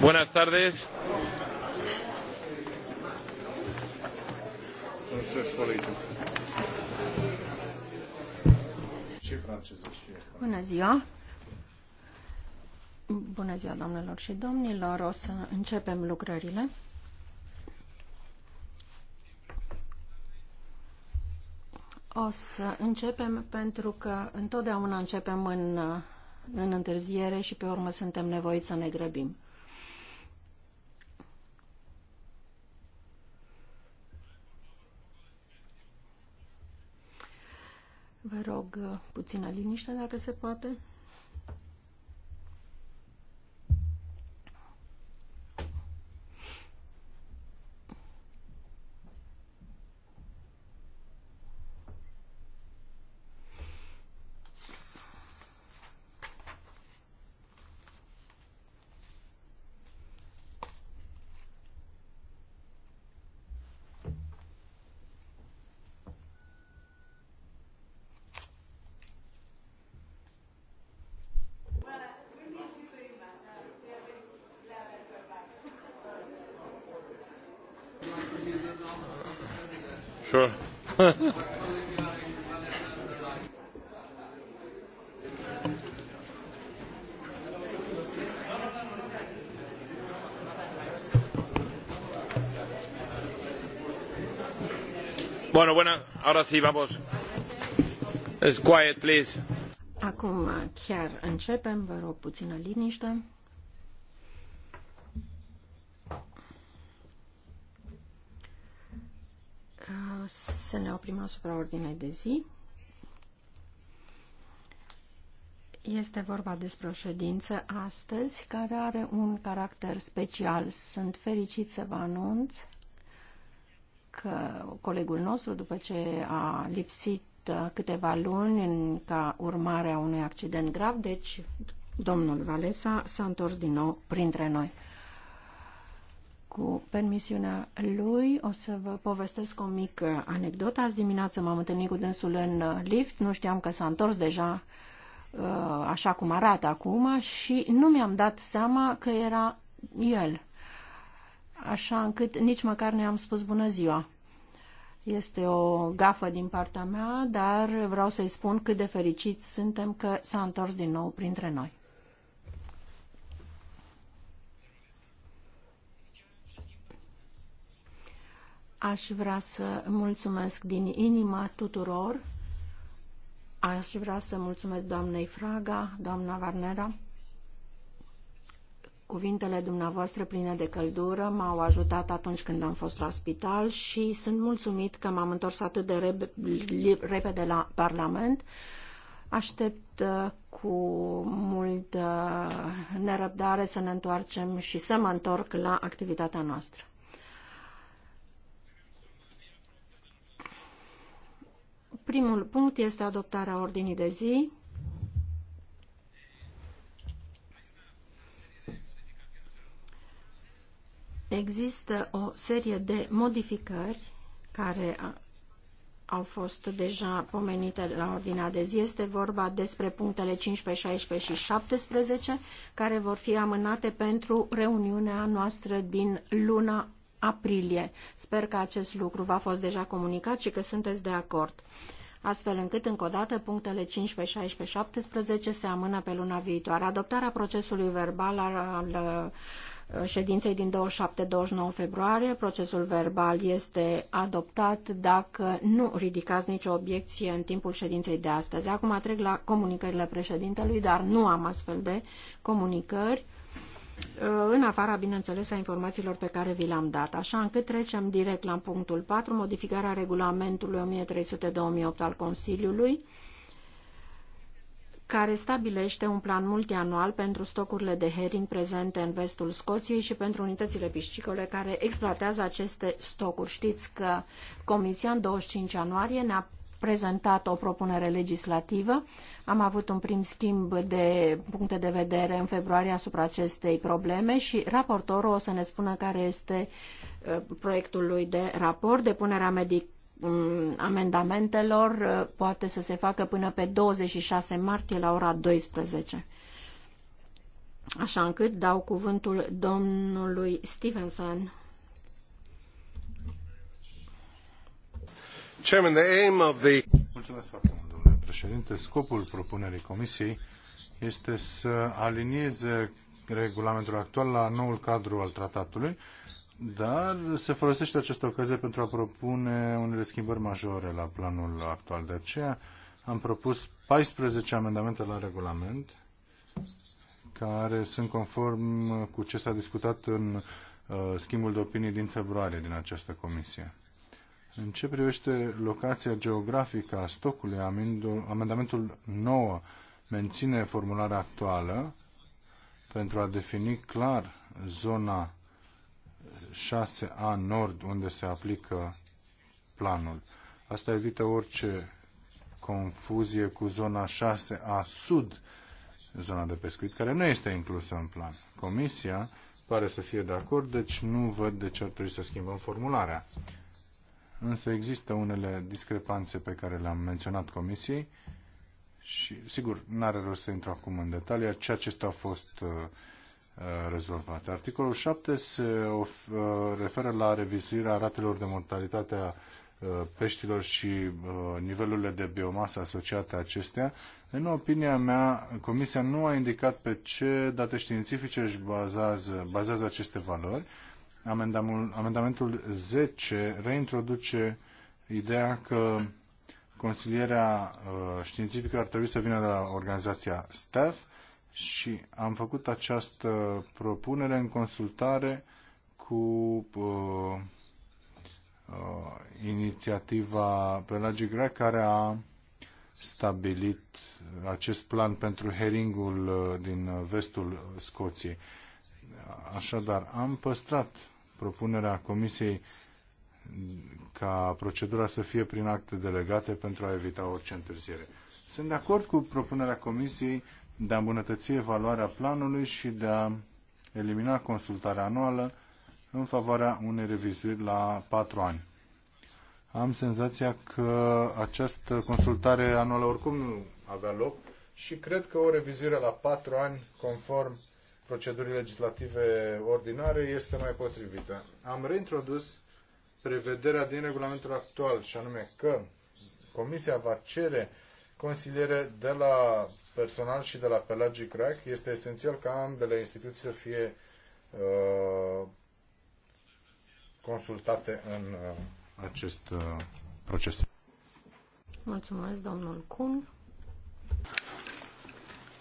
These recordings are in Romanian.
Buenas tardes. Bună ziua. Bună ziua, doamnelor și domnilor. O să începem lucrările. O să începem pentru că întotdeauna începem în în întârziere și pe urmă suntem nevoiți să ne grăbim. Vă rog uh, puțină liniște dacă se poate. Bună, bună. ahora sí, vamos. It's quiet, please. Acum chiar începem, vă rog puțină liniște. Uh, să ne oprim asupra ordinei de zi. Este vorba despre o ședință astăzi care are un caracter special. Sunt fericit să vă anunț că colegul nostru, după ce a lipsit uh, câteva luni în, ca urmare a unui accident grav, deci domnul Valesa s-a întors din nou printre noi. Cu permisiunea lui, o să vă povestesc o mică anecdotă. Azi dimineață m-am întâlnit cu dânsul în uh, lift, nu știam că s-a întors deja uh, așa cum arată acum și nu mi-am dat seama că era el așa încât nici măcar nu am spus bună ziua. Este o gafă din partea mea, dar vreau să-i spun cât de fericiți suntem că s-a întors din nou printre noi. Aș vrea să mulțumesc din inima tuturor. Aș vrea să mulțumesc doamnei Fraga, doamna Varnera, Cuvintele dumneavoastră pline de căldură m-au ajutat atunci când am fost la spital și sunt mulțumit că m-am întors atât de repede la Parlament. Aștept uh, cu mult nerăbdare să ne întoarcem și să mă întorc la activitatea noastră. Primul punct este adoptarea ordinii de zi. Există o serie de modificări care au fost deja pomenite la ordinea de zi. Este vorba despre punctele 15, 16 și 17, care vor fi amânate pentru reuniunea noastră din luna aprilie. Sper că acest lucru v-a fost deja comunicat și că sunteți de acord. Astfel încât, încă o dată, punctele 15, 16, 17 se amână pe luna viitoare. Adoptarea procesului verbal al, al ședinței din 27-29 februarie. Procesul verbal este adoptat dacă nu ridicați nicio obiecție în timpul ședinței de astăzi. Acum trec la comunicările președintelui, dar nu am astfel de comunicări în afara, bineînțeles, a informațiilor pe care vi le-am dat, așa încât trecem direct la punctul 4, modificarea regulamentului 1300-2008 al Consiliului, care stabilește un plan multianual pentru stocurile de herin prezente în vestul Scoției și pentru unitățile piscicole care exploatează aceste stocuri. Știți că Comisia în 25 ianuarie ne-a prezentat o propunere legislativă. Am avut un prim schimb de puncte de vedere în februarie asupra acestei probleme și raportorul o să ne spună care este uh, proiectul lui de raport. Depunerea medicală Mm, amendamentelor uh, poate să se facă până pe 26 martie la ora 12. Așa încât dau cuvântul domnului Stevenson. Chairman, the aim of the... Mulțumesc foarte mult, domnule președinte. Scopul propunerii comisiei este să alinieze regulamentul actual la noul cadru al tratatului dar se folosește această ocazie pentru a propune unele schimbări majore la planul actual. De aceea am propus 14 amendamente la regulament care sunt conform cu ce s-a discutat în uh, schimbul de opinii din februarie din această comisie. În ce privește locația geografică a stocului, amendamentul 9 menține formularea actuală pentru a defini clar zona 6A Nord, unde se aplică planul. Asta evită orice confuzie cu zona 6A Sud, zona de pescuit, care nu este inclusă în plan. Comisia pare să fie de acord, deci nu văd de ce ar trebui să schimbăm formularea. Însă există unele discrepanțe pe care le-am menționat Comisiei și, sigur, n-are rost să intru acum în detalii. Ceea ce a fost uh, Uh, rezolvate. Articolul 7 se uh, referă la revizuirea ratelor de mortalitate a uh, peștilor și nivelurile de biomasă asociate acestea. În opinia mea, Comisia nu a indicat pe ce date științifice își bazează, bazează aceste valori. amendamentul 10 reintroduce ideea că consilierea științifică ar trebui să vină de la organizația STEF și am făcut această propunere în consultare cu uh, uh, inițiativa Pelagic Rea, care a stabilit acest plan pentru heringul uh, din vestul Scoției. Așadar, am păstrat propunerea Comisiei ca procedura să fie prin acte delegate pentru a evita orice întârziere. Sunt de acord cu propunerea Comisiei de a îmbunătăți evaluarea planului și de a elimina consultarea anuală în favoarea unei revizuiri la patru ani. Am senzația că această consultare anuală oricum nu avea loc și cred că o revizuire la patru ani, conform procedurii legislative ordinare, este mai potrivită. Am reintrodus prevederea din regulamentul actual și anume că Comisia va cere consiliere de la personal și de la Pelagic Crack. Este esențial ca ambele instituții să fie uh, consultate în uh, acest uh, proces. Mulțumesc, domnul Kuhn.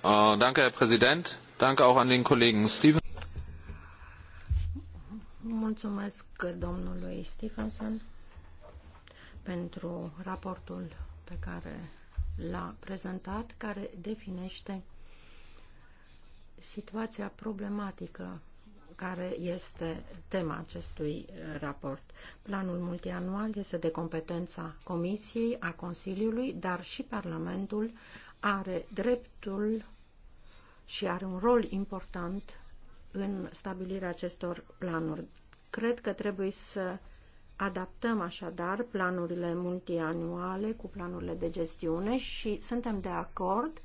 Uh, danke, Herr Präsident. Danke auch an den Kollegen Steven. Mulțumesc domnului Stephenson pentru raportul pe care l-a prezentat, care definește situația problematică care este tema acestui uh, raport. Planul multianual este de competența Comisiei, a Consiliului, dar și Parlamentul are dreptul și are un rol important în stabilirea acestor planuri. Cred că trebuie să Adaptăm așadar planurile multianuale cu planurile de gestiune și suntem de acord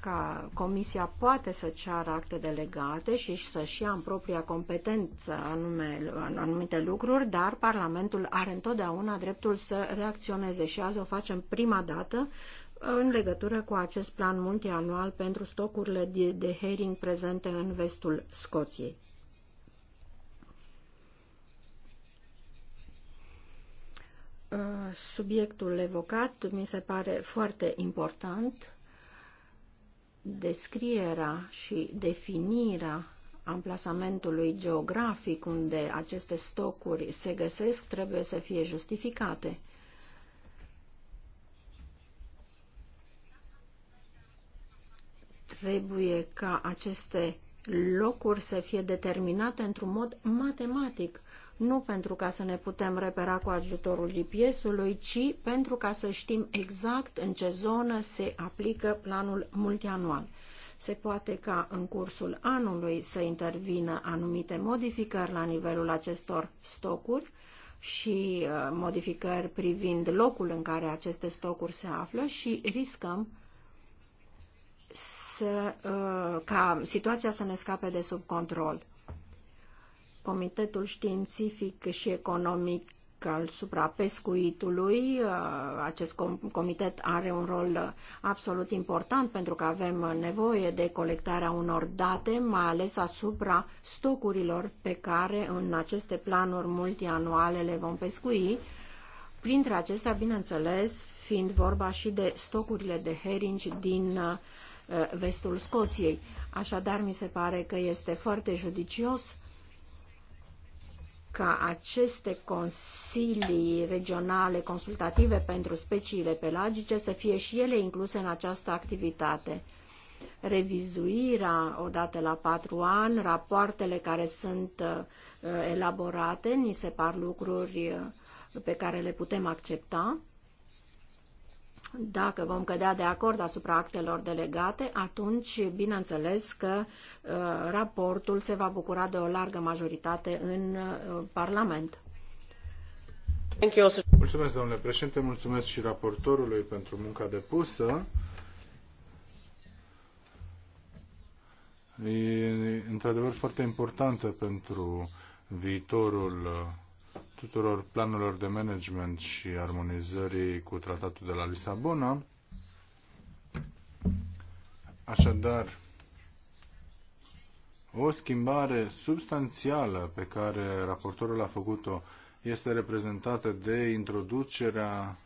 ca Comisia poate să ceară acte delegate și să-și ia în propria competență anume, anumite lucruri, dar Parlamentul are întotdeauna dreptul să reacționeze și azi o facem prima dată în legătură cu acest plan multianual pentru stocurile de, de hering prezente în vestul Scoției. Uh, subiectul evocat mi se pare foarte important. Descrierea și definirea amplasamentului geografic unde aceste stocuri se găsesc trebuie să fie justificate. Trebuie ca aceste locuri să fie determinate într-un mod matematic nu pentru ca să ne putem repera cu ajutorul GPS-ului, ci pentru ca să știm exact în ce zonă se aplică planul multianual. Se poate ca în cursul anului să intervină anumite modificări la nivelul acestor stocuri și uh, modificări privind locul în care aceste stocuri se află și riscăm să, uh, ca situația să ne scape de sub control. Comitetul Științific și Economic al suprapescuitului. Uh, acest comitet are un rol uh, absolut important pentru că avem uh, nevoie de colectarea unor date, mai ales asupra stocurilor pe care în aceste planuri multianuale le vom pescui. Printre acestea, bineînțeles, fiind vorba și de stocurile de herinci din vestul Scoției. Așadar, mi se pare că este foarte judicios ca aceste consilii regionale consultative pentru speciile pelagice să fie și ele incluse în această activitate. Revizuirea odată la patru ani, rapoartele care sunt uh, elaborate, ni se par lucruri uh, pe care le putem accepta dacă vom cădea de acord asupra actelor delegate, atunci, bineînțeles că uh, raportul se va bucura de o largă majoritate în uh, Parlament. Mulțumesc, domnule președinte, mulțumesc și raportorului pentru munca depusă. E într-adevăr foarte importantă pentru viitorul uh, tuturor planurilor de management și armonizării cu tratatul de la Lisabona. Așadar, o schimbare substanțială pe care raportorul a făcut-o este reprezentată de introducerea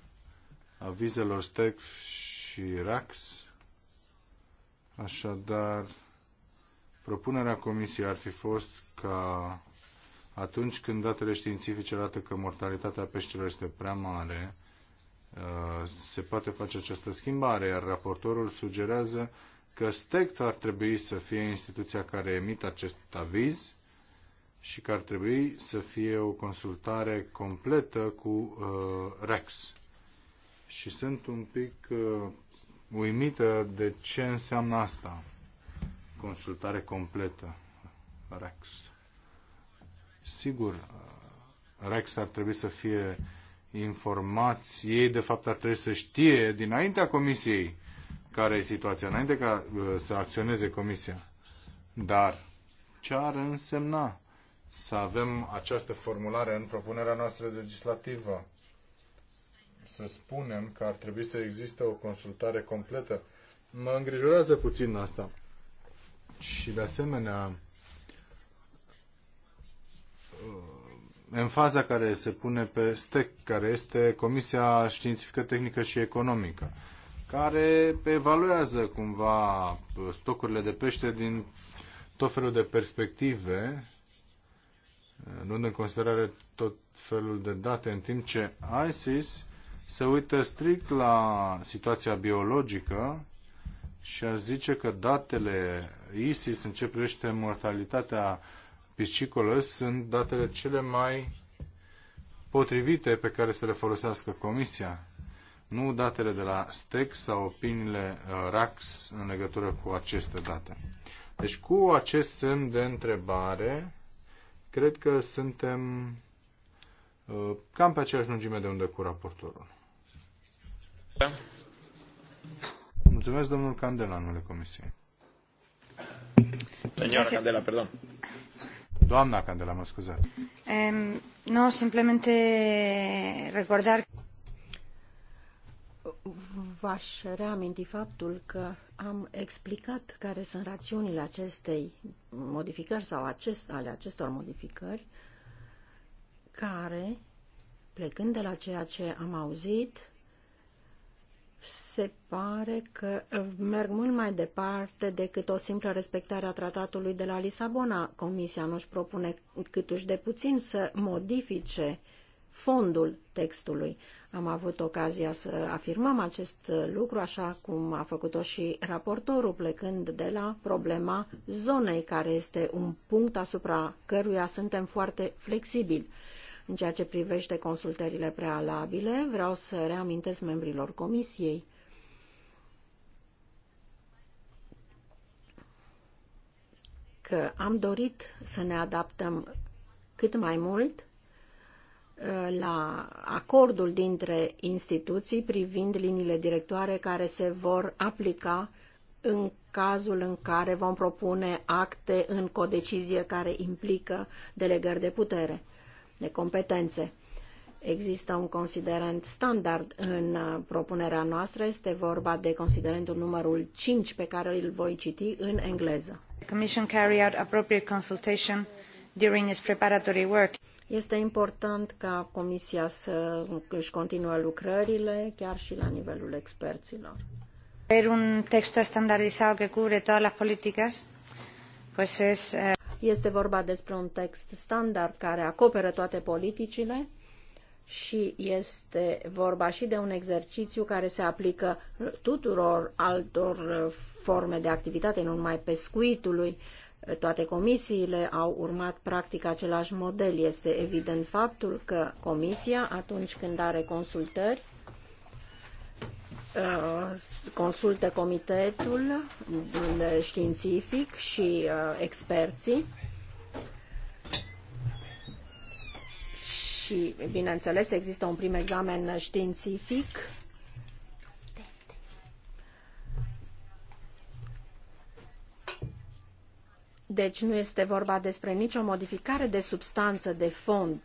avizelor STEC și RAX. Așadar, propunerea comisiei ar fi fost ca atunci când datele științifice arată că mortalitatea peștilor este prea mare, uh, se poate face această schimbare, iar raportorul sugerează că STECT ar trebui să fie instituția care emite acest aviz și că ar trebui să fie o consultare completă cu uh, REX. Și sunt un pic uh, uimită de ce înseamnă asta, consultare completă, REX. Sigur, Rex ar trebui să fie informați, ei de fapt ar trebui să știe dinaintea comisiei care e situația, înainte ca uh, să acționeze comisia. Dar ce ar însemna să avem această formulare în propunerea noastră legislativă? Să spunem că ar trebui să existe o consultare completă. Mă îngrijorează puțin asta. Și de asemenea, în faza care se pune pe STEC, care este Comisia Științifică, Tehnică și Economică, care evaluează cumva stocurile de pește din tot felul de perspective, luând în considerare tot felul de date, în timp ce ISIS se uită strict la situația biologică și a zice că datele ISIS în ce privește mortalitatea piscicolă sunt datele cele mai potrivite pe care să le folosească Comisia. Nu datele de la STEC sau opiniile uh, RAX în legătură cu aceste date. Deci cu acest semn de întrebare, cred că suntem uh, cam pe aceeași lungime de unde cu raportorul. Da. Mulțumesc, domnul Candela, în numele Comisiei. Señora Candela, perdón. Doamna Candela, mă scuzați. Um, no, simplemente recordar... V-aș reaminti faptul că am explicat care sunt rațiunile acestei modificări sau acest, ale acestor modificări care, plecând de la ceea ce am auzit, se pare că uh, merg mult mai departe decât o simplă respectare a tratatului de la Lisabona. Comisia nu-și propune câtuși de puțin să modifice fondul textului. Am avut ocazia să afirmăm acest lucru, așa cum a făcut-o și raportorul, plecând de la problema zonei, care este un punct asupra căruia suntem foarte flexibili în ceea ce privește consultările prealabile, vreau să reamintesc membrilor comisiei că am dorit să ne adaptăm cât mai mult uh, la acordul dintre instituții privind liniile directoare care se vor aplica în cazul în care vom propune acte în codecizie care implică delegări de putere de competențe. Există un considerent standard în uh, propunerea noastră, este vorba de considerentul numărul 5 pe care îl voi citi în engleză. The Commission carry out appropriate consultation during its preparatory work. Este important ca Comisia să își continue lucrările chiar și la nivelul experților. Ver un text standardizat care cubre toate politicile? pues es... Eh, este vorba despre un text standard care acoperă toate politicile și este vorba și de un exercițiu care se aplică tuturor altor forme de activitate, nu numai pescuitului. Toate comisiile au urmat practic același model. Este evident faptul că comisia, atunci când are consultări, Uh, consulte comitetul științific și uh, experții și, bineînțeles, există un prim examen științific Deci nu este vorba despre nicio modificare de substanță, de fond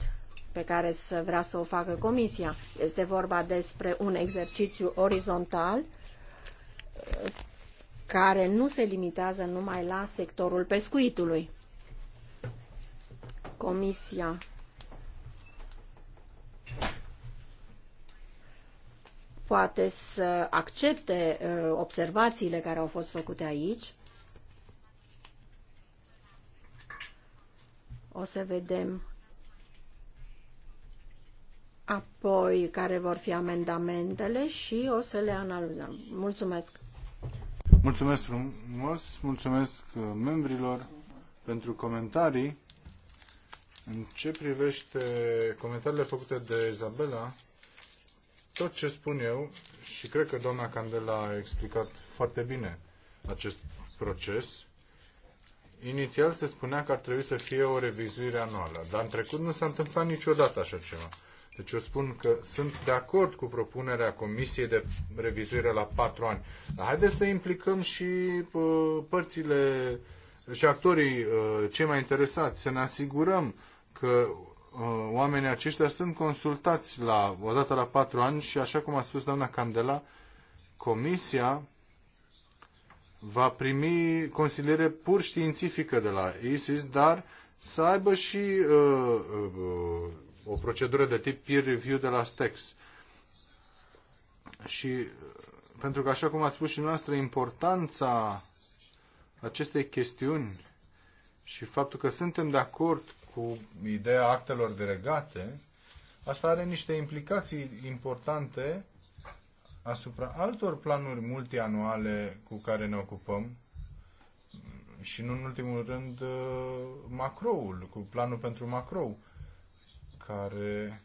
pe care să vrea să o facă Comisia. Este vorba despre un exercițiu orizontal care nu se limitează numai la sectorul pescuitului. Comisia poate să accepte uh, observațiile care au fost făcute aici. O să vedem apoi care vor fi amendamentele și o să le analizăm. Mulțumesc! Mulțumesc frumos, mulțumesc uh, membrilor pentru comentarii. În ce privește comentariile făcute de Izabela, tot ce spun eu, și cred că doamna Candela a explicat foarte bine acest proces, inițial se spunea că ar trebui să fie o revizuire anuală, dar în trecut nu s-a întâmplat niciodată așa ceva. Deci eu spun că sunt de acord cu propunerea Comisiei de revizuire la patru ani. Dar haideți să implicăm și uh, părțile și actorii uh, cei mai interesați, să ne asigurăm că uh, oamenii aceștia sunt consultați la, odată la patru ani și, așa cum a spus doamna Candela, Comisia va primi consiliere pur științifică de la ISIS, dar să aibă și uh, uh, o procedură de tip peer review de la STEX. Și pentru că, așa cum ați spus și noastră, importanța acestei chestiuni și faptul că suntem de acord cu ideea actelor delegate, asta are niște implicații importante asupra altor planuri multianuale cu care ne ocupăm și nu în ultimul rând macroul, cu planul pentru macro care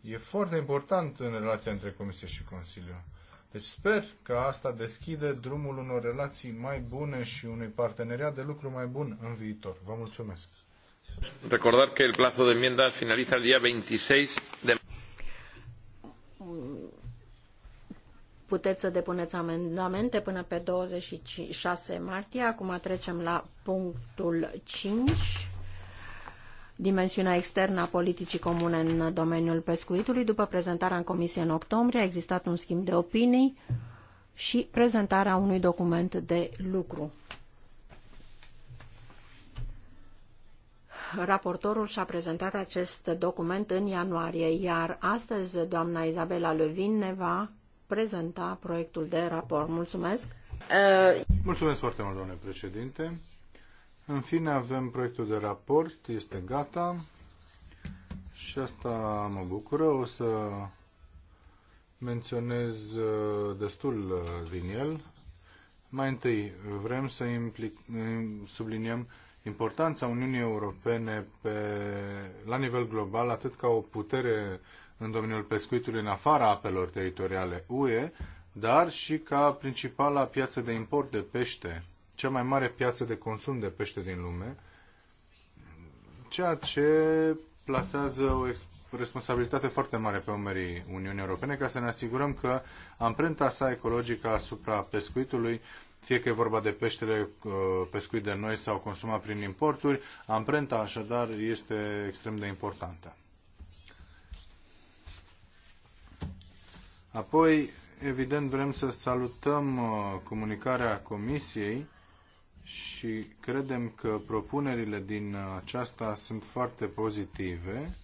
e foarte important în relația între Comisie și Consiliu. Deci sper că asta deschide drumul unor relații mai bune și unui parteneriat de lucru mai bun în viitor. Vă mulțumesc. Recordar că el plazo de enmienda finaliza el día 26 de Puteți să depuneți amendamente până pe 26 martie. Acum trecem la punctul 5 dimensiunea externă a politicii comune în domeniul pescuitului. După prezentarea în comisie în octombrie a existat un schimb de opinii și prezentarea unui document de lucru. Raportorul și-a prezentat acest document în ianuarie, iar astăzi doamna Izabela Levin ne va prezenta proiectul de raport. Mulțumesc! Mulțumesc foarte mult, domnule președinte! În fine, avem proiectul de raport, este gata și asta mă bucură. O să menționez uh, destul uh, din el. Mai întâi, vrem să implic, uh, subliniem importanța Uniunii Europene pe, la nivel global, atât ca o putere în domeniul pescuitului în afara apelor teritoriale UE, dar și ca principala piață de import de pește cea mai mare piață de consum de pește din lume, ceea ce plasează o responsabilitate foarte mare pe umerii Uniunii Europene ca să ne asigurăm că amprenta sa ecologică asupra pescuitului, fie că e vorba de peștele uh, pescuit de noi sau consumat prin importuri, amprenta așadar este extrem de importantă. Apoi, evident, vrem să salutăm uh, comunicarea Comisiei și credem că propunerile din aceasta sunt foarte pozitive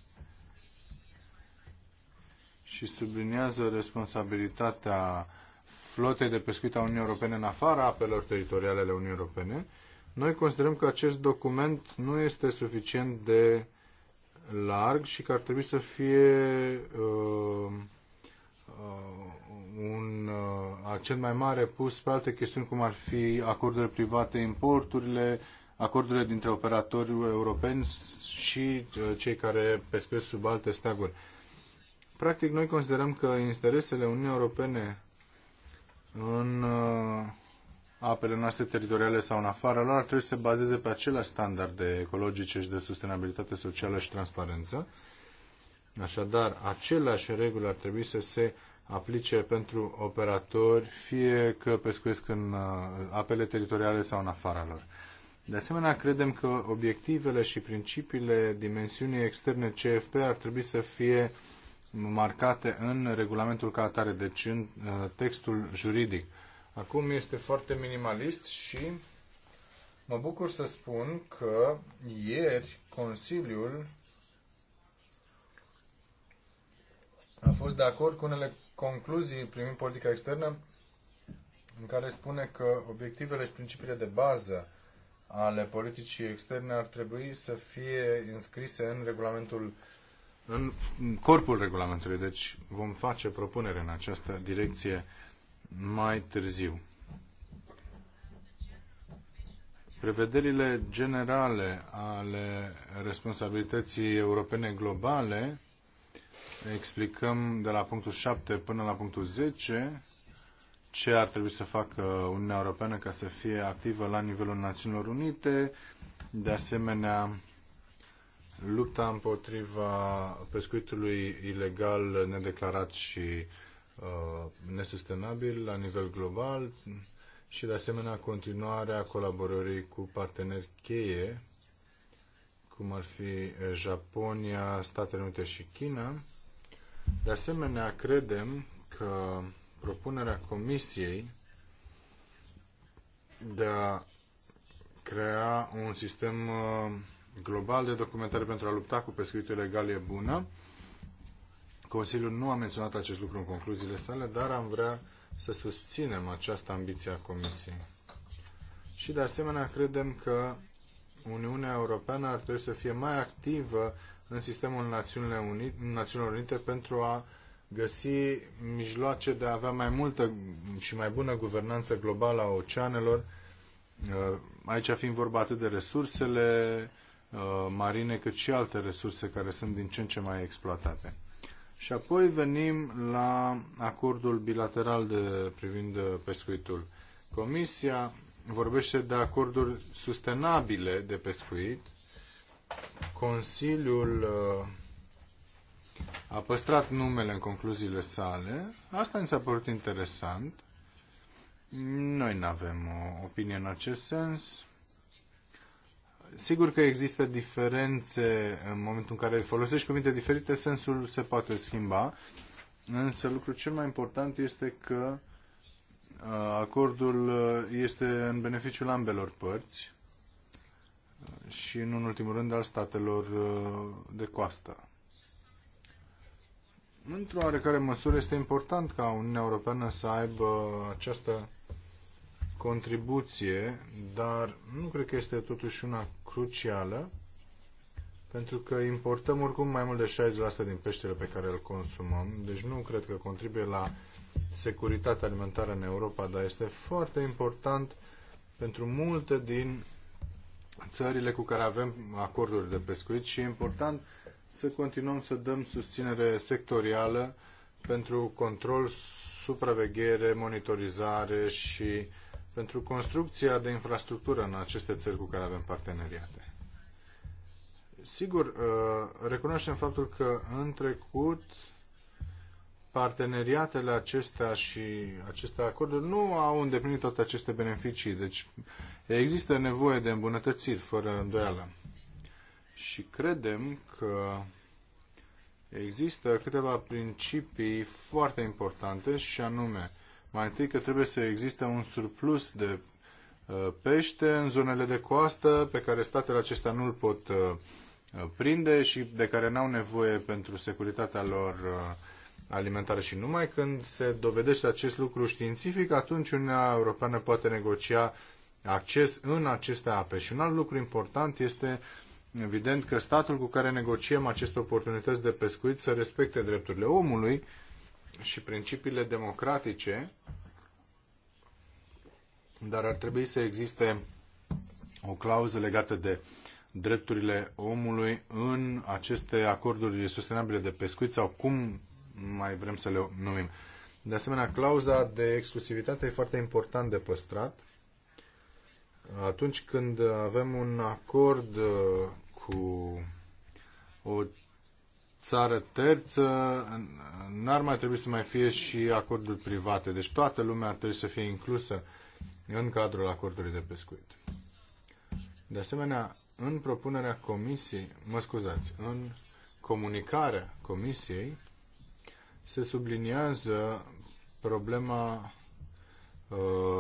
și subliniază responsabilitatea flotei de pescuit a Uniunii Europene în afara apelor teritoriale ale Uniunii Europene. Noi considerăm că acest document nu este suficient de larg și că ar trebui să fie uh, uh, un uh, accent mai mare pus pe alte chestiuni, cum ar fi acordurile private, importurile, acordurile dintre operatori europeni și uh, cei care pescuiesc sub alte steaguri. Practic, noi considerăm că interesele Uniunii Europene în uh, apele noastre teritoriale sau în afara lor ar trebui să se bazeze pe aceleași standarde ecologice și de sustenabilitate socială și transparență. Așadar, aceleași reguli ar trebui să se aplice pentru operatori, fie că pescuiesc în uh, apele teritoriale sau în afara lor. De asemenea, credem că obiectivele și principiile dimensiunii externe CFP ar trebui să fie marcate în regulamentul ca atare, deci în uh, textul juridic. Acum este foarte minimalist și mă bucur să spun că ieri Consiliul a fost de acord cu unele concluzii privind politica externă în care spune că obiectivele și principiile de bază ale politicii externe ar trebui să fie înscrise în regulamentul în corpul regulamentului, deci vom face propunere în această direcție mai târziu. Prevederile generale ale responsabilității europene globale explicăm de la punctul 7 până la punctul 10 ce ar trebui să facă Uniunea Europeană ca să fie activă la nivelul Națiunilor Unite, de asemenea lupta împotriva pescuitului ilegal nedeclarat și uh, nesustenabil la nivel global și de asemenea continuarea colaborării cu parteneri cheie cum ar fi eh, Japonia, Statele Unite și China. De asemenea, credem că propunerea Comisiei de a crea un sistem eh, global de documentare pentru a lupta cu pescuitul ilegal e bună. Consiliul nu a menționat acest lucru în concluziile sale, dar am vrea să susținem această ambiție a Comisiei. Și de asemenea credem că Uniunea Europeană ar trebui să fie mai activă în sistemul Națiunilor Unite, pentru a găsi mijloace de a avea mai multă și mai bună guvernanță globală a oceanelor, uh, aici fiind vorba atât de resursele uh, marine, cât și alte resurse care sunt din ce în ce mai exploatate. Și apoi venim la acordul bilateral de, privind pescuitul. Comisia vorbește de acorduri sustenabile de pescuit. Consiliul uh, a păstrat numele în concluziile sale. Asta mi s-a părut interesant. Noi nu avem o opinie în acest sens. Sigur că există diferențe în momentul în care folosești cuvinte diferite, sensul se poate schimba, însă lucrul cel mai important este că uh, Acordul uh, este în beneficiul ambelor părți și, în ultimul rând, al statelor uh, de coastă. Într-o oarecare măsură este important ca Uniunea Europeană să aibă această contribuție, dar nu cred că este totuși una crucială pentru că importăm oricum mai mult de 60% din peștele pe care îl consumăm, deci nu cred că contribuie la securitatea alimentară în Europa, dar este foarte important pentru multe din țările cu care avem acorduri de pescuit și e important să continuăm să dăm susținere sectorială pentru control, supraveghere, monitorizare și pentru construcția de infrastructură în aceste țări cu care avem parteneriate. Sigur, uh, recunoaștem faptul că în trecut parteneriatele acestea și aceste acorduri nu au îndeplinit toate aceste beneficii. Deci există nevoie de îmbunătățiri, fără îndoială. Și credem că există câteva principii foarte importante și anume, mai întâi că trebuie să existe un surplus de uh, pește în zonele de coastă pe care statele acestea nu l pot uh, prinde și de care n-au nevoie pentru securitatea lor uh, alimentară și numai când se dovedește acest lucru științific, atunci Uniunea Europeană poate negocia acces în aceste ape. Și un alt lucru important este evident că statul cu care negociem aceste oportunități de pescuit să respecte drepturile omului și principiile democratice, dar ar trebui să existe o clauză legată de drepturile omului în aceste acorduri sustenabile de pescuit sau cum mai vrem să le numim. De asemenea, clauza de exclusivitate e foarte important de păstrat. Atunci când avem un acord uh, cu o țară terță, n-ar mai trebui să mai fie și acorduri private. Deci toată lumea ar trebui să fie inclusă în cadrul acordului de pescuit. De asemenea, în propunerea comisiei, mă scuzați, în comunicarea comisiei se subliniază problema uh,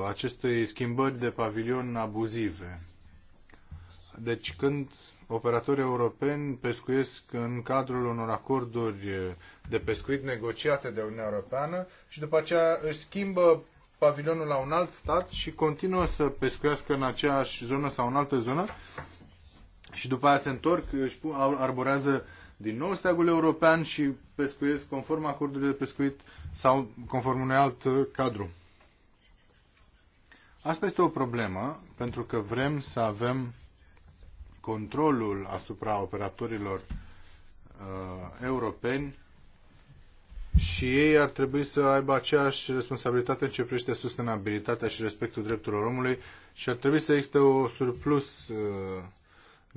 acestei schimbări de pavilion abuzive. Deci când operatorii europeni pescuiesc în cadrul unor acorduri de pescuit negociate de Uniunea Europeană și după aceea își schimbă pavilionul la un alt stat și continuă să pescuiască în aceeași zonă sau în altă zonă și după aia se întorc, își arborează din nou steagul european și pescuiesc conform acordului de pescuit sau conform unui alt uh, cadru. Asta este o problemă pentru că vrem să avem controlul asupra operatorilor uh, europeni și ei ar trebui să aibă aceeași responsabilitate în ce privește sustenabilitatea și respectul drepturilor omului și ar trebui să existe o surplus uh,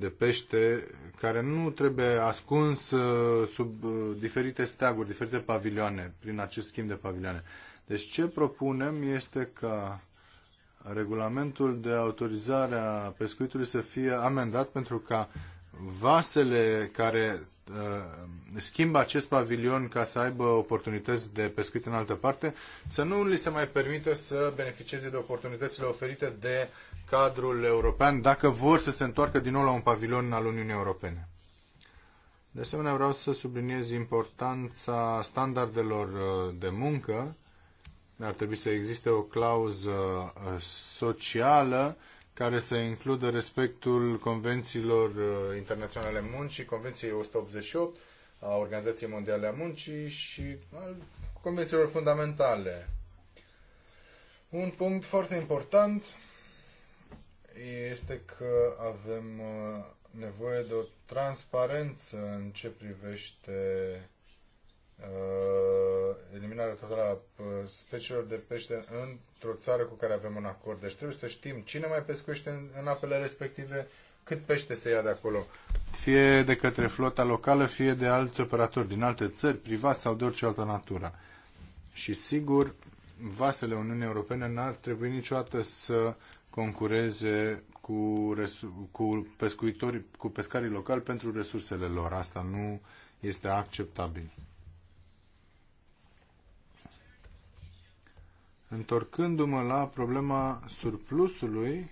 de pește care nu trebuie ascuns uh, sub uh, diferite steaguri, diferite pavilioane, prin acest schimb de pavilioane. Deci ce propunem este ca regulamentul de autorizare a pescuitului să fie amendat pentru ca vasele care Uh, schimbă acest pavilion ca să aibă oportunități de pescuit în altă parte, să nu li se mai permită să beneficieze de oportunitățile oferite de cadrul european dacă vor să se întoarcă din nou la un pavilion al Uniunii Europene. De asemenea, vreau să subliniez importanța standardelor uh, de muncă. Ar trebui să existe o clauză uh, socială care să includă respectul convențiilor uh, internaționale muncii, Convenției 188 a Organizației Mondiale a Muncii și al convențiilor fundamentale. Un punct foarte important este că avem uh, nevoie de o transparență în ce privește Uh, eliminarea totală a uh, speciilor de pește într-o țară cu care avem un acord. Deci trebuie să știm cine mai pescuiește în, în apele respective, cât pește se ia de acolo. Fie de către flota locală, fie de alți operatori din alte țări, privați sau de orice altă natură. Și sigur, vasele Uniunii Europene n-ar trebui niciodată să concureze cu, cu, pescuitorii, cu pescarii locali pentru resursele lor. Asta nu este acceptabil. Întorcându-mă la problema surplusului,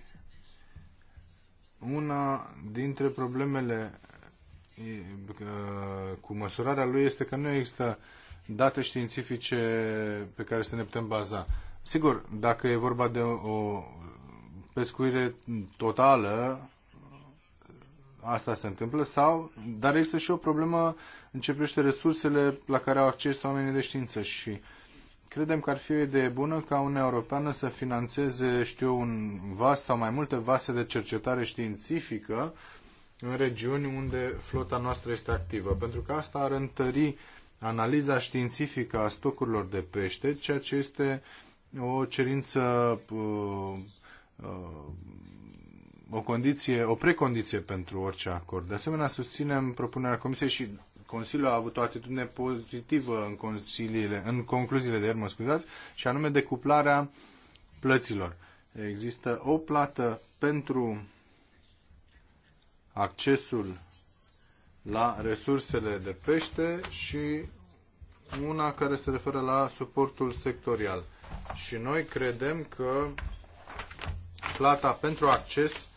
una dintre problemele uh, cu măsurarea lui este că nu există date științifice pe care să ne putem baza. Sigur, dacă e vorba de o pescuire totală, asta se întâmplă, sau, dar există și o problemă în ce privește resursele la care au acces oamenii de știință și uh, Credem că ar fi o idee bună ca Uniunea Europeană să financeze, știu, un vas sau mai multe vase de cercetare științifică în regiuni unde flota noastră este activă, pentru că asta ar întări analiza științifică a stocurilor de pește, ceea ce este o cerință, uh, uh, o condiție, o precondiție pentru orice acord. De asemenea, susținem propunerea Comisiei și Consiliul a avut o atitudine pozitivă în, consiliile, în concluziile de ieri, mă scuzați, și anume decuplarea plăților. Există o plată pentru accesul la resursele de pește și una care se referă la suportul sectorial. Și noi credem că plata pentru acces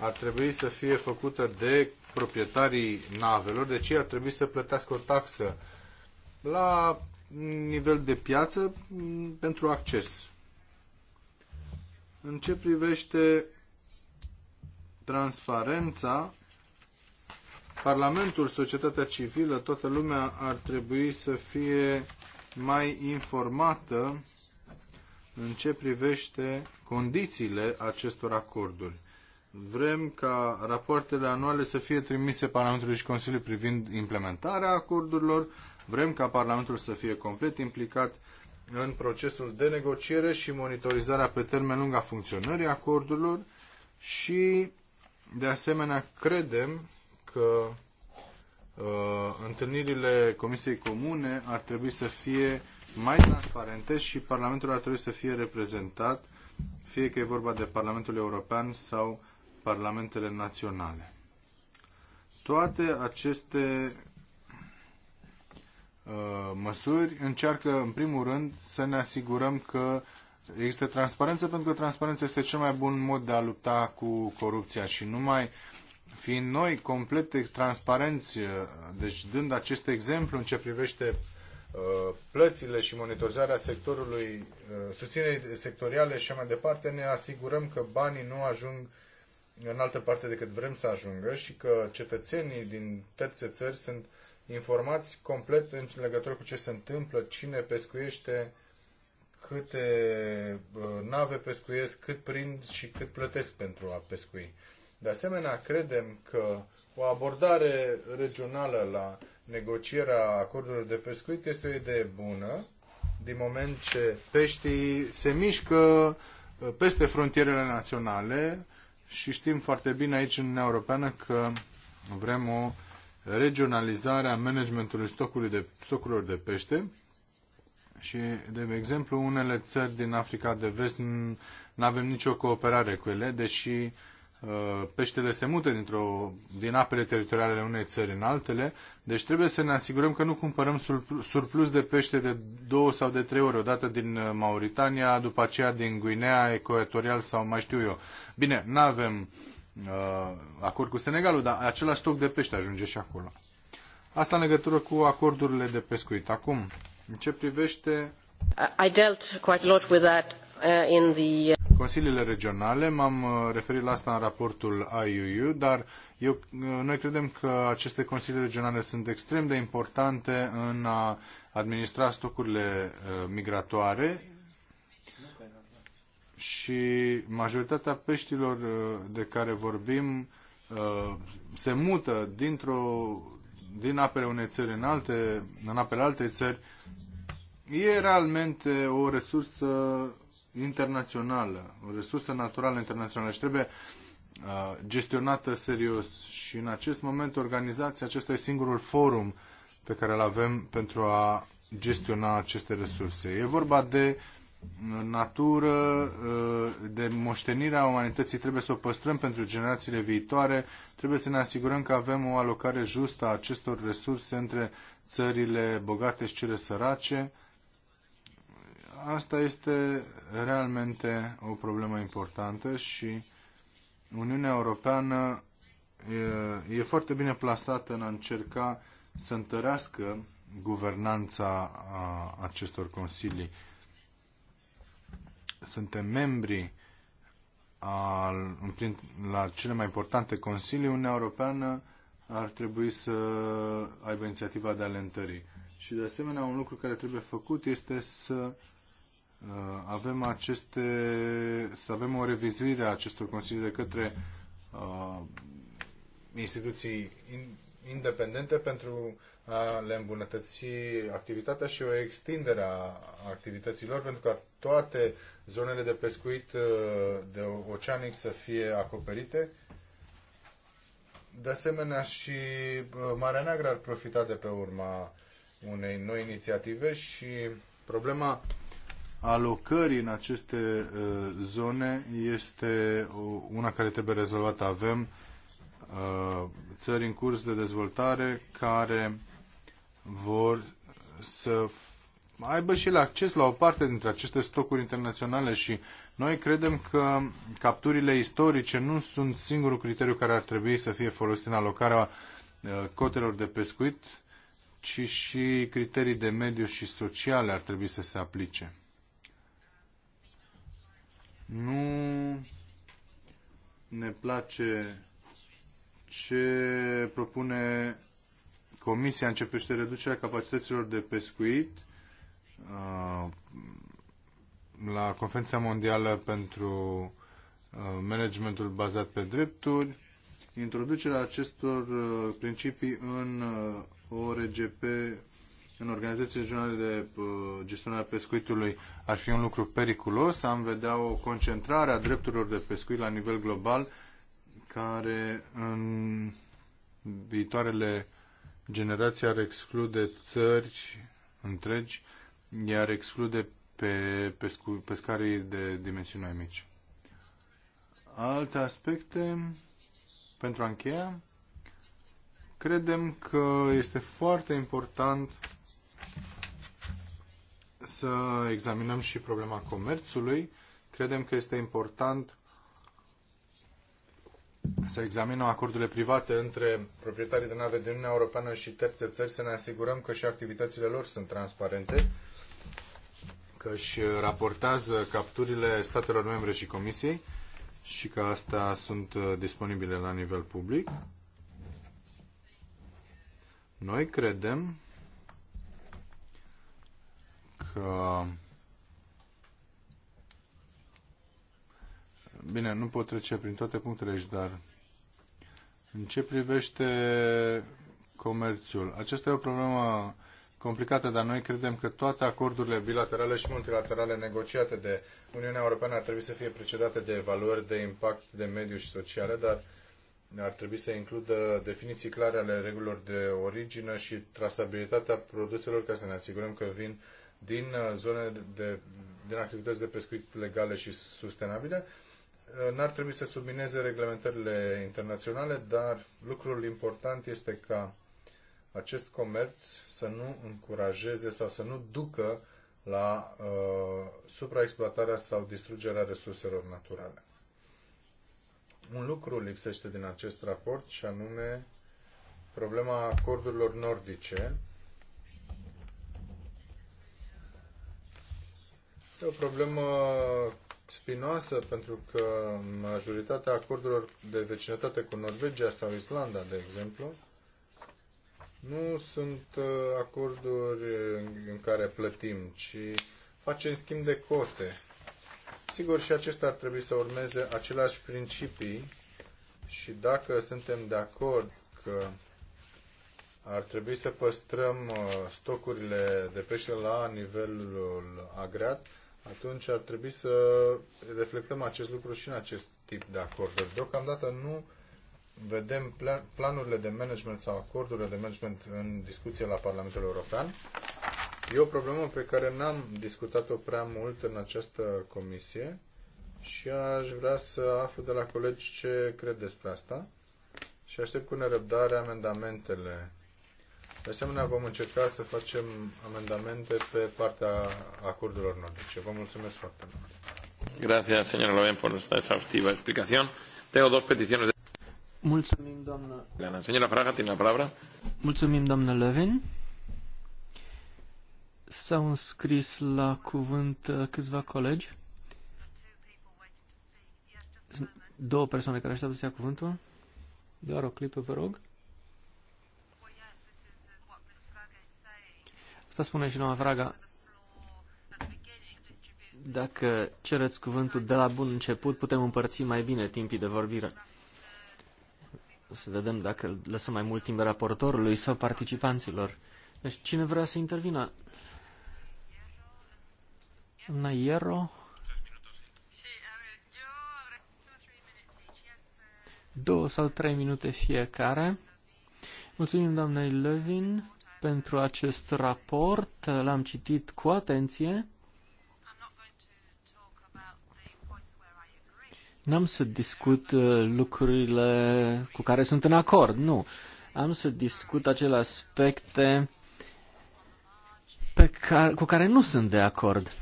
ar trebui să fie făcută de proprietarii navelor, deci ei ar trebui să plătească o taxă la nivel de piață mm, pentru acces. În ce privește transparența, Parlamentul, societatea civilă, toată lumea ar trebui să fie mai informată în ce privește condițiile acestor acorduri. Vrem ca rapoartele anuale să fie trimise Parlamentului și Consiliului privind implementarea acordurilor. Vrem ca Parlamentul să fie complet implicat în procesul de negociere și monitorizarea pe termen lung a funcționării acordurilor și, de asemenea, credem că uh, întâlnirile Comisiei Comune ar trebui să fie mai transparente și Parlamentul ar trebui să fie reprezentat, fie că e vorba de Parlamentul European sau parlamentele naționale. Toate aceste uh, măsuri încearcă, în primul rând, să ne asigurăm că există transparență, pentru că transparența este cel mai bun mod de a lupta cu corupția și numai fiind noi complet transparenți, uh, deci dând acest exemplu în ce privește uh, plățile și monitorizarea sectorului, susținerii sectoriale și mai departe, ne asigurăm că banii nu ajung uh, în altă parte decât vrem să ajungă și că cetățenii din terțe țări sunt informați complet în legătură cu ce se întâmplă, cine pescuiește, câte nave pescuiesc, cât prind și cât plătesc pentru a pescui. De asemenea, credem că o abordare regională la negocierea acordurilor de pescuit este o idee bună, din moment ce peștii se mișcă peste frontierele naționale, și știm foarte bine aici în Uniunea Europeană că vrem o regionalizare a managementului stocului de, stocurilor de pește și, de exemplu, unele țări din Africa de Vest nu avem nicio cooperare cu ele, deși uh, peștele se mută dintr-o, din apele teritoriale unei țări în altele deci trebuie să ne asigurăm că nu cumpărăm surplus de pește de două sau de trei ori, odată din uh, Mauritania, după aceea din Guinea, Ecuatorial sau mai știu eu. Bine, nu avem uh, acord cu Senegalul, dar același stoc de pește ajunge și acolo. Asta în legătură cu acordurile de pescuit. Acum, în ce privește... I dealt quite a lot with that uh, in the consiliile regionale, m-am uh, referit la asta în raportul IUU, dar eu, uh, noi credem că aceste consilii regionale sunt extrem de importante în a administra stocurile uh, migratoare și majoritatea peștilor de care vorbim se mută dintr-o, din apele unei țări în, alte, în apele altei țări e realmente o resursă internațională, o resursă naturală internațională și trebuie uh, gestionată serios. Și în acest moment organizația, acesta e singurul forum pe care îl avem pentru a gestiona aceste resurse. E vorba de uh, natură, uh, de moștenirea umanității, trebuie să o păstrăm pentru generațiile viitoare, trebuie să ne asigurăm că avem o alocare justă a acestor resurse între țările bogate și cele sărace asta este realmente o problemă importantă și Uniunea Europeană e, e foarte bine plasată în a încerca să întărească guvernanța a acestor consilii. Suntem membri al, prin, la cele mai importante consilii, Uniunea Europeană ar trebui să aibă inițiativa de a le întări. Și de asemenea, un lucru care trebuie făcut este să Uh, avem aceste, să avem o revizuire a acestor consilii de către uh, instituții independente pentru a le îmbunătăți activitatea și o extindere a activităților pentru ca toate zonele de pescuit uh, de oceanic să fie acoperite. De asemenea și uh, Marea Neagră ar profita de pe urma unei noi inițiative și problema alocării în aceste uh, zone este uh, una care trebuie rezolvată. Avem uh, țări în curs de dezvoltare care vor să aibă și la acces la o parte dintre aceste stocuri internaționale și noi credem că capturile istorice nu sunt singurul criteriu care ar trebui să fie folosit în alocarea cotelor de pescuit, ci și criterii de mediu și sociale ar trebui să se aplice. Nu ne place ce propune Comisia începește reducerea capacităților de pescuit uh, la Conferința Mondială pentru uh, Managementul Bazat pe Drepturi, introducerea acestor uh, principii în ORGP în organizații regionale de uh, gestionare a pescuitului ar fi un lucru periculos. Am vedea o concentrare a drepturilor de pescuit la nivel global care în viitoarele generații ar exclude țări întregi, iar exclude pe pescu- pescarii de dimensiuni mai mici. Alte aspecte pentru a încheia? Credem că este foarte important să examinăm și problema comerțului. Credem că este important să examinăm acordurile private între proprietarii de nave din Uniunea Europeană și terțe țări, să ne asigurăm că și activitățile lor sunt transparente, că își raportează capturile statelor membre și Comisiei și că astea sunt uh, disponibile la nivel public. Noi credem Bine, nu pot trece prin toate punctele aici, dar în ce privește comerțul, aceasta e o problemă complicată, dar noi credem că toate acordurile bilaterale și multilaterale negociate de Uniunea Europeană ar trebui să fie precedate de evaluări de impact de mediu și sociale, dar ar trebui să includă definiții clare ale regulilor de origine și trasabilitatea produselor ca să ne asigurăm că vin uh, din uh, zone de, din activități de pescuit legale și sustenabile, uh, n-ar trebui să submineze reglementările internaționale, dar lucrul important este ca acest comerț să nu încurajeze sau să nu ducă la uh, supraexploatarea sau distrugerea resurselor naturale. Un lucru lipsește din acest raport și anume problema acordurilor nordice, E o problemă spinoasă pentru că majoritatea acordurilor de vecinătate cu Norvegia sau Islanda, de exemplu, nu sunt uh, acorduri în care plătim, ci facem schimb de cote. Sigur, și acesta ar trebui să urmeze aceleași principii și dacă suntem de acord că ar trebui să păstrăm uh, stocurile de pește la nivelul agreat, atunci ar trebui să reflectăm acest lucru și în acest tip de acorduri. Deocamdată nu vedem planurile de management sau acordurile de management în discuție la Parlamentul European. E o problemă pe care n-am discutat-o prea mult în această comisie și aș vrea să aflu de la colegi ce cred despre asta și aștept cu nerăbdare amendamentele de asemenea, vom încerca să facem amendamente pe partea acordurilor nordice. Vă mulțumesc foarte mult. Gracias, señor Loven, por esta exhaustiva explicación. Tengo dos peticiones. De... Mulțumim, doamnă. señora Fraga tiene la palabra. Mulțumim, doamnă Levin. S-au înscris la cuvânt uh, câțiva colegi. două persoane care așteaptă să ia cuvântul. Doar o clipă, vă rog. Asta spune și noua Vraga. Dacă cereți cuvântul de la bun început, putem împărți mai bine timpii de vorbire. Să vedem dacă lăsăm mai mult timp raportorului sau participanților. Deci cine vrea să intervină? Naiero? Două sau trei minute fiecare. Mulțumim doamnei Levin pentru acest raport. L-am citit cu atenție. N-am să discut uh, lucrurile cu care sunt în acord, nu. Am să discut acele aspecte pe care, cu care nu sunt de acord.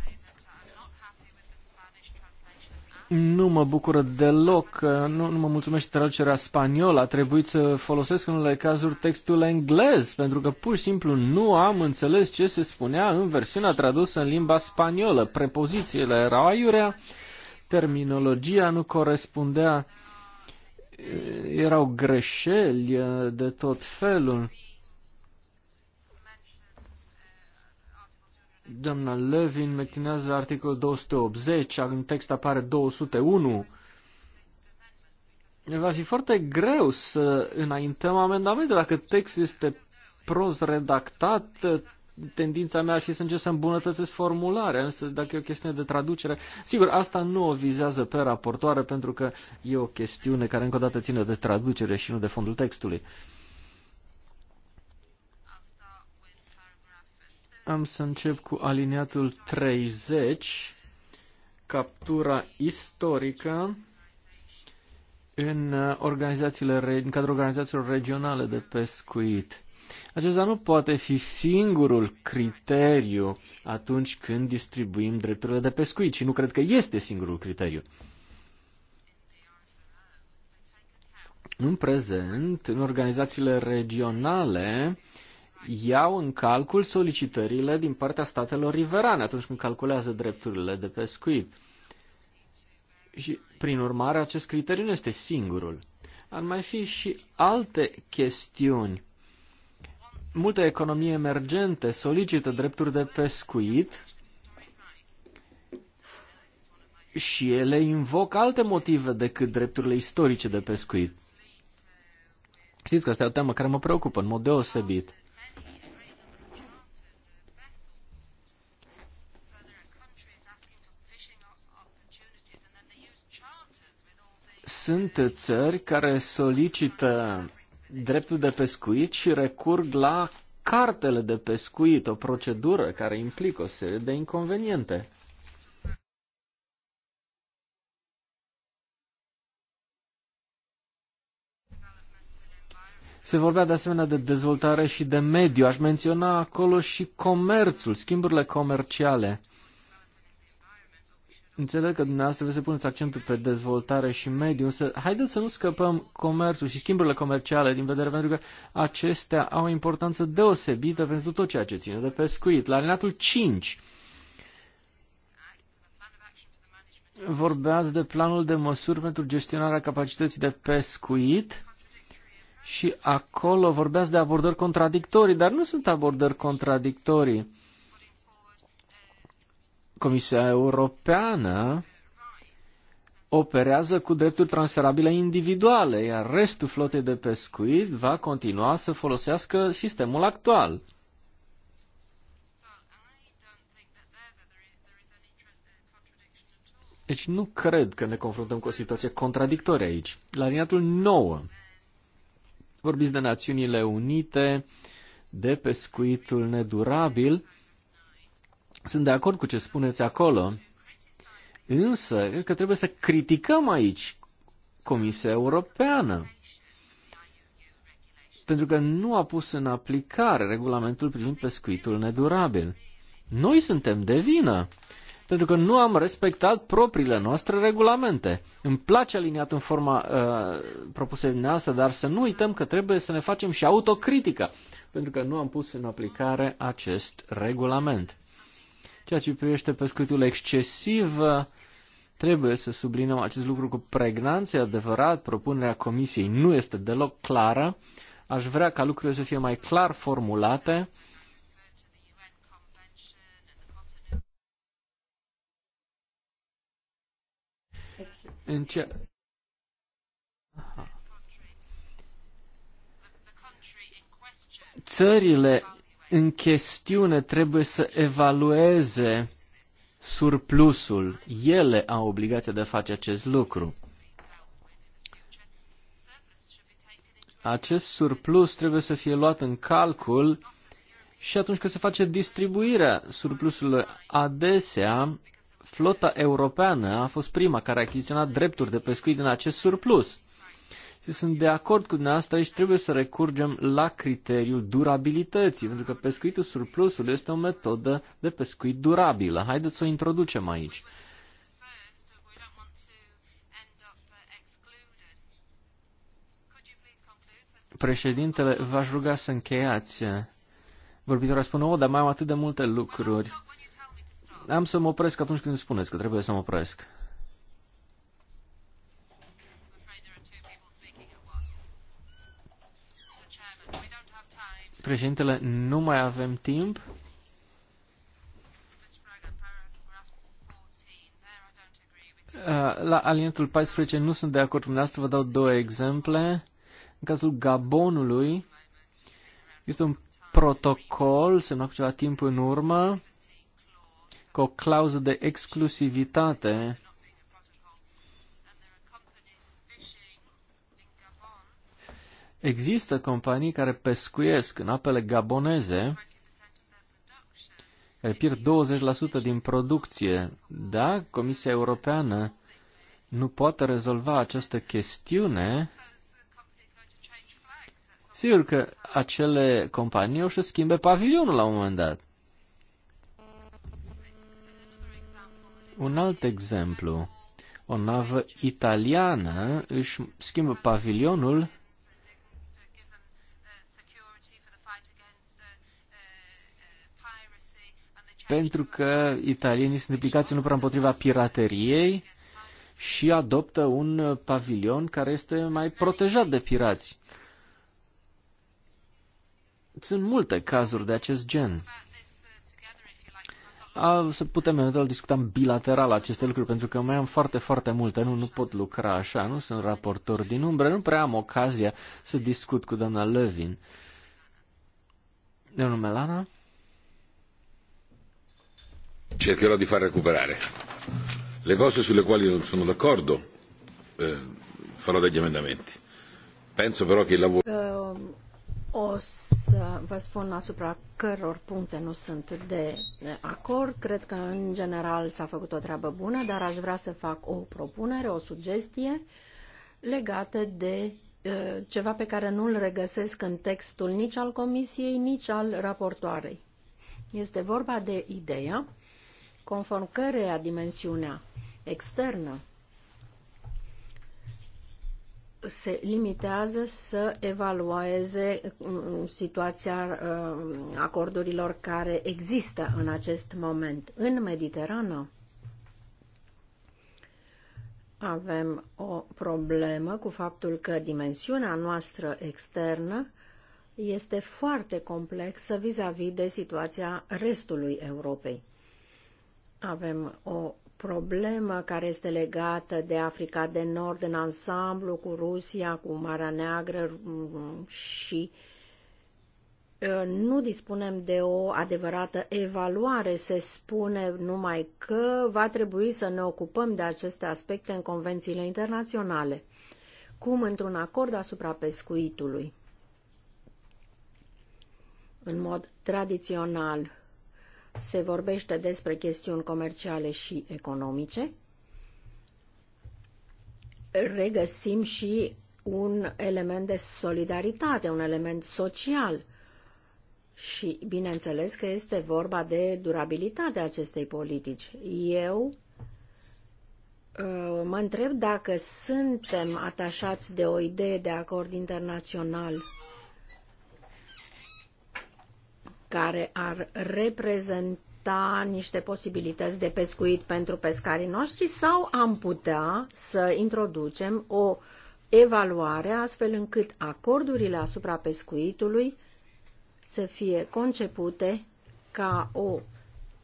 Nu mă bucură deloc, nu, nu mă mulțumește traducerea spaniolă, a trebuit să folosesc în unele cazuri textul englez, pentru că pur și simplu nu am înțeles ce se spunea în versiunea tradusă în limba spaniolă. Prepozițiile erau aiurea, terminologia nu corespundea, erau greșeli de tot felul. Doamna Levin menționează articolul 280, în text apare 201. Ne va fi foarte greu să înaintăm amendamente. Dacă textul este prost redactat, tendința mea ar fi să încerc să îmbunătățesc formularea, însă dacă e o chestiune de traducere, sigur, asta nu o vizează pe raportoare, pentru că e o chestiune care încă o dată ține de traducere și nu de fondul textului. Am să încep cu aliniatul 30, captura istorică în, uh, organizațiile, în cadrul organizațiilor regionale de pescuit. Acesta nu poate fi singurul criteriu atunci când distribuim drepturile de pescuit și nu cred că este singurul criteriu. În prezent, în organizațiile regionale, iau în calcul solicitările din partea statelor riverane atunci când calculează drepturile de pescuit. Și, prin urmare, acest criteriu nu este singurul. Ar mai fi și alte chestiuni. Multe economii emergente solicită drepturi de pescuit și ele invocă alte motive decât drepturile istorice de pescuit. Știți că asta e o temă care mă preocupă în mod deosebit. sunt țări care solicită dreptul de pescuit și recurg la cartele de pescuit, o procedură care implică o serie de inconveniente. Se vorbea de asemenea de dezvoltare și de mediu. Aș menționa acolo și comerțul, schimburile comerciale. Înțeleg că dumneavoastră trebuie să puneți accentul pe dezvoltare și mediu, însă haideți să nu scăpăm comerțul și schimburile comerciale din vedere, pentru că acestea au o importanță deosebită pentru tot ceea ce ține de pescuit. La alinatul 5 vorbeați de planul de măsuri pentru gestionarea capacității de pescuit și acolo vorbeați de abordări contradictorii, dar nu sunt abordări contradictorii Comisia Europeană operează cu drepturi transferabile individuale, iar restul flotei de pescuit va continua să folosească sistemul actual. Deci nu cred că ne confruntăm cu o situație contradictorie aici. La liniatul 9 vorbiți de Națiunile Unite, de pescuitul nedurabil. Sunt de acord cu ce spuneți acolo, însă cred că trebuie să criticăm aici Comisia Europeană pentru că nu a pus în aplicare regulamentul privind pescuitul nedurabil. Noi suntem de vină, pentru că nu am respectat propriile noastre regulamente. Îmi place aliniat în forma uh, propusă asta, dar să nu uităm că trebuie să ne facem și autocritică, pentru că nu am pus în aplicare acest regulament. Ceea ce privește pescuitul excesiv, trebuie să sublinăm acest lucru cu pregnanță, adevărat, propunerea comisiei nu este deloc clară. Aș vrea ca lucrurile să fie mai clar formulate. În ce... Aha. Țările în chestiune trebuie să evalueze surplusul. Ele au obligația de a face acest lucru. Acest surplus trebuie să fie luat în calcul și atunci când se face distribuirea surplusului. Adesea, flota europeană a fost prima care a achiziționat drepturi de pescuit din acest surplus sunt de acord cu dumneavoastră, aici trebuie să recurgem la criteriul durabilității, pentru că pescuitul surplusului este o metodă de pescuit durabilă. Haideți să o introducem aici. Președintele, v-aș ruga să încheiați. Vorbitorul spune, o, dar mai am atât de multe lucruri. Am să mă opresc atunci când îmi spuneți că trebuie să mă opresc. Președintele, nu mai avem timp. Uh, la alientul 14 nu sunt de acord cu dumneavoastră, vă dau două exemple. În cazul Gabonului este un protocol semnat cu ceva timp în urmă cu o clauză de exclusivitate Există companii care pescuiesc în apele gaboneze, care pierd 20% din producție. Da, Comisia Europeană nu poate rezolva această chestiune. Sigur că acele companii o să schimbe pavilionul la un moment dat. Un alt exemplu. O navă italiană își schimbă pavilionul pentru că italienii sunt implicați în opera împotriva pirateriei și adoptă un pavilion care este mai protejat de pirați. Sunt multe cazuri de acest gen. A, să putem eventual discuta bilateral aceste lucruri, pentru că mai am foarte, foarte multe. Nu, nu pot lucra așa, nu sunt raportor din umbră, nu prea am ocazia să discut cu doamna Levin. nume Lana cercherò di far recuperare. Le cose sulle quali non sono d'accordo eh, farò degli emendamenti. Penso però che il lavoro... Uh, o să vă spun asupra căror puncte nu sunt de acord. Cred că, în general, s-a făcut o treabă bună, dar aș vrea să fac o propunere, o sugestie legată de eh, ceva pe care nu-l regăsesc în textul nici al Comisiei, nici al raportoarei. Este vorba de ideea conform căreia dimensiunea externă se limitează să evalueze uh, situația uh, acordurilor care există în acest moment. În Mediterană avem o problemă cu faptul că dimensiunea noastră externă este foarte complexă vis-a-vis -vis de situația restului Europei. Avem o problemă care este legată de Africa de Nord în ansamblu, cu Rusia, cu Marea Neagră mm, și ă, nu dispunem de o adevărată evaluare. Se spune numai că va trebui să ne ocupăm de aceste aspecte în convențiile internaționale, cum într-un acord asupra pescuitului. În mod tradițional, se vorbește despre chestiuni comerciale și economice, regăsim și un element de solidaritate, un element social. Și bineînțeles că este vorba de durabilitatea acestei politici. Eu uh, mă întreb dacă suntem atașați de o idee de acord internațional care ar reprezenta niște posibilități de pescuit pentru pescarii noștri sau am putea să introducem o evaluare astfel încât acordurile asupra pescuitului să fie concepute ca o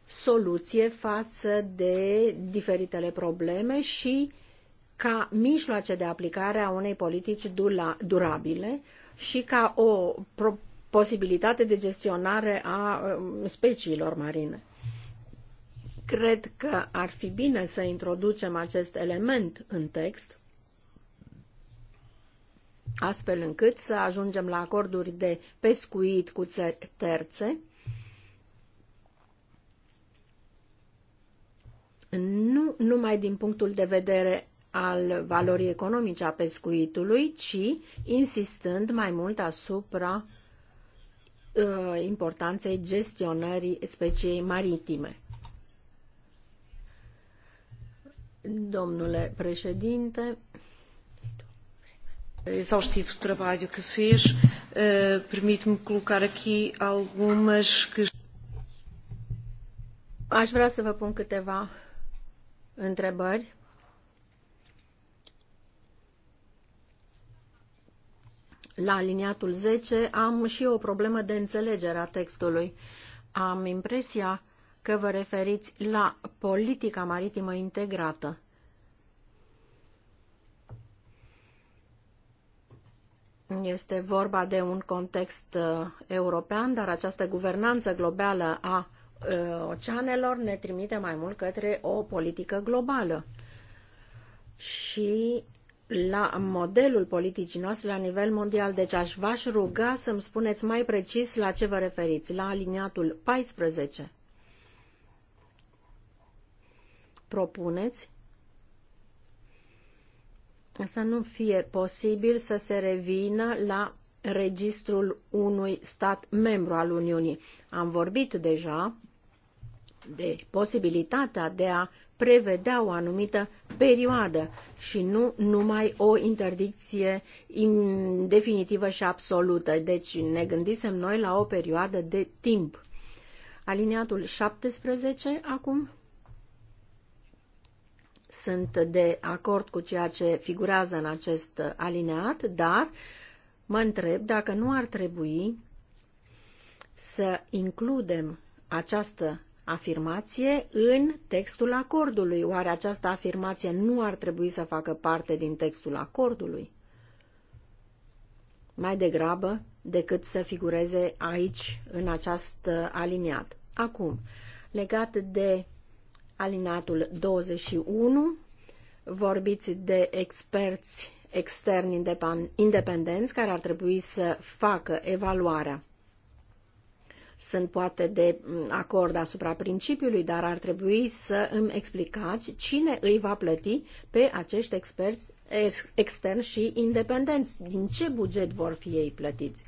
soluție față de diferitele probleme și ca mijloace de aplicare a unei politici durabile și ca o posibilitate de gestionare a um, speciilor marine. Cred că ar fi bine să introducem acest element în text, astfel încât să ajungem la acorduri de pescuit cu terțe, nu numai din punctul de vedere al valorii economice a pescuitului, ci insistând mai mult asupra uh, importanței gestionării speciei maritime. Domnule președinte, exaustivo do trabalho que fez, uh, permite-me colocar aqui algumas que... Aș vrea să vă pun câteva întrebări La aliniatul 10 am și o problemă de înțelegere a textului. Am impresia că vă referiți la politica maritimă integrată. Este vorba de un context uh, european, dar această guvernanță globală a uh, oceanelor ne trimite mai mult către o politică globală. Și la modelul politicii noastre la nivel mondial. Deci aș v-aș ruga să-mi spuneți mai precis la ce vă referiți, la aliniatul 14. Propuneți să nu fie posibil să se revină la registrul unui stat membru al Uniunii. Am vorbit deja de posibilitatea de a prevedea o anumită perioadă și nu numai o interdicție definitivă și absolută. Deci ne gândisem noi la o perioadă de timp. Aliniatul 17 acum sunt de acord cu ceea ce figurează în acest alineat, dar mă întreb dacă nu ar trebui să includem această afirmație în textul acordului. Oare această afirmație nu ar trebui să facă parte din textul acordului? Mai degrabă decât să figureze aici, în acest uh, aliniat. Acum, legat de alineatul 21, vorbiți de experți externi independenți care ar trebui să facă evaluarea sunt poate de mm, acord asupra principiului, dar ar trebui să îmi explicați cine îi va plăti pe acești experți externi și independenți, din ce buget vor fi ei plătiți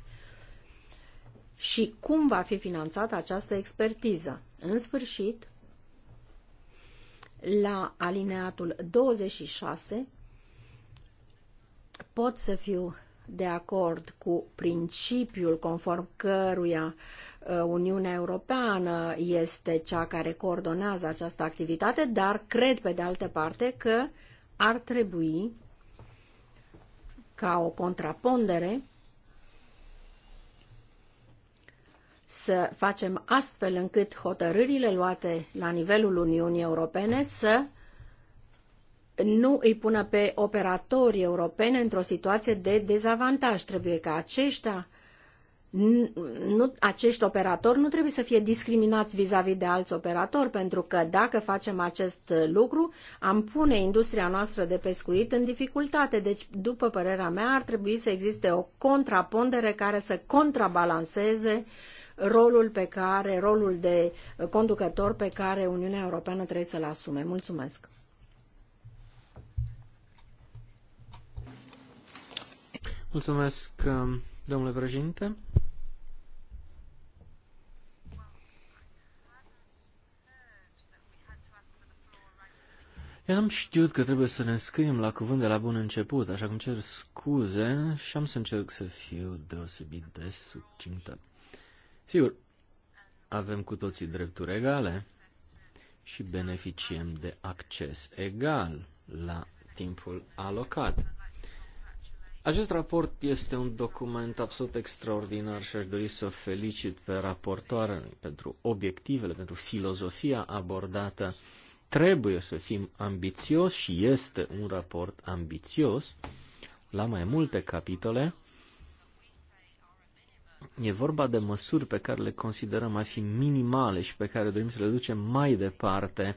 și cum va fi finanțată această expertiză. În sfârșit, la alineatul 26 pot să fiu de acord cu principiul conform căruia uh, Uh, Uniunea Europeană este cea care coordonează această activitate, dar cred pe de altă parte că ar trebui ca o contrapondere să facem astfel încât hotărârile luate la nivelul Uniunii Europene să nu îi pună pe operatorii europene într-o situație de dezavantaj. Trebuie ca aceștia nu, acești operatori nu trebuie să fie discriminați vis-a-vis -vis de alți operatori, pentru că dacă facem acest lucru, am pune industria noastră de pescuit în dificultate. Deci, după părerea mea, ar trebui să existe o contrapondere care să contrabalanceze rolul pe care, rolul de conducător pe care Uniunea Europeană trebuie să-l asume. Mulțumesc! Mulțumesc! Um, Domnule președinte, Eu am știut că trebuie să ne scriem la cuvânt de la bun început, așa că cer scuze și am să încerc să fiu deosebit de succintă. Sigur, avem cu toții drepturi egale și beneficiem de acces egal la timpul alocat. Acest raport este un document absolut extraordinar și aș dori să o felicit pe raportoare pentru obiectivele, pentru filozofia abordată. Trebuie să fim ambițioși și este un raport ambițios la mai multe capitole. E vorba de măsuri pe care le considerăm a fi minimale și pe care dorim să le ducem mai departe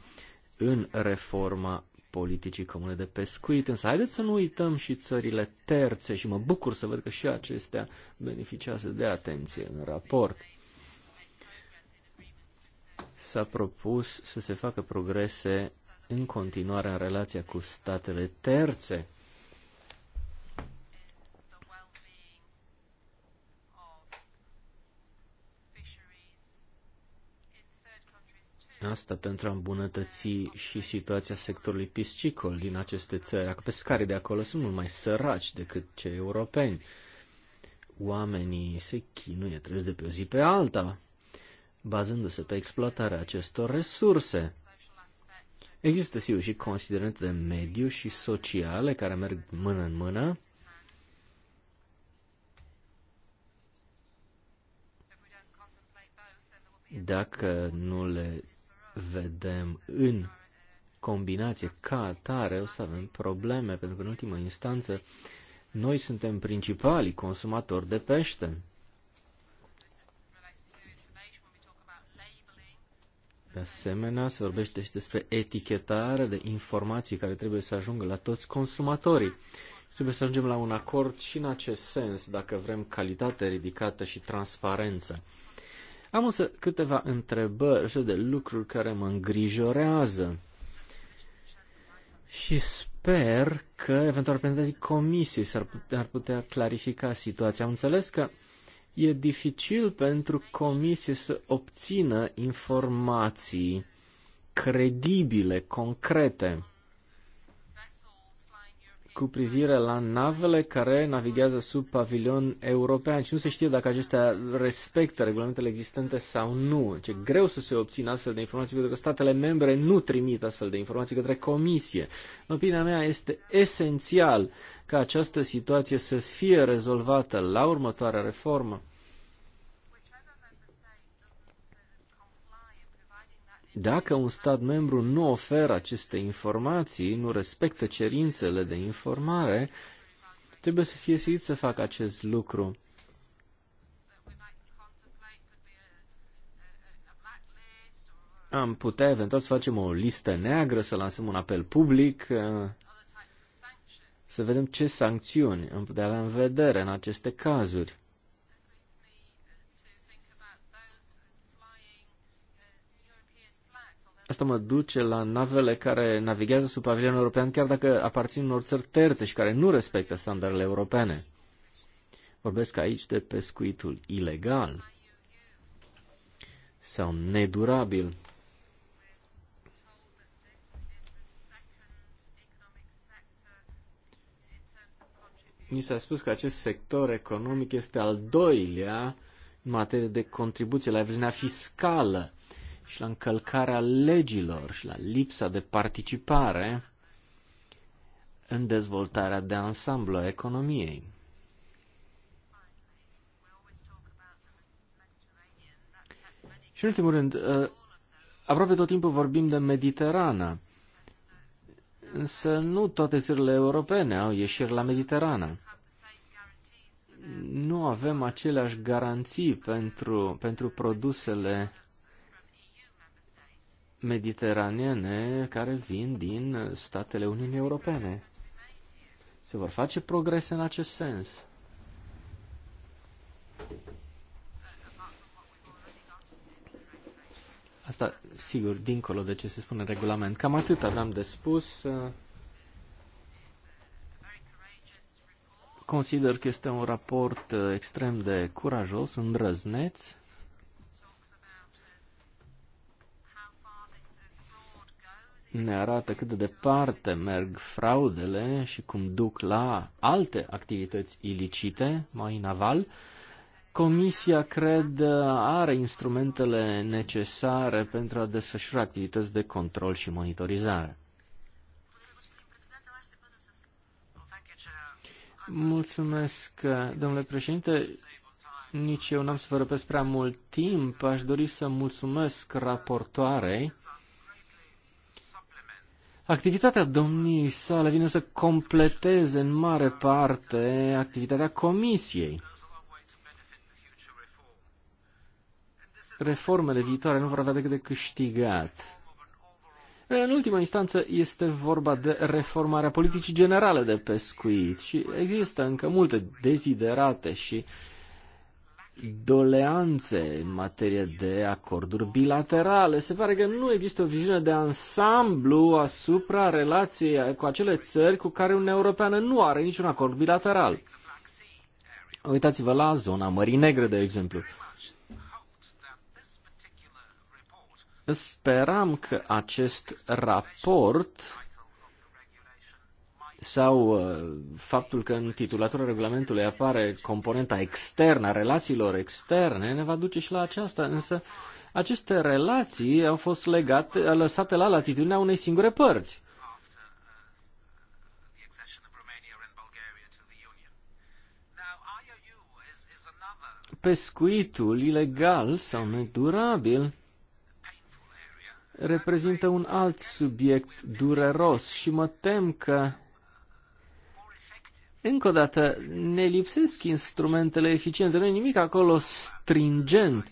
în reforma politicii comune de pescuit, însă haideți să nu uităm și țările terțe și mă bucur să văd că și acestea beneficiază de atenție în raport. S-a propus să se facă progrese în continuare în relația cu statele terțe Asta pentru a îmbunătăți și situația sectorului piscicol din aceste țări. Acum pescarii de acolo sunt mult mai săraci decât cei europeni. Oamenii se chinuie, trăiesc de pe o zi pe alta, bazându-se pe exploatarea acestor resurse. Există, sigur, și considerente de mediu și sociale care merg mână în mână. Dacă nu le vedem în combinație ca atare, o să avem probleme, pentru că în ultimă instanță noi suntem principalii consumatori de pește. De asemenea, se vorbește și despre etichetare de informații care trebuie să ajungă la toți consumatorii. Trebuie să ajungem la un acord și în acest sens, dacă vrem calitate ridicată și transparență. Am însă câteva întrebări și de lucruri care mă îngrijorează. Și sper că eventual reprezentanții comisiei s-ar putea, ar putea clarifica situația. Am înțeles că e dificil pentru comisie să obțină informații credibile, concrete cu privire la navele care navighează sub pavilion european și nu se știe dacă acestea respectă regulamentele existente sau nu. Ce greu să se obțină astfel de informații pentru că statele membre nu trimit astfel de informații către comisie. În opinia mea este esențial ca această situație să fie rezolvată la următoarea reformă. Dacă un stat membru nu oferă aceste informații, nu respectă cerințele de informare, trebuie să fie silit să facă acest lucru. Am putea eventual să facem o listă neagră, să lansăm un apel public, uh, să vedem ce sancțiuni am putea avea în vedere în aceste cazuri. Asta mă duce la navele care navighează sub pavilion european, chiar dacă aparțin unor țări terțe și care nu respectă standardele europene. Vorbesc aici de pescuitul ilegal sau nedurabil. Mi s-a spus că acest sector economic este al doilea în materie de contribuție la evaziunea fiscală și la încălcarea legilor și la lipsa de participare în dezvoltarea de ansamblu a economiei. Și în ultimul rând, ă, aproape tot timpul vorbim de Mediterana, însă nu toate țările europene au ieșiri la Mediterana. Nu avem aceleași garanții pentru, pentru produsele mediteraneene care vin din statele Uniunii Europene. Se vor face progrese în acest sens. Asta, sigur, dincolo de ce se spune regulament. Cam atât aveam de spus. Consider că este un raport eh, extrem de curajos, îndrăzneț, ne arată cât de departe merg fraudele și cum duc la alte activități ilicite, mai naval, Comisia, cred, are instrumentele necesare pentru a desfășura activități de control și monitorizare. Mulțumesc, domnule președinte. Nici eu n-am să vă răpesc prea mult timp. Aș dori să mulțumesc raportoarei Activitatea domniei sale vine să completeze în mare parte activitatea comisiei. Reformele viitoare nu vor avea decât de câștigat. În ultima instanță este vorba de reformarea politicii generale de pescuit și există încă multe deziderate și uh, doleanțe în materie de acorduri bilaterale. Se pare că nu există o viziune de ansamblu asupra relației cu acele țări cu care Uniunea Europeană nu are niciun acord bilateral. Uitați-vă la zona Mării Negre, de exemplu. Speram că acest raport sau uh, faptul că în titulatura regulamentului apare componenta externă a relațiilor externe, ne va duce și la aceasta, însă aceste relații au fost legate, lăsate la latitudinea unei singure părți. Pescuitul ilegal sau nedurabil reprezintă un alt subiect dureros și mă tem că încă o dată, ne lipsesc instrumentele eficiente, nu e nimic acolo stringent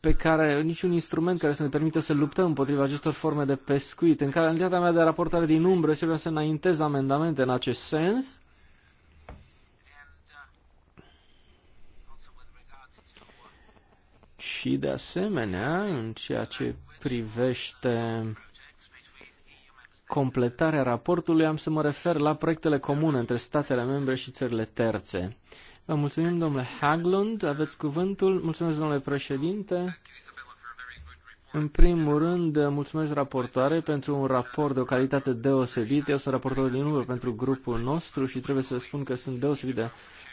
pe care, niciun instrument care să ne permită să luptăm împotriva acestor forme de pescuit. În care calitatea mea de raportare din umbră, și vreau să înaintez amendamente în acest sens. Și de asemenea, în ceea ce privește completarea raportului am să mă refer la proiectele comune între statele membre și țările terțe. Vă mulțumim, domnule Haglund, aveți cuvântul. Mulțumesc, domnule președinte. În primul rând, mulțumesc raportoare pentru un raport de o calitate deosebită. Eu sunt raportor din urmă pentru grupul nostru și trebuie să vă spun că sunt deosebit de,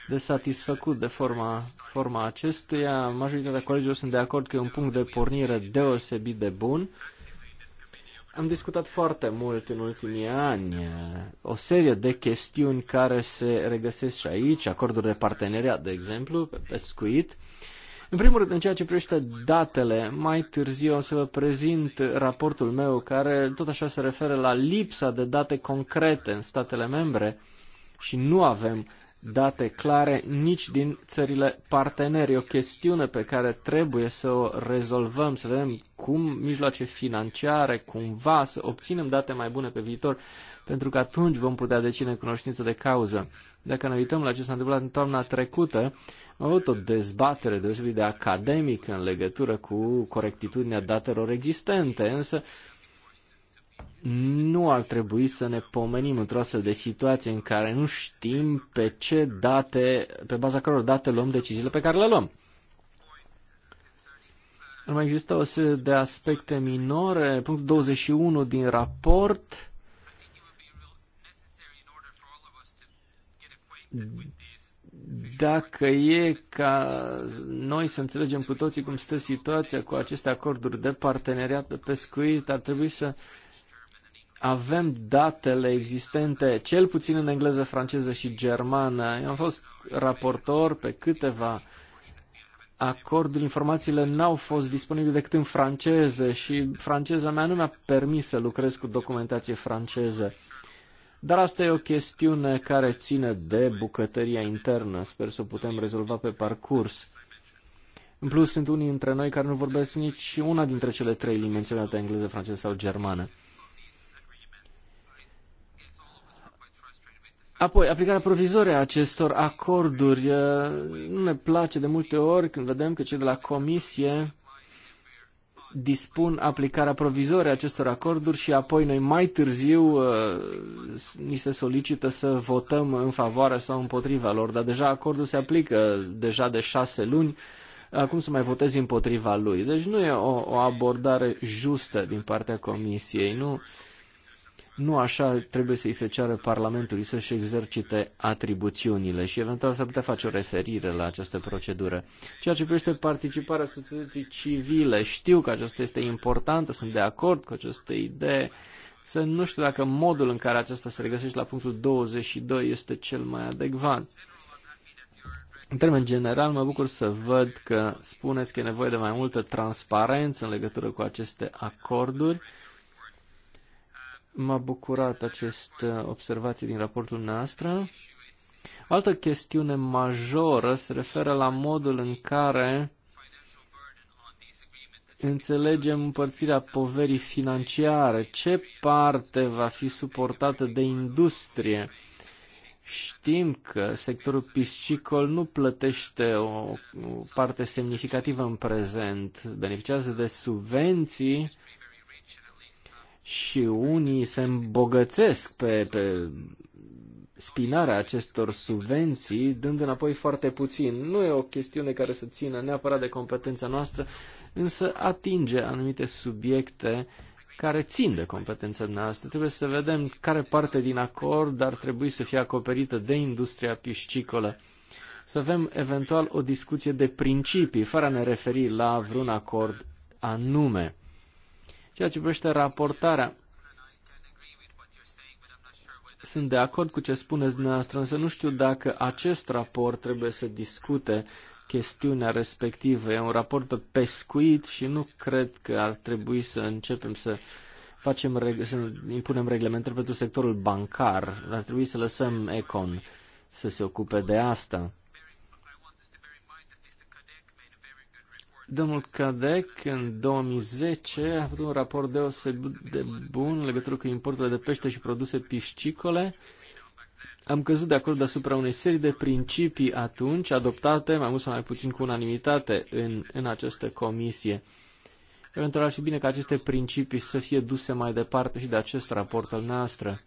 de satisfăcut de forma, forma acestuia. Majoritatea colegilor sunt de acord că e un punct de pornire deosebit de bun. Am discutat foarte mult în ultimii ani uh, o serie de chestiuni care se regăsesc și aici, acorduri de parteneriat, de exemplu, pe pescuit. În primul rând, în ceea ce privește datele, mai târziu o să vă prezint raportul meu care tot așa se referă la lipsa de date concrete în statele membre și nu avem date clare nici din țările parteneri. E o chestiune pe care trebuie să o rezolvăm, să vedem cum mijloace financiare, cumva, să obținem date mai bune pe viitor, pentru că atunci vom putea decine cunoștință de cauză. Dacă ne uităm la ce s-a întâmplat în toamna trecută, am avut o dezbatere deosebit de academică în legătură cu corectitudinea datelor existente, însă nu ar trebui să ne pomenim într-o astfel de situație în care nu știm pe ce date, pe baza căror date luăm deciziile pe care le luăm. Nu mai există o serie de aspecte minore. Punctul 21 din raport. Dacă e ca noi să înțelegem cu toții cum stă situația cu aceste acorduri de parteneriat de pescuit, ar trebui să avem datele existente, cel puțin în engleză, franceză și germană. Eu am fost raportor pe câteva acorduri, informațiile n-au fost disponibile decât în franceză și franceza mea nu mi-a permis să lucrez cu documentație franceză. Dar asta e o chestiune care ține de bucătăria internă. Sper să o putem rezolva pe parcurs. În plus, sunt unii dintre noi care nu vorbesc nici una dintre cele trei limbi menționate, engleză, franceză sau germană. Apoi, aplicarea provizorie a acestor acorduri. Eh, nu ne place de multe ori când vedem că cei de la comisie dispun aplicarea provizorie a acestor acorduri și apoi noi mai târziu eh, ni se solicită să votăm în favoarea sau împotriva lor, dar deja acordul se aplică deja de șase luni, acum să mai votezi împotriva lui. Deci nu e o, o abordare justă din partea comisiei, nu nu așa trebuie să-i se ceară Parlamentului să-și exercite atribuțiunile și eventual s-ar putea face o referire la această procedură. Ceea ce privește participarea societății civile, știu că aceasta este importantă, sunt de acord cu această idee, să nu știu dacă modul în care aceasta se regăsește la punctul 22 este cel mai adecvat. În termen general, mă bucur să văd că spuneți că e nevoie de mai multă transparență în legătură cu aceste acorduri M-a bucurat acest uh, observații din raportul noastră. O altă chestiune majoră se referă la modul în care înțelegem împărțirea poverii financiare, ce parte va fi suportată de industrie. Știm că sectorul piscicol nu plătește o, parte semnificativă în prezent, beneficiază de subvenții și unii se îmbogățesc pe, pe spinarea acestor subvenții, dând înapoi foarte puțin. Nu e o chestiune care să țină neapărat de competența noastră, însă atinge anumite subiecte care țin de competența noastră. Trebuie să vedem care parte din acord ar trebui să fie acoperită de industria piscicolă. Să avem eventual o discuție de principii, fără a ne referi la vreun acord anume. Ceea ce privește raportarea, sunt de acord cu ce spuneți dumneavoastră, însă nu știu dacă acest raport trebuie să discute chestiunea respectivă. E un raport pe pescuit și nu cred că ar trebui să începem să facem, să impunem reglementări pentru sectorul bancar. Ar trebui să lăsăm Econ să se ocupe de asta. Domnul Cadec, în 2010, a avut un raport deosebit de bun în legătură cu importurile de pește și produse piscicole. Am căzut de acord deasupra unei serii de principii atunci, adoptate mai mult sau mai puțin cu unanimitate în, în această comisie. Eventual ar fi bine ca aceste principii să fie duse mai departe și de acest raport al noastră.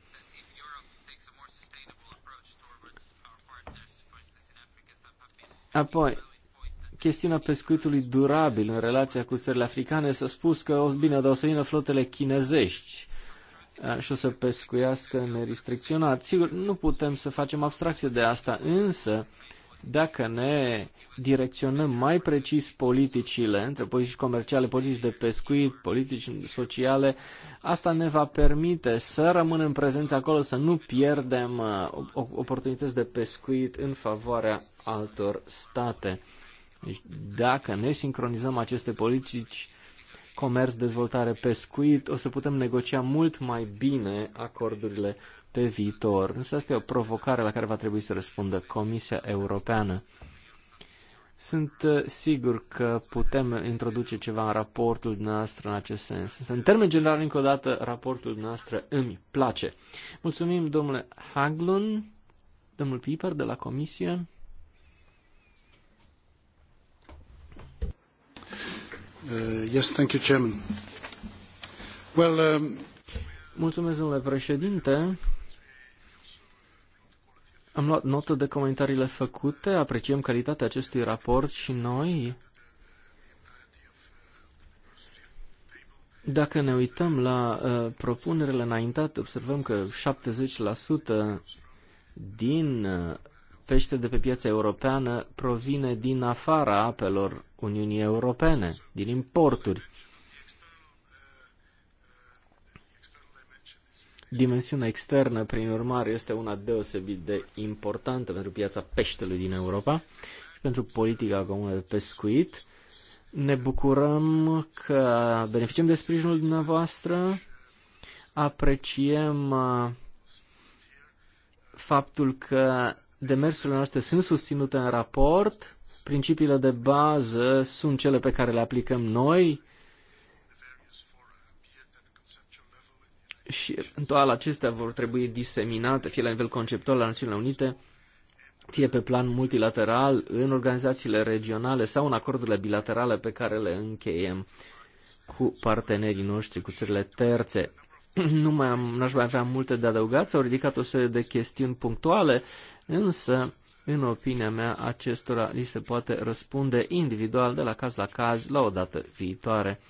Apoi, chestiunea pescuitului durabil în relația cu țările africane, s-a spus că, oh, bine, dar o să vină flotele chinezești și o să pescuiască nerestricționat. Sigur, nu putem să facem abstracție de asta, însă dacă ne direcționăm mai precis politicile, între politici comerciale, politici de pescuit, politici sociale, asta ne va permite să rămânem prezenți acolo, să nu pierdem uh, oportunități de pescuit în favoarea altor state. Deci dacă ne sincronizăm aceste politici, comerț, dezvoltare, pescuit, o să putem negocia mult mai bine acordurile pe viitor. Însă asta e o provocare la care va trebui să răspundă Comisia Europeană. Sunt uh, sigur că putem introduce ceva în raportul noastră în acest sens. în termen general, încă o dată, raportul noastră îmi place. Mulțumim, domnule Haglund, domnul Piper de la Comisie. Uh, yes, thank you, Chairman. Well, um... Mulțumesc, domnule președinte. Am luat notă de comentariile făcute, apreciem calitatea acestui raport și noi. Dacă ne uităm la uh, propunerile înaintate, observăm că 70% din uh, pește de pe piața europeană provine din afara apelor Uniunii Europene, din importuri. Dimensiunea externă, prin urmare, este una deosebit de importantă pentru piața peștelui din Europa și pentru politica comună de pescuit. Ne bucurăm că beneficiem de sprijinul dumneavoastră, apreciem uh, faptul că demersurile noastre sunt susținute în raport Principiile de bază sunt cele pe care le aplicăm noi și toate acestea vor trebui diseminate, fie la nivel conceptual la Națiunile Unite, fie pe plan multilateral, în organizațiile regionale sau în acordurile bilaterale pe care le încheiem cu partenerii noștri, cu țările terțe. Nu mai am, n-aș mai avea multe de adăugat, s-au ridicat o serie de chestiuni punctuale, însă în opinia mea, acestora li se poate răspunde individual, de la caz la caz, la o dată viitoare.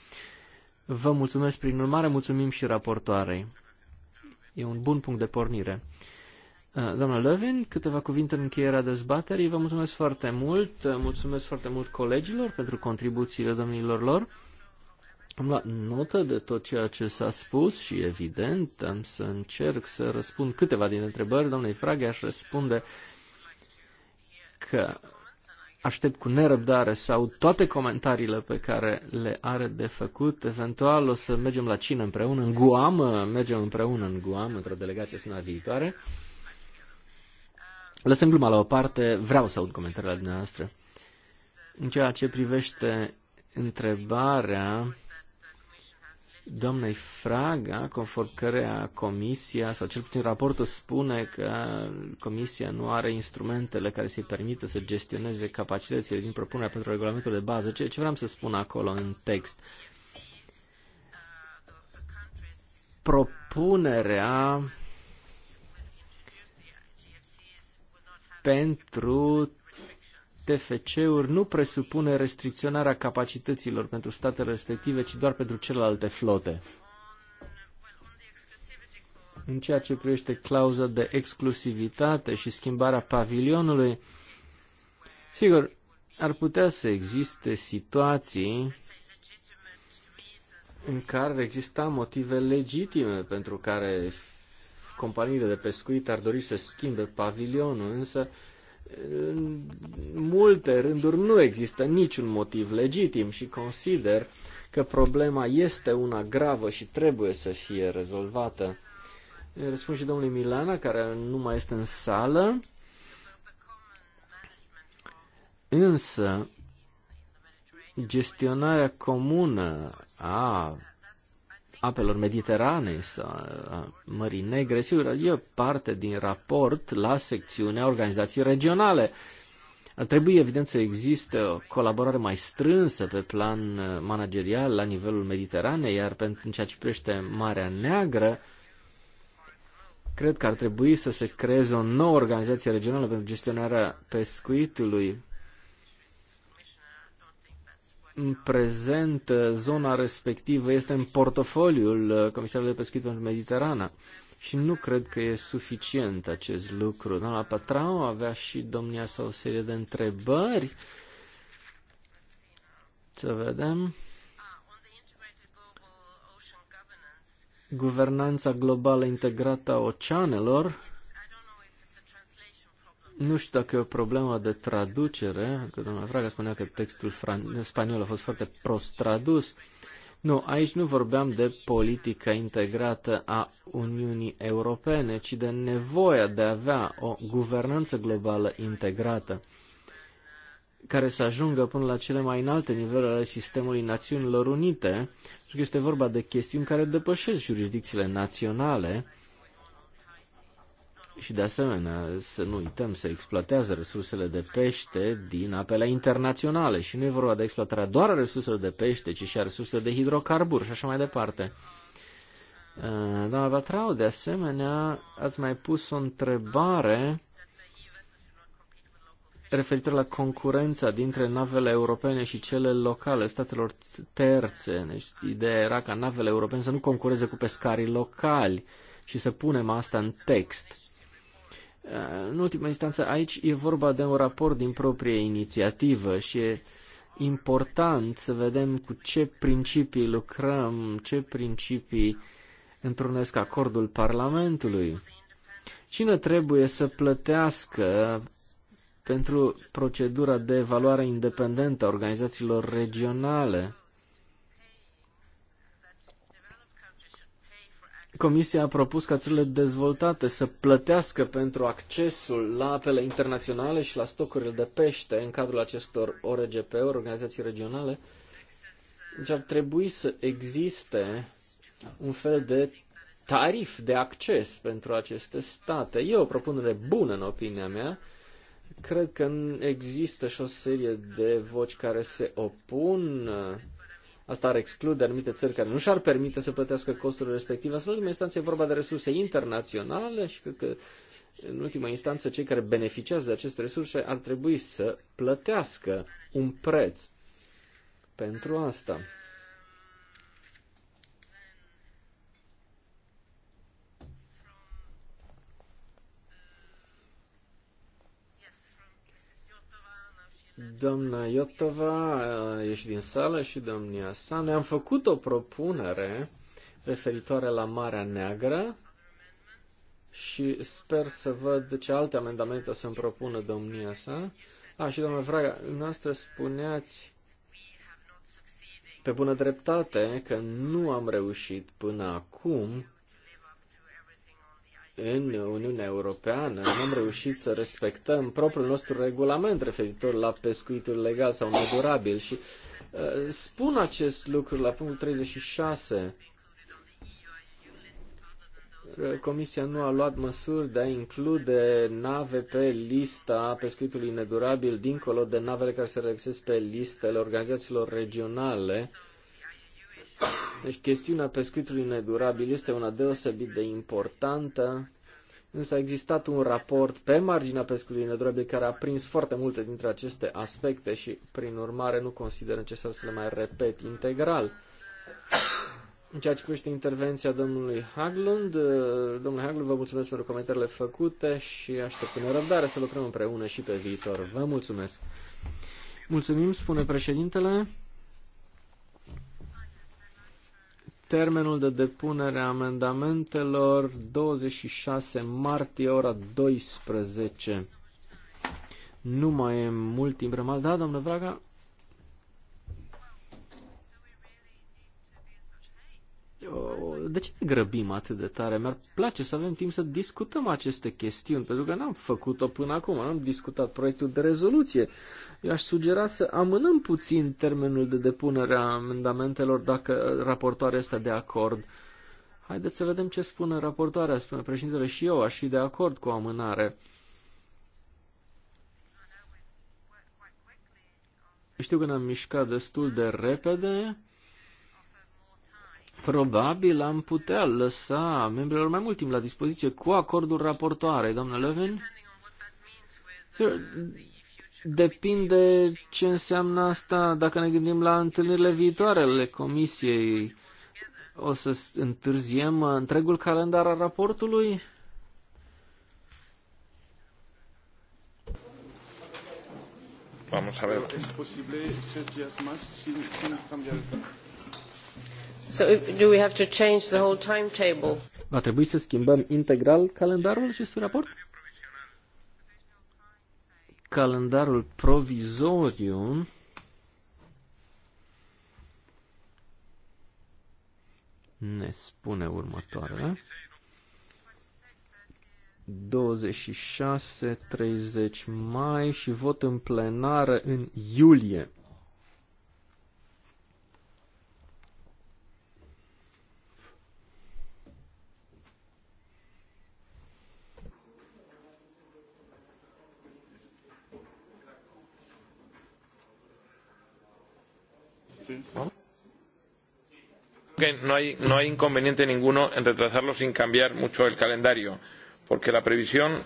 Vă mulțumesc prin urmare, mulțumim și raportoarei. E un bun punct de pornire. Uh, doamna Levin, câteva cuvinte în încheierea dezbaterii. Vă mulțumesc foarte mult, uh, mulțumesc foarte mult colegilor pentru contribuțiile domnilor lor. Am luat notă de tot ceea ce s-a spus și, evident, am să încerc să răspund câteva din întrebări. Domnului Frage aș răspunde că aștept cu nerăbdare să aud toate comentariile pe care le are de făcut. Eventual o să mergem la cină împreună, în Guam, mergem împreună în Guam, într-o delegație săptămâna viitoare. Lăsăm gluma la o parte, vreau să aud comentariile dumneavoastră. În ceea ce privește întrebarea doamnei Fraga, conform cărea comisia, sau cel puțin raportul spune că comisia nu are instrumentele care să-i permită să gestioneze capacitățile din propunerea pentru regulamentul de bază, Ce, ce vreau să spun acolo în text. Propunerea pentru TFC-uri nu presupune restricționarea capacităților pentru statele respective, ci doar pentru celelalte flote. În ceea ce privește clauza de exclusivitate și schimbarea pavilionului, sigur, ar putea să existe situații în care exista motive legitime pentru care companiile de pescuit ar dori să schimbe pavilionul, însă în multe rânduri nu există niciun motiv legitim și consider că problema este una gravă și trebuie să fie rezolvată. Răspund și domnului Milana, care nu mai este în sală. Însă, gestionarea comună a apelor mediterane sau a Mării Negre, sigur, e parte din raport la secțiunea organizației regionale. Ar trebui, evident, să existe o colaborare mai strânsă pe plan uh, managerial la nivelul Mediteranei, iar pentru ceea ce privește Marea Neagră, cred că ar trebui să se creeze o nouă organizație regională pentru gestionarea pescuitului. În prezent, zona respectivă este în portofoliul uh, Comisarului de Pescuit pentru Mediterana și nu cred că e suficient acest lucru. Doamna Patrao avea și domnia sa o serie de întrebări. Să vedem. Guvernanța globală integrată a oceanelor. Nu știu dacă e o problemă de traducere, că doamna Fraga spunea că textul spaniol a fost foarte prost tradus. Nu, aici nu vorbeam de politica integrată a Uniunii Europene, ci de nevoia de a avea o guvernanță globală integrată care să ajungă până la cele mai înalte nivele ale sistemului Națiunilor Unite, pentru că este vorba de chestiuni care depășesc jurisdicțiile naționale, uh, și de asemenea, să nu uităm, se exploatează resursele de pește din apele internaționale și nu e vorba de exploatarea doar a resurselor de pește, ci și a resurselor de hidrocarburi și așa mai departe. Uh, doamna Batrau, de asemenea, ați mai pus o întrebare referitor la concurența dintre navele europene și cele locale, statelor terțe. Deci, ideea era ca navele europene să nu concureze cu pescarii locali și să punem asta în text. Uh, în ultima instanță, aici e vorba de un raport din proprie inițiativă și e important să vedem cu ce principii lucrăm, ce principii întrunesc acordul Parlamentului. Cine trebuie să plătească pentru procedura de evaluare independentă a organizațiilor regionale? Comisia a propus ca țările dezvoltate să plătească pentru accesul la apele internaționale și la stocurile de pește în cadrul acestor ORGP-uri, organizații regionale. Deci ar trebui să existe un fel de tarif de acces pentru aceste state. E o propunere bună, în opinia mea. Cred că există și o serie de voci care se opun Asta ar exclude anumite țări care nu și-ar permite să plătească costurile respective. Asta, în ultima instanță, e vorba de resurse internaționale și cred că, în ultima instanță, cei care beneficiază de aceste resurse ar trebui să plătească un preț pentru asta. Doamna Iotova ești din sală și domnia sa. Noi am făcut o propunere referitoare la Marea Neagră și sper să văd ce alte amendamente o să-mi propună domnia sa. A, și doamna Vraga, noastră spuneați pe bună dreptate că nu am reușit până acum în Uniunea Europeană n-am reușit să respectăm propriul nostru regulament referitor la pescuitul legal sau nedurabil și uh, spun acest lucru la punctul 36. Uh, Comisia nu a luat măsuri de a include nave pe lista pescuitului nedurabil dincolo de navele care se regăsesc pe listele organizațiilor regionale uh, deci chestiunea pescuitului nedurabil este una deosebit de importantă, însă a existat un raport pe marginea pescuitului nedurabil care a prins foarte multe dintre aceste aspecte și, prin urmare, nu consider necesar să le mai repet integral. În ceea ce privește intervenția domnului Haglund, domnul Haglund, vă mulțumesc pentru comentariile făcute și aștept cu nerăbdare să lucrăm împreună și pe viitor. Vă mulțumesc! Mulțumim, spune președintele. Termenul de depunere a amendamentelor 26 martie ora 12. Nu mai e mult timp rămas. Da, domnule Vraga? de ce ne grăbim atât de tare? Mi-ar place să avem timp să discutăm aceste chestiuni, pentru că n-am făcut-o până acum, n-am discutat proiectul de rezoluție. Eu aș sugera să amânăm puțin termenul de depunere a amendamentelor dacă raportoarea este de acord. Haideți să vedem ce spune raportoarea, spune președintele și eu aș fi de acord cu o amânare. Știu că ne-am mișcat destul de repede Probabil am putea lăsa membrilor mai mult timp la dispoziție cu acordul raportoare, doamnă Levin. Depinde ce înseamnă asta dacă ne gândim la întâlnirile viitoare ale comisiei. O să întârziem întregul calendar al raportului? Vamos a ver. Es posible tres días más sin, sin cambiar el plan. So do we have to change the whole timetable? Va trebui să schimbăm integral calendarul acestui raport? Calendarul provizoriu ne spune următoarea. 26-30 mai și vot în plenară în iulie. que no hay, no hay inconveniente ninguno en retrasarlo sin cambiar mucho el calendario, porque la previsión...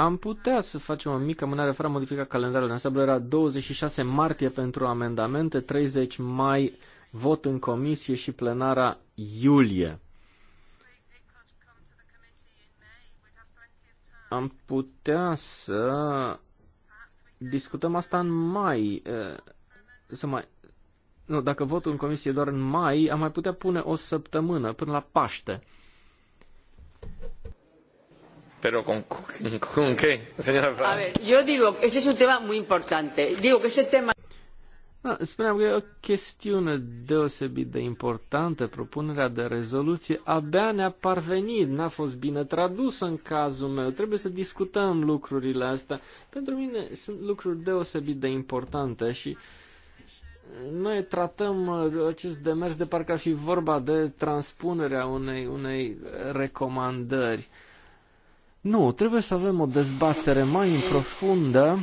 Am putea să facem o mică amânare fără a modifica calendarul. Înseamnă era 26 martie pentru amendamente, 30 mai vot în comisie și plenara iulie. Am putea să discutăm asta în mai, eh, să mai nu, dacă votul în comisie doar în mai, am mai putea pune o săptămână, până la Paște. Pero con, con, con qué, señora? A ver, yo digo, este es un tema muy importante. Digo que ese tema... Da, spuneam că e o chestiune deosebit de importantă. Propunerea de rezoluție abia ne-a parvenit, n-a fost bine tradusă în cazul meu. Trebuie să discutăm lucrurile astea. Pentru mine sunt lucruri deosebit de importante și uh, noi tratăm uh, acest demers de parcă ar fi vorba de transpunerea unei, unei recomandări. Nu, trebuie să avem o dezbatere mai în profundă.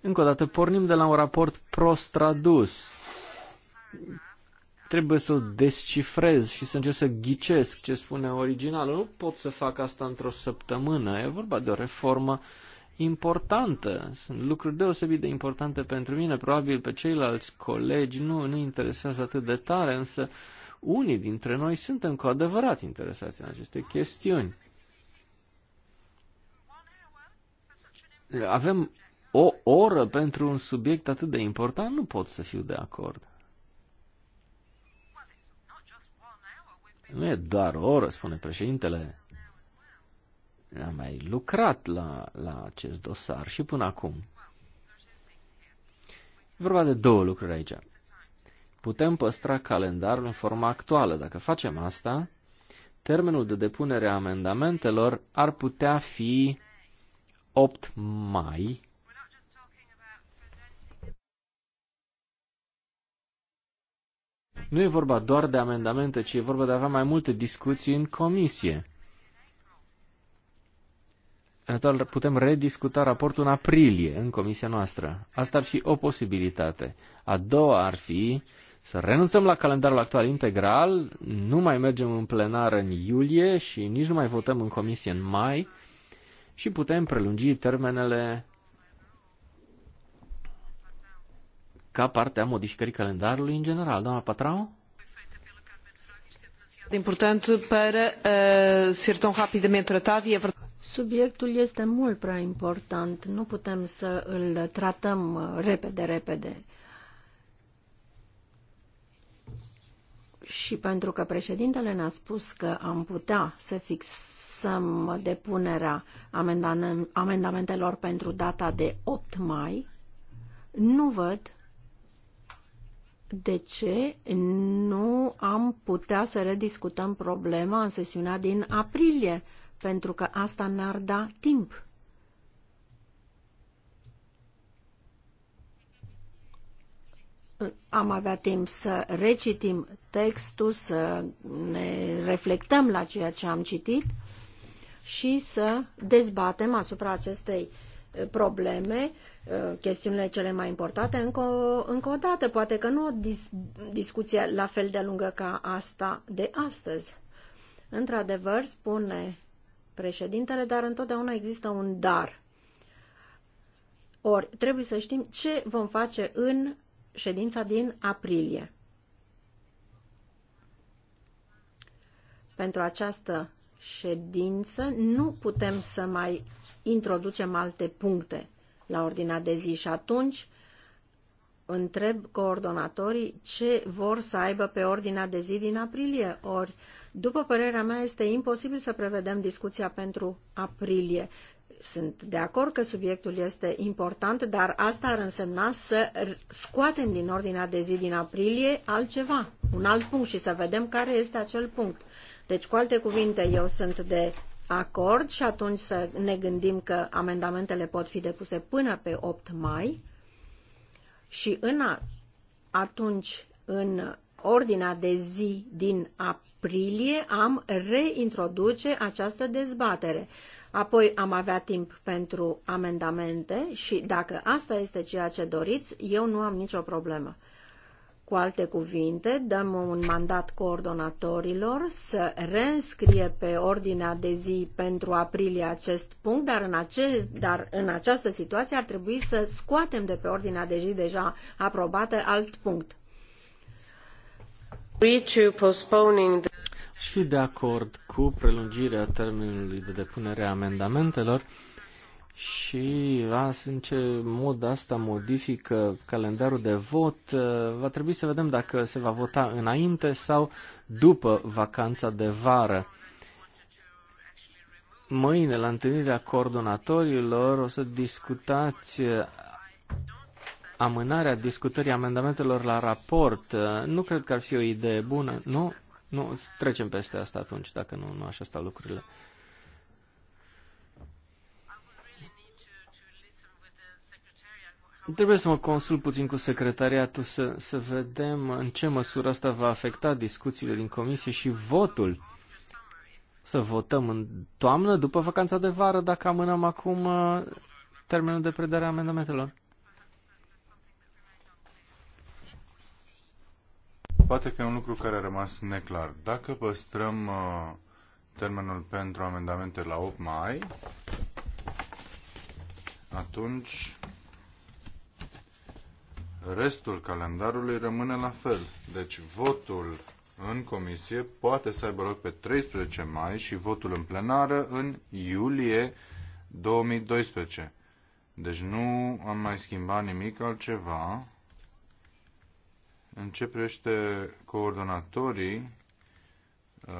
Încă o dată, pornim de la un raport prost tradus. Trebuie să-l descifrez și să încerc să ghicesc ce spune originalul. Nu pot să fac asta într-o săptămână. E vorba de o reformă importantă, sunt lucruri deosebit de importante pentru mine, probabil pe ceilalți colegi nu, ne interesează atât de tare, însă unii dintre noi suntem cu adevărat interesați în aceste chestiuni. Avem o oră pentru un subiect atât de important, nu pot să fiu de acord. Nu e doar o oră, spune președintele am mai lucrat la, la acest dosar și până acum. E vorba de două lucruri aici. Putem păstra calendarul în forma actuală. Dacă facem asta, termenul de depunere a amendamentelor ar putea fi 8 mai. Nu e vorba doar de amendamente, ci e vorba de a avea mai multe discuții în comisie eventual putem rediscuta raportul în aprilie în comisia noastră. Asta ar fi o posibilitate. A doua ar fi să renunțăm la calendarul actual integral, nu mai mergem în plenar în iulie și nici nu mai votăm în comisie în mai și putem prelungi termenele ca parte a modificării calendarului în general. Doamna Patrao? importante para uh, ser tão rapidamente tratado e é verdade Subiectul este mult prea important. Nu putem să îl tratăm uh, repede, repede. Și pentru că președintele ne-a spus că am putea să fixăm depunerea amendamentelor pentru data de 8 mai, nu văd de ce nu am putea să rediscutăm problema în sesiunea din aprilie pentru că asta ne-ar da timp. Am avea timp să recitim textul, să ne reflectăm la ceea ce am citit și să dezbatem asupra acestei eh, probleme, eh, chestiunile cele mai importante, încă o, încă o dată. Poate că nu o dis- discuție la fel de lungă ca asta de astăzi. Într-adevăr, spune președintele, dar întotdeauna există un dar. Ori, trebuie să știm ce vom face în ședința din aprilie. Pentru această ședință nu putem să mai introducem alte puncte la ordinea de zi și atunci întreb coordonatorii ce vor să aibă pe ordinea de zi din aprilie. Ori după părerea mea, este imposibil să prevedem discuția pentru aprilie. Sunt de acord că subiectul este important, dar asta ar însemna să scoatem din ordinea de zi din aprilie altceva, un alt punct și să vedem care este acel punct. Deci, cu alte cuvinte, eu sunt de acord și atunci să ne gândim că amendamentele pot fi depuse până pe 8 mai și în a, atunci în ordinea de zi din aprilie aprilie am reintroduce această dezbatere. Apoi am avea timp pentru amendamente și dacă asta este ceea ce doriți, eu nu am nicio problemă. Cu alte cuvinte, dăm un mandat coordonatorilor să reînscrie pe ordinea de zi pentru aprilie acest punct, dar în, ace- dar în această situație ar trebui să scoatem de pe ordinea de zi deja aprobată alt punct. Și de acord cu prelungirea termenului de depunere a amendamentelor și în ce mod asta modifică calendarul de vot, ă, va trebui să vedem dacă se va vota înainte sau după vacanța de vară mâine, la întâlnirea coordonatorilor, o să discutați amânarea discutării amendamentelor la raport, uh, nu cred că ar fi o idee bună, nu? Nu, trecem peste asta atunci, dacă nu, nu așa stau lucrurile. Trebuie să mă consult puțin cu secretariatul să, să vedem în ce măsură asta va afecta discuțiile din comisie și votul. Să votăm în toamnă, după vacanța de vară, dacă amânăm acum uh, termenul de predare a amendamentelor. poate că e un lucru care a rămas neclar. Dacă păstrăm uh, termenul pentru amendamente la 8 mai, atunci restul calendarului rămâne la fel. Deci votul în comisie poate să aibă loc pe 13 mai și votul în plenară în iulie 2012. Deci nu am mai schimbat nimic altceva în ce privește coordonatorii, uh,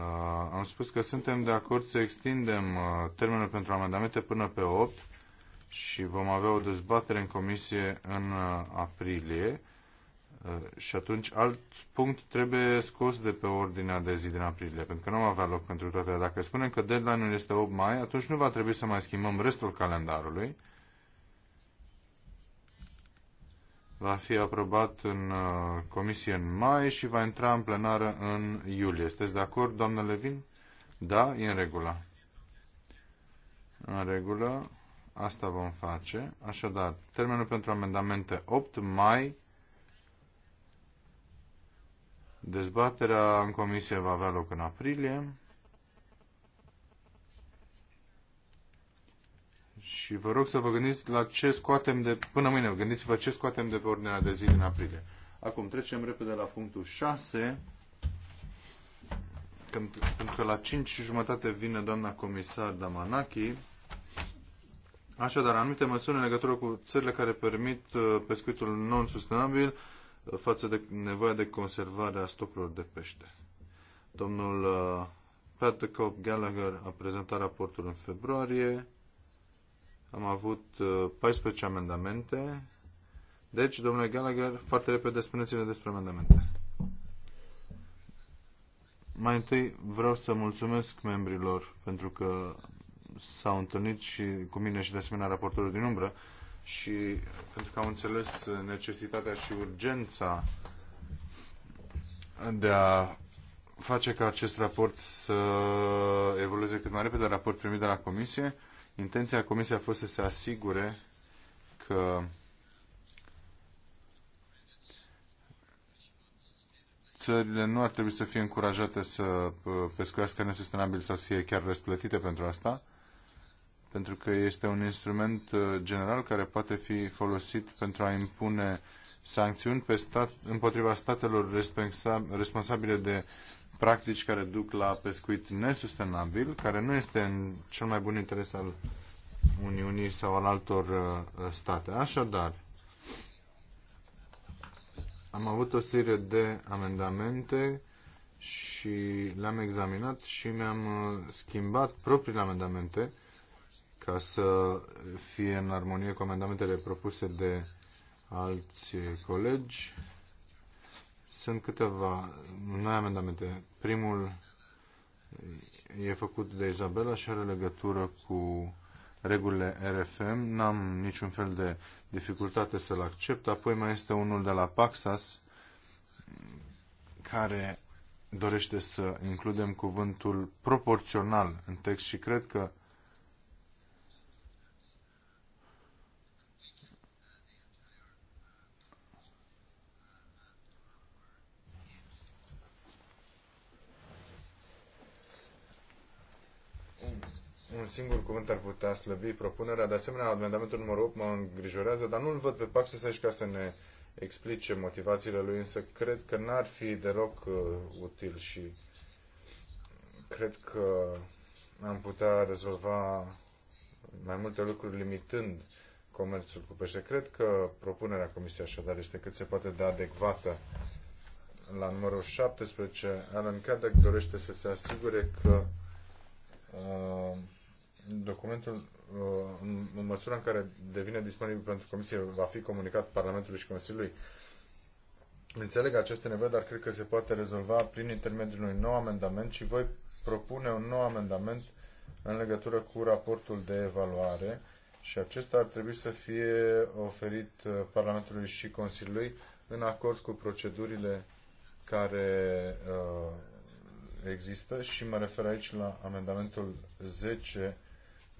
am spus că suntem de acord să extindem uh, termenul pentru amendamente până pe 8 și vom avea o dezbatere în comisie în uh, aprilie și atunci alt punct trebuie scos de pe ordinea de zi din aprilie, pentru că nu avea loc pentru toate. Dacă spunem că deadline-ul este 8 mai, atunci nu va trebui să mai schimbăm restul calendarului, va fi aprobat în uh, comisie în mai și va intra în plenară în iulie. Sunteți de acord, doamnă Levin? Da, e în regulă. În regulă, asta vom face. Așadar, termenul pentru amendamente 8 mai. Dezbaterea în comisie va avea loc în aprilie. Și vă rog să vă gândiți la ce scoatem de până mâine. Gândiți-vă ce scoatem de pe ordinea de zi din aprilie. Acum trecem repede la punctul 6. Când, pentru că la 5 și jumătate vine doamna comisar Damanaki. Așadar, anumite măsuri în legătură cu țările care permit uh, pescuitul non-sustenabil uh, față de nevoia de conservare a stocurilor de pește. Domnul uh, Pat Gallagher a prezentat raportul în februarie. Am avut 14 uh, amendamente. Deci, domnule Gallagher, foarte repede spuneți-ne despre amendamente. Mai întâi vreau să mulțumesc membrilor pentru că s-au întâlnit și cu mine și de asemenea raportorul din umbră și pentru că au înțeles necesitatea și urgența de a face ca acest raport să evolueze cât mai repede, raport primit de la Comisie. Intenția Comisiei a fost să se asigure că țările nu ar trebui să fie încurajate să uh, pescuiască nesustenabil sau să fie chiar răsplătite pentru asta, pentru că este un instrument uh, general care poate fi folosit pentru a impune sancțiuni pe stat, împotriva statelor responsabile de practici care duc la pescuit nesustenabil, care nu este în cel mai bun interes al Uniunii sau al altor uh, state. Așadar, am avut o serie de amendamente și le-am examinat și mi-am uh, schimbat propriile amendamente ca să fie în armonie cu amendamentele propuse de alți colegi sunt câteva noi amendamente. Primul e făcut de Izabela și are legătură cu regulile RFM. N-am niciun fel de dificultate să-l accept. Apoi mai este unul de la Paxas care dorește să includem cuvântul proporțional în text și cred că un singur cuvânt ar putea slăbi propunerea. De asemenea, amendamentul numărul 8 mă îngrijorează, dar nu-l văd pe Papsis aici ca să ne explice motivațiile lui, însă cred că n-ar fi deloc uh, util și cred că am putea rezolva mai multe lucruri limitând comerțul cu pește. Cred că propunerea Comisiei așadar este cât se poate de adecvată. La numărul 17, Alan Cadec dorește să se asigure că uh, documentul uh, în măsura în care devine disponibil pentru Comisie va fi comunicat Parlamentului și Consiliului. Înțeleg aceste nevoi, dar cred că se poate rezolva prin intermediul unui nou amendament și voi propune un nou amendament în legătură cu raportul de evaluare și acesta ar trebui să fie oferit uh, Parlamentului și Consiliului în acord cu procedurile care uh, există și mă refer aici la amendamentul 10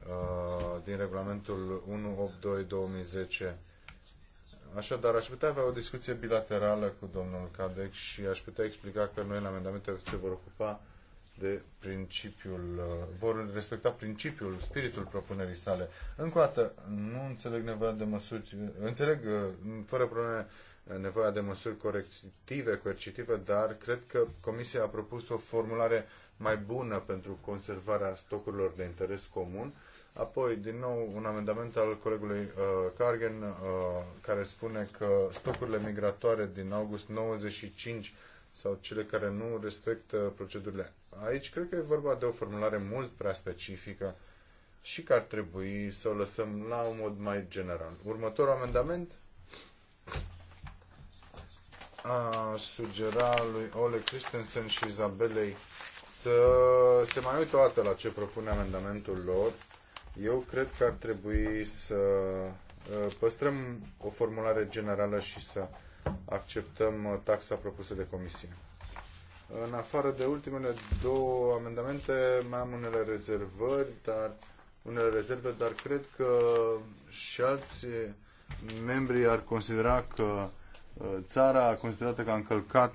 Uh, din regulamentul 182-2010. Așadar, aș putea avea o discuție bilaterală cu domnul Cadec și aș putea explica că noi în amendamente se vor ocupa de principiul, uh, vor respecta principiul, spiritul propunerii sale. Încă o dată, nu înțeleg nevoia de măsuri, înțeleg uh, fără probleme nevoia de măsuri corective, coercitive, dar cred că Comisia a propus o formulare mai bună pentru conservarea stocurilor de interes comun Apoi, din nou, un amendament al colegului uh, Cargen uh, care spune că stocurile migratoare din august 95 sau cele care nu respectă procedurile. Aici cred că e vorba de o formulare mult prea specifică și că ar trebui să o lăsăm la un mod mai general. Următorul amendament a sugera lui Ole Christensen și Izabelei să se mai uită o dată la ce propune amendamentul lor eu cred că ar trebui să uh, păstrăm o formulare generală și să acceptăm uh, taxa propusă de comisie. În afară de ultimele două amendamente, mai am unele rezervări, dar unele rezerve, dar cred că și alți membrii ar considera că uh, țara considerată că a încălcat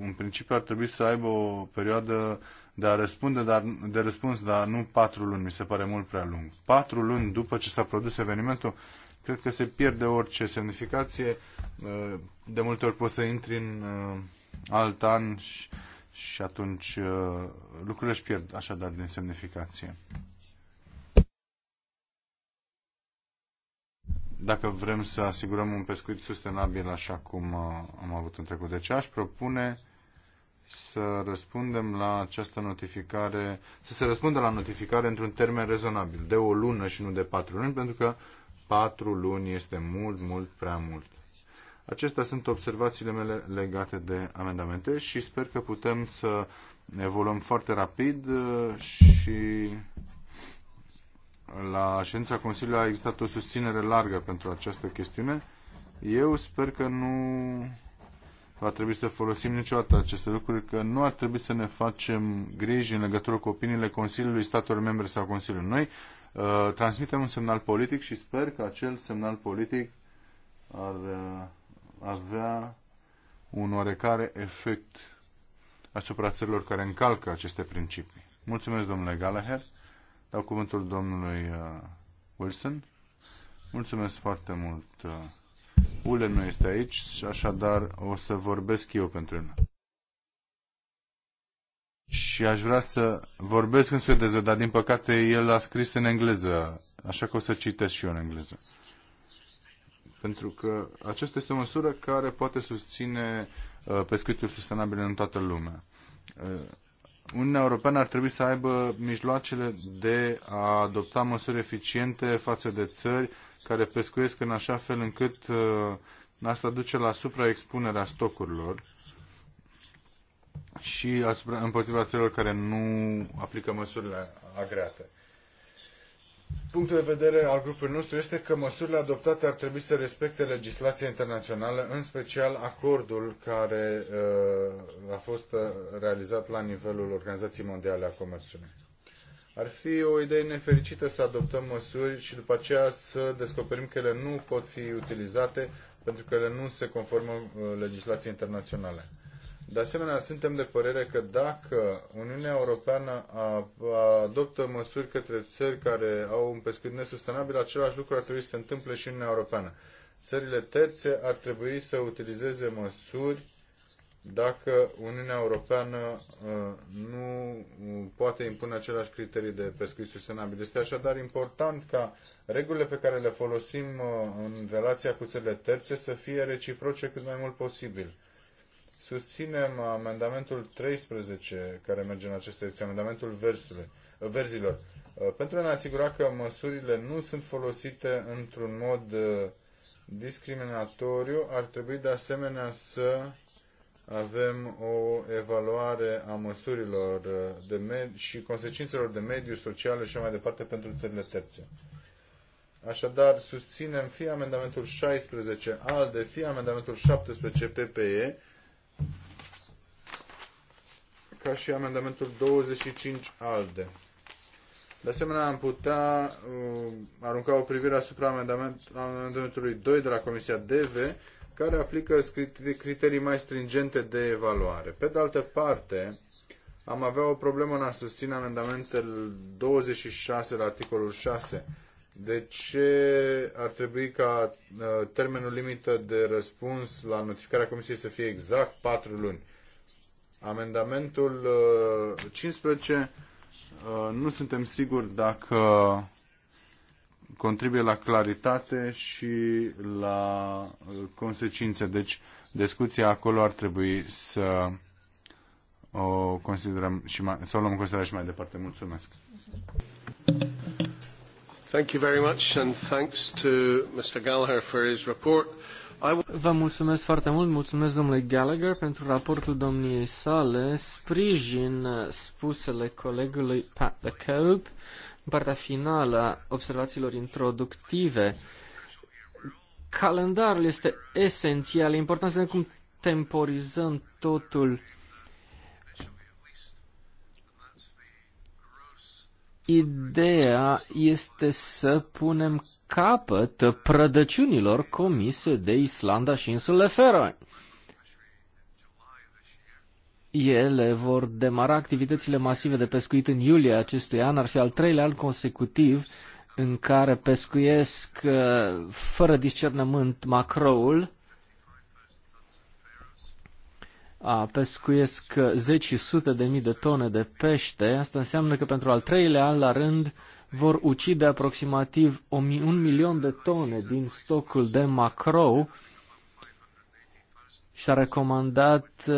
un principiu ar trebui să aibă o perioadă de, a răspunde, dar, de răspuns, dar nu patru luni, mi se pare mult prea lung. Patru luni după ce s-a produs evenimentul, cred că se pierde orice semnificație. De multe ori poți să intri în uh, alt an și, și atunci uh, lucrurile își pierd așadar din semnificație. Dacă vrem să asigurăm un pescuit sustenabil așa cum uh, am avut în trecut. Deci aș propune să răspundem la această notificare, să se răspundă la notificare într-un termen rezonabil, de o lună și nu de patru luni, pentru că patru luni este mult, mult prea mult. Acestea sunt observațiile mele legate de amendamente și sper că putem să evoluăm foarte rapid uh, și la ședința Consiliului a existat o susținere largă pentru această chestiune. Eu sper că nu va trebui să folosim niciodată aceste lucruri, că nu ar trebui să ne facem griji în legătură cu opiniile Consiliului, statelor membre sau Consiliului. Noi uh, transmitem un semnal politic și sper că acel semnal politic ar uh, avea un oarecare efect asupra țărilor care încalcă aceste principii. Mulțumesc, domnule Gallagher. Dau cuvântul domnului uh, Wilson. Mulțumesc foarte mult. Uh, Ule nu este aici, așadar o să vorbesc eu pentru el. Și aș vrea să vorbesc în suedeză, dar din păcate el a scris în engleză, așa că o să citesc și eu în engleză. Pentru că aceasta este o măsură care poate susține uh, pescuitul sustenabil în toată lumea uh, Uniunea Europeană ar trebui să aibă mijloacele de a adopta măsuri eficiente față de țări care pescuiesc în așa fel încât uh, asta duce la supraexpunerea stocurilor și asupra, împotriva țărilor care nu aplică măsurile agreate punctul de vedere al grupului nostru este că măsurile adoptate ar trebui să respecte legislația internațională, în special acordul care uh, a fost uh, realizat la nivelul Organizației Mondiale a Comerțului. Ar fi o idee nefericită să adoptăm măsuri și după aceea să descoperim că ele nu pot fi utilizate pentru că ele nu se conformă uh, legislației internaționale. De asemenea, suntem de părere că dacă Uniunea Europeană adoptă măsuri către țări care au un pescuit nesustenabil, același lucru ar trebui să se întâmple și în Uniunea Europeană. Țările terțe ar trebui să utilizeze măsuri dacă Uniunea Europeană nu poate impune aceleași criterii de pescuit sustenabil. Este așadar important ca regulile pe care le folosim în relația cu țările terțe să fie reciproce cât mai mult posibil Susținem amendamentul 13 care merge în această direcție, amendamentul versului, verzilor, uh, pentru a ne asigura că măsurile nu sunt folosite într-un mod uh, discriminatoriu, ar trebui de asemenea să avem o evaluare a măsurilor uh, de med- și consecințelor de mediu, sociale și mai departe pentru țările terțe. Așadar, susținem fie amendamentul 16 ALDE, fie amendamentul 17 PPE, ca și amendamentul 25 ALDE. De asemenea, am putea uh, arunca o privire asupra amendament, amendamentului 2 de la Comisia DV, care aplică criterii mai stringente de evaluare. Pe de altă parte, am avea o problemă în a susține amendamentul 26 la articolul 6. De ce ar trebui ca uh, termenul limită de răspuns la notificarea Comisiei să fie exact 4 luni? Amendamentul 15 uh, uh, nu suntem siguri dacă contribuie la claritate și la uh, consecințe. Deci, discuția acolo ar trebui să o considerăm și mai, să o luăm în considerare și mai departe. Mulțumesc. Thank you very much and thanks to Mr. Gallagher for his report. Vă mulțumesc foarte mult, mulțumesc domnule Gallagher pentru raportul domniei sale, sprijin spusele colegului Pat the Cope în partea finală a observațiilor introductive. Calendarul este esențial, e important să vedem cum temporizăm totul Ideea este să punem capăt prădăciunilor comise de Islanda și insulele Feroe. Ele vor demara activitățile masive de pescuit în iulie acestui an, ar fi al treilea an consecutiv în care pescuiesc uh, fără discernământ macroul pescuiesc zeci sute de mii de tone de pește, asta înseamnă că pentru al treilea an la rând vor ucide aproximativ un milion de tone din stocul de macrou și s-a recomandat uh,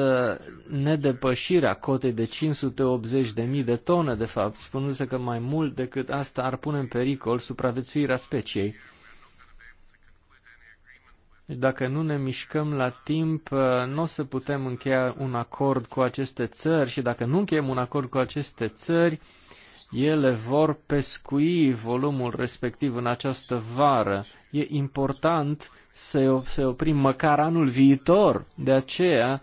nedepășirea cotei de 580.000 de tone, de fapt, spunându-se că mai mult decât asta ar pune în pericol supraviețuirea speciei. Deci dacă nu ne mișcăm la timp, uh, nu o să putem încheia un acord cu aceste țări și dacă nu încheiem un acord cu aceste țări, ele vor pescui volumul respectiv în această vară. E important să se oprim măcar anul viitor. De aceea,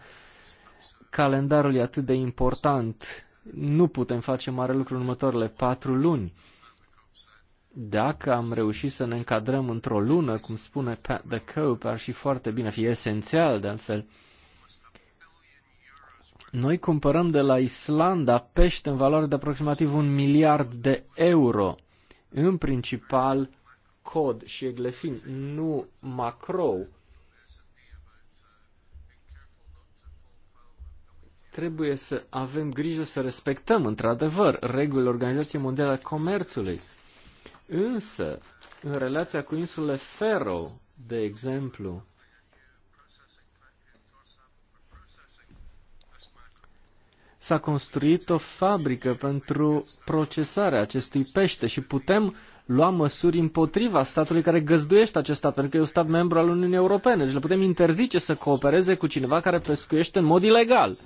calendarul e atât de important. Nu putem face mare lucru în următoarele patru luni. Dacă am reușit să ne încadrăm într-o lună, cum spune Pat the Cope, ar fi foarte bine, ar fi esențial de altfel. Noi cumpărăm de la Islanda pește în valoare de aproximativ un miliard de euro, în principal cod și eglefin, nu macrou. Trebuie să avem grijă să respectăm, într-adevăr, regulile Organizației Mondiale a Comerțului. Însă, în relația cu insulele Fero, de exemplu, s-a construit o fabrică pentru procesarea acestui pește și putem lua măsuri împotriva statului care găzduiește acesta, pentru că e un stat membru al Uniunii Europene și deci le putem interzice să coopereze cu cineva care pescuiește în mod ilegal.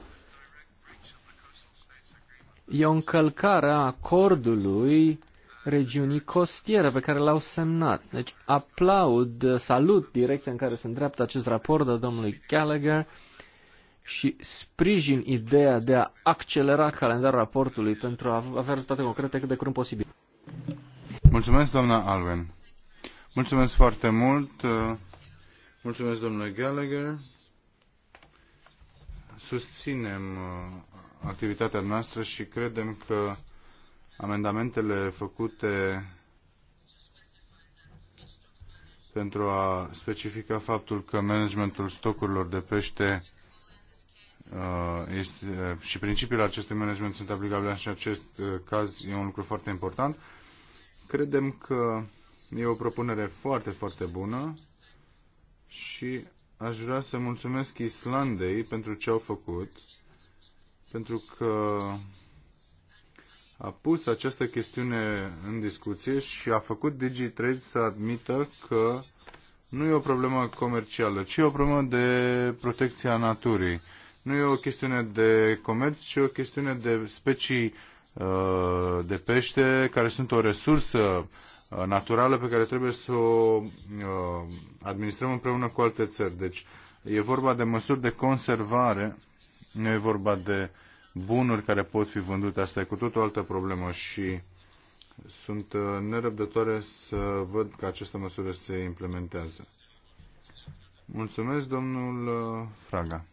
E o încălcare a acordului regiunii costiere pe care l-au semnat. Deci aplaud, salut direcția în care se îndreaptă acest raport al domnului Gallagher și sprijin ideea de a accelera calendarul raportului pentru a avea rezultate concrete cât de curând posibil. Mulțumesc, doamna Alwen. Mulțumesc foarte mult. Mulțumesc, domnule Gallagher. Susținem uh, activitatea noastră și credem că amendamentele făcute pentru a specifica faptul că managementul stocurilor de pește uh, este, uh, și principiile acestui management sunt aplicabile și în acest uh, caz e un lucru foarte important. Credem că e o propunere foarte, foarte bună și aș vrea să mulțumesc Islandei pentru ce au făcut, pentru că a pus această chestiune în discuție și a făcut DigiTrade să admită că nu e o problemă comercială, ci e o problemă de protecția naturii. Nu e o chestiune de comerț, ci o chestiune de specii uh, de pește care sunt o resursă uh, naturală pe care trebuie să o uh, administrăm împreună cu alte țări. Deci e vorba de măsuri de conservare, nu e vorba de uh, bunuri care pot fi vândute. Asta e cu tot o altă problemă și sunt uh, nerăbdătoare să văd că această măsură se implementează. Mulțumesc, domnul uh, Fraga.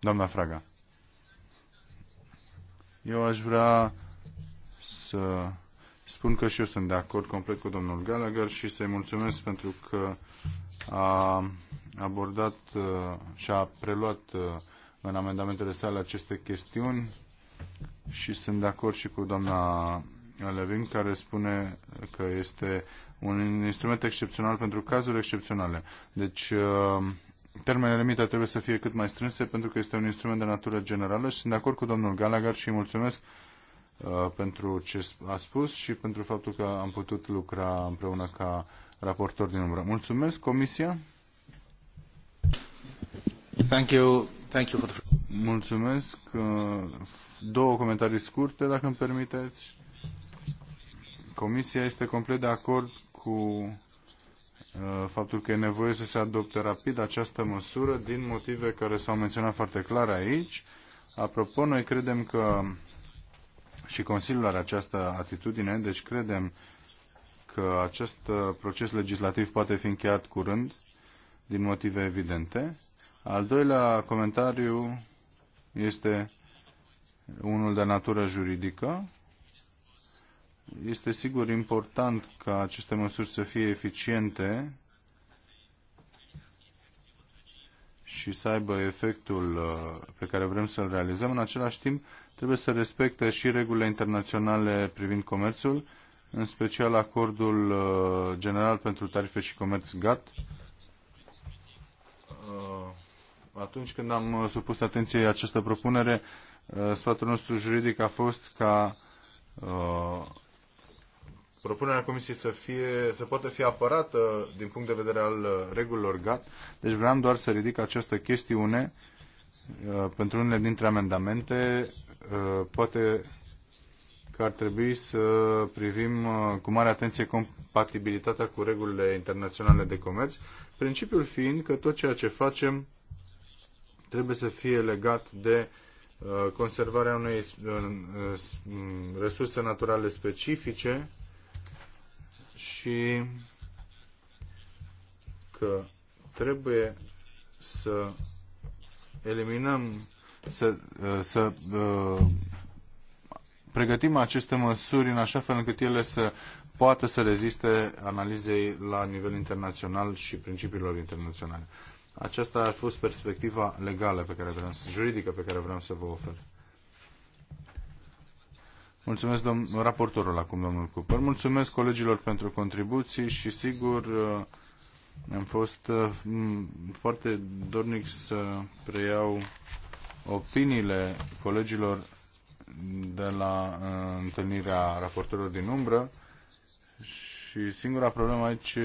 Doamna Fraga. Eu aș vrea să spun că și eu sunt de acord complet cu domnul Gallagher și să-i mulțumesc pentru că a abordat uh, și a preluat în amendamentele sale aceste chestiuni și sunt de acord și cu doamna Levin care spune că este un instrument excepțional pentru cazuri excepționale. Deci uh, termenele limită trebuie să fie cât mai strânse pentru că este un instrument de natură generală și sunt de acord cu domnul Gallagher și îi mulțumesc uh, pentru ce a spus și pentru faptul că am putut lucra împreună ca raportor din umbră. Mulțumesc, Comisia! Thank you. Thank you for the... Mulțumesc. Uh, două comentarii scurte, dacă îmi permiteți. Comisia este complet de acord cu uh, faptul că e nevoie să se adopte rapid această măsură din motive care s-au menționat foarte clar aici. Apropo, noi credem că și Consiliul are această atitudine, deci credem că acest uh, proces legislativ poate fi încheiat curând, din motive evidente. Al doilea comentariu este unul de natură juridică. Este sigur important ca aceste măsuri să fie eficiente și să aibă efectul uh, pe care vrem să-l realizăm. În același timp, trebuie să respecte și regulile internaționale privind comerțul, în special acordul uh, general pentru tarife și comerț GATT, atunci când am uh, supus atenției această propunere, uh, sfatul nostru juridic a fost ca uh, propunerea Comisiei să, fie, să poată fi apărată din punct de vedere al uh, regulilor GAT. Deci vreau doar să ridic această chestiune uh, pentru unele dintre amendamente. Uh, poate că ar trebui să privim cu mare atenție compatibilitatea cu regulile internaționale de comerț, principiul fiind că tot ceea ce facem trebuie să fie legat de uh, conservarea unei uh, uh, resurse naturale specifice și că trebuie să eliminăm, să, să pregătim aceste măsuri în așa fel încât ele să poată să reziste analizei la nivel internațional și principiilor internaționale. Aceasta a fost perspectiva legală pe care vreau, juridică pe care vreau să vă ofer. Mulțumesc, domn, raportorul acum, domnul Cooper. Mulțumesc colegilor pentru contribuții și, sigur, uh, am fost uh, foarte dornic să preiau opiniile colegilor de la uh, întâlnirea raportorilor din umbră și singura problemă aici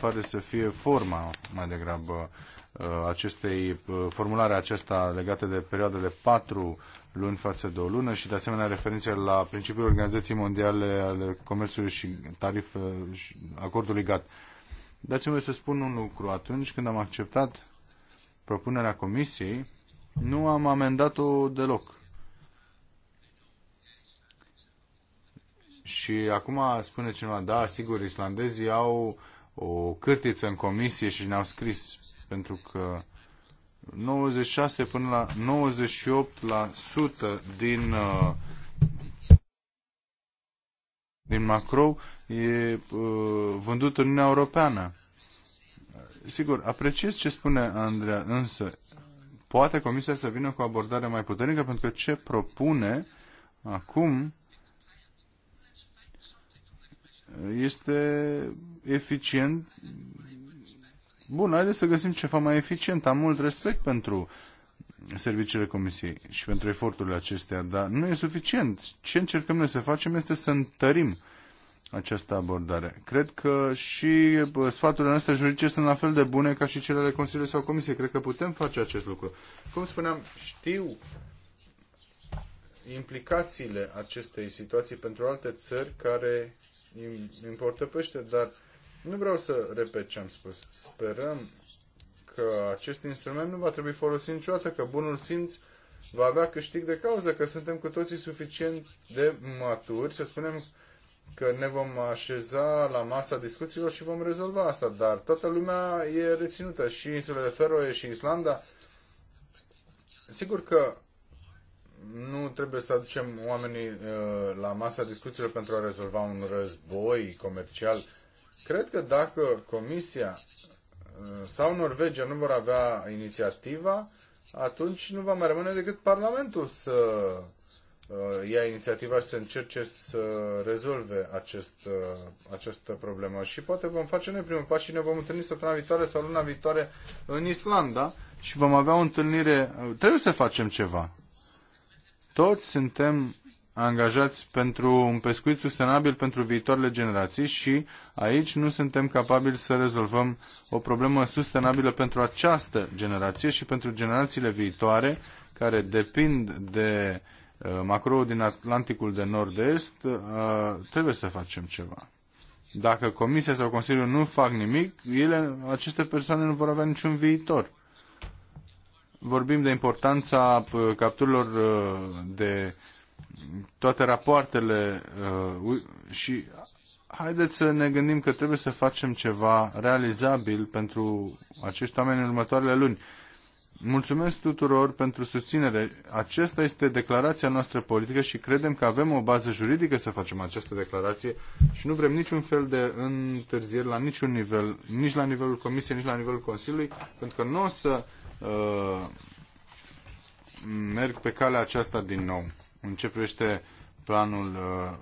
pare să fie forma mai degrabă. Uh, acestei uh, formulare aceasta legată de perioada de patru luni față de o lună și de asemenea referințe la principiul Organizației Mondiale ale Comerțului și tarif uh, și acordului GATT. Dați-mi să spun un lucru. Atunci când am acceptat propunerea comisiei, nu am amendat-o deloc. Și acum spune cineva, da, sigur, islandezii au o cârtiță în comisie și ne-au scris pentru că 96 până la 98% din uh, din Macro e uh, vândut în Uniunea Europeană. Sigur, apreciez ce spune Andreea, însă poate Comisia să vină cu o abordare mai puternică, pentru că ce propune acum este eficient Bun, haideți să găsim ceva mai eficient. Am mult respect pentru serviciile Comisiei și pentru eforturile acestea, dar nu e suficient. Ce încercăm noi să facem este să întărim această abordare. Cred că și sfaturile noastre juridice sunt la fel de bune ca și cele ale Consiliului sau Comisiei. Cred că putem face acest lucru. Cum spuneam, știu implicațiile acestei situații pentru alte țări care importă pește, dar uh, nu vreau să repet ce am spus. Sperăm că acest instrument nu va trebui folosit niciodată, că bunul simț va avea câștig de cauză, că suntem cu toții suficient de maturi, să spunem că ne vom așeza la masa discuțiilor și vom rezolva asta, dar toată lumea e reținută, și insulele Feroe și Islanda. Sigur că nu trebuie să aducem oamenii uh, la masa discuțiilor pentru a rezolva un război comercial Cred că dacă Comisia uh, sau Norvegia nu vor avea inițiativa, atunci nu va mai rămâne decât Parlamentul să uh, ia inițiativa și să încerce să rezolve acest, uh, această problemă. Și poate vom face noi primul pas și ne vom întâlni săptămâna viitoare sau luna viitoare în Islanda și vom avea o întâlnire. Trebuie să facem ceva. Toți suntem angajați pentru un pescuit sustenabil pentru viitoarele generații și aici nu suntem capabili să rezolvăm o problemă sustenabilă pentru această generație și pentru generațiile viitoare care depind de uh, macro din Atlanticul de Nord-Est, uh, trebuie să facem ceva. Dacă Comisia sau Consiliul nu fac nimic, ele, aceste persoane nu vor avea niciun viitor. Vorbim de importanța uh, capturilor de toate rapoartele uh, și haideți să ne gândim că trebuie să facem ceva realizabil pentru acești oameni în următoarele luni. Mulțumesc tuturor pentru susținere. Aceasta este declarația noastră politică și credem că avem o bază juridică să facem această declarație și nu vrem niciun fel de întârzieri la niciun nivel, nici la nivelul Comisiei, nici la nivelul Consiliului, pentru că nu o să uh, merg pe calea aceasta din nou în ce privește planul uh,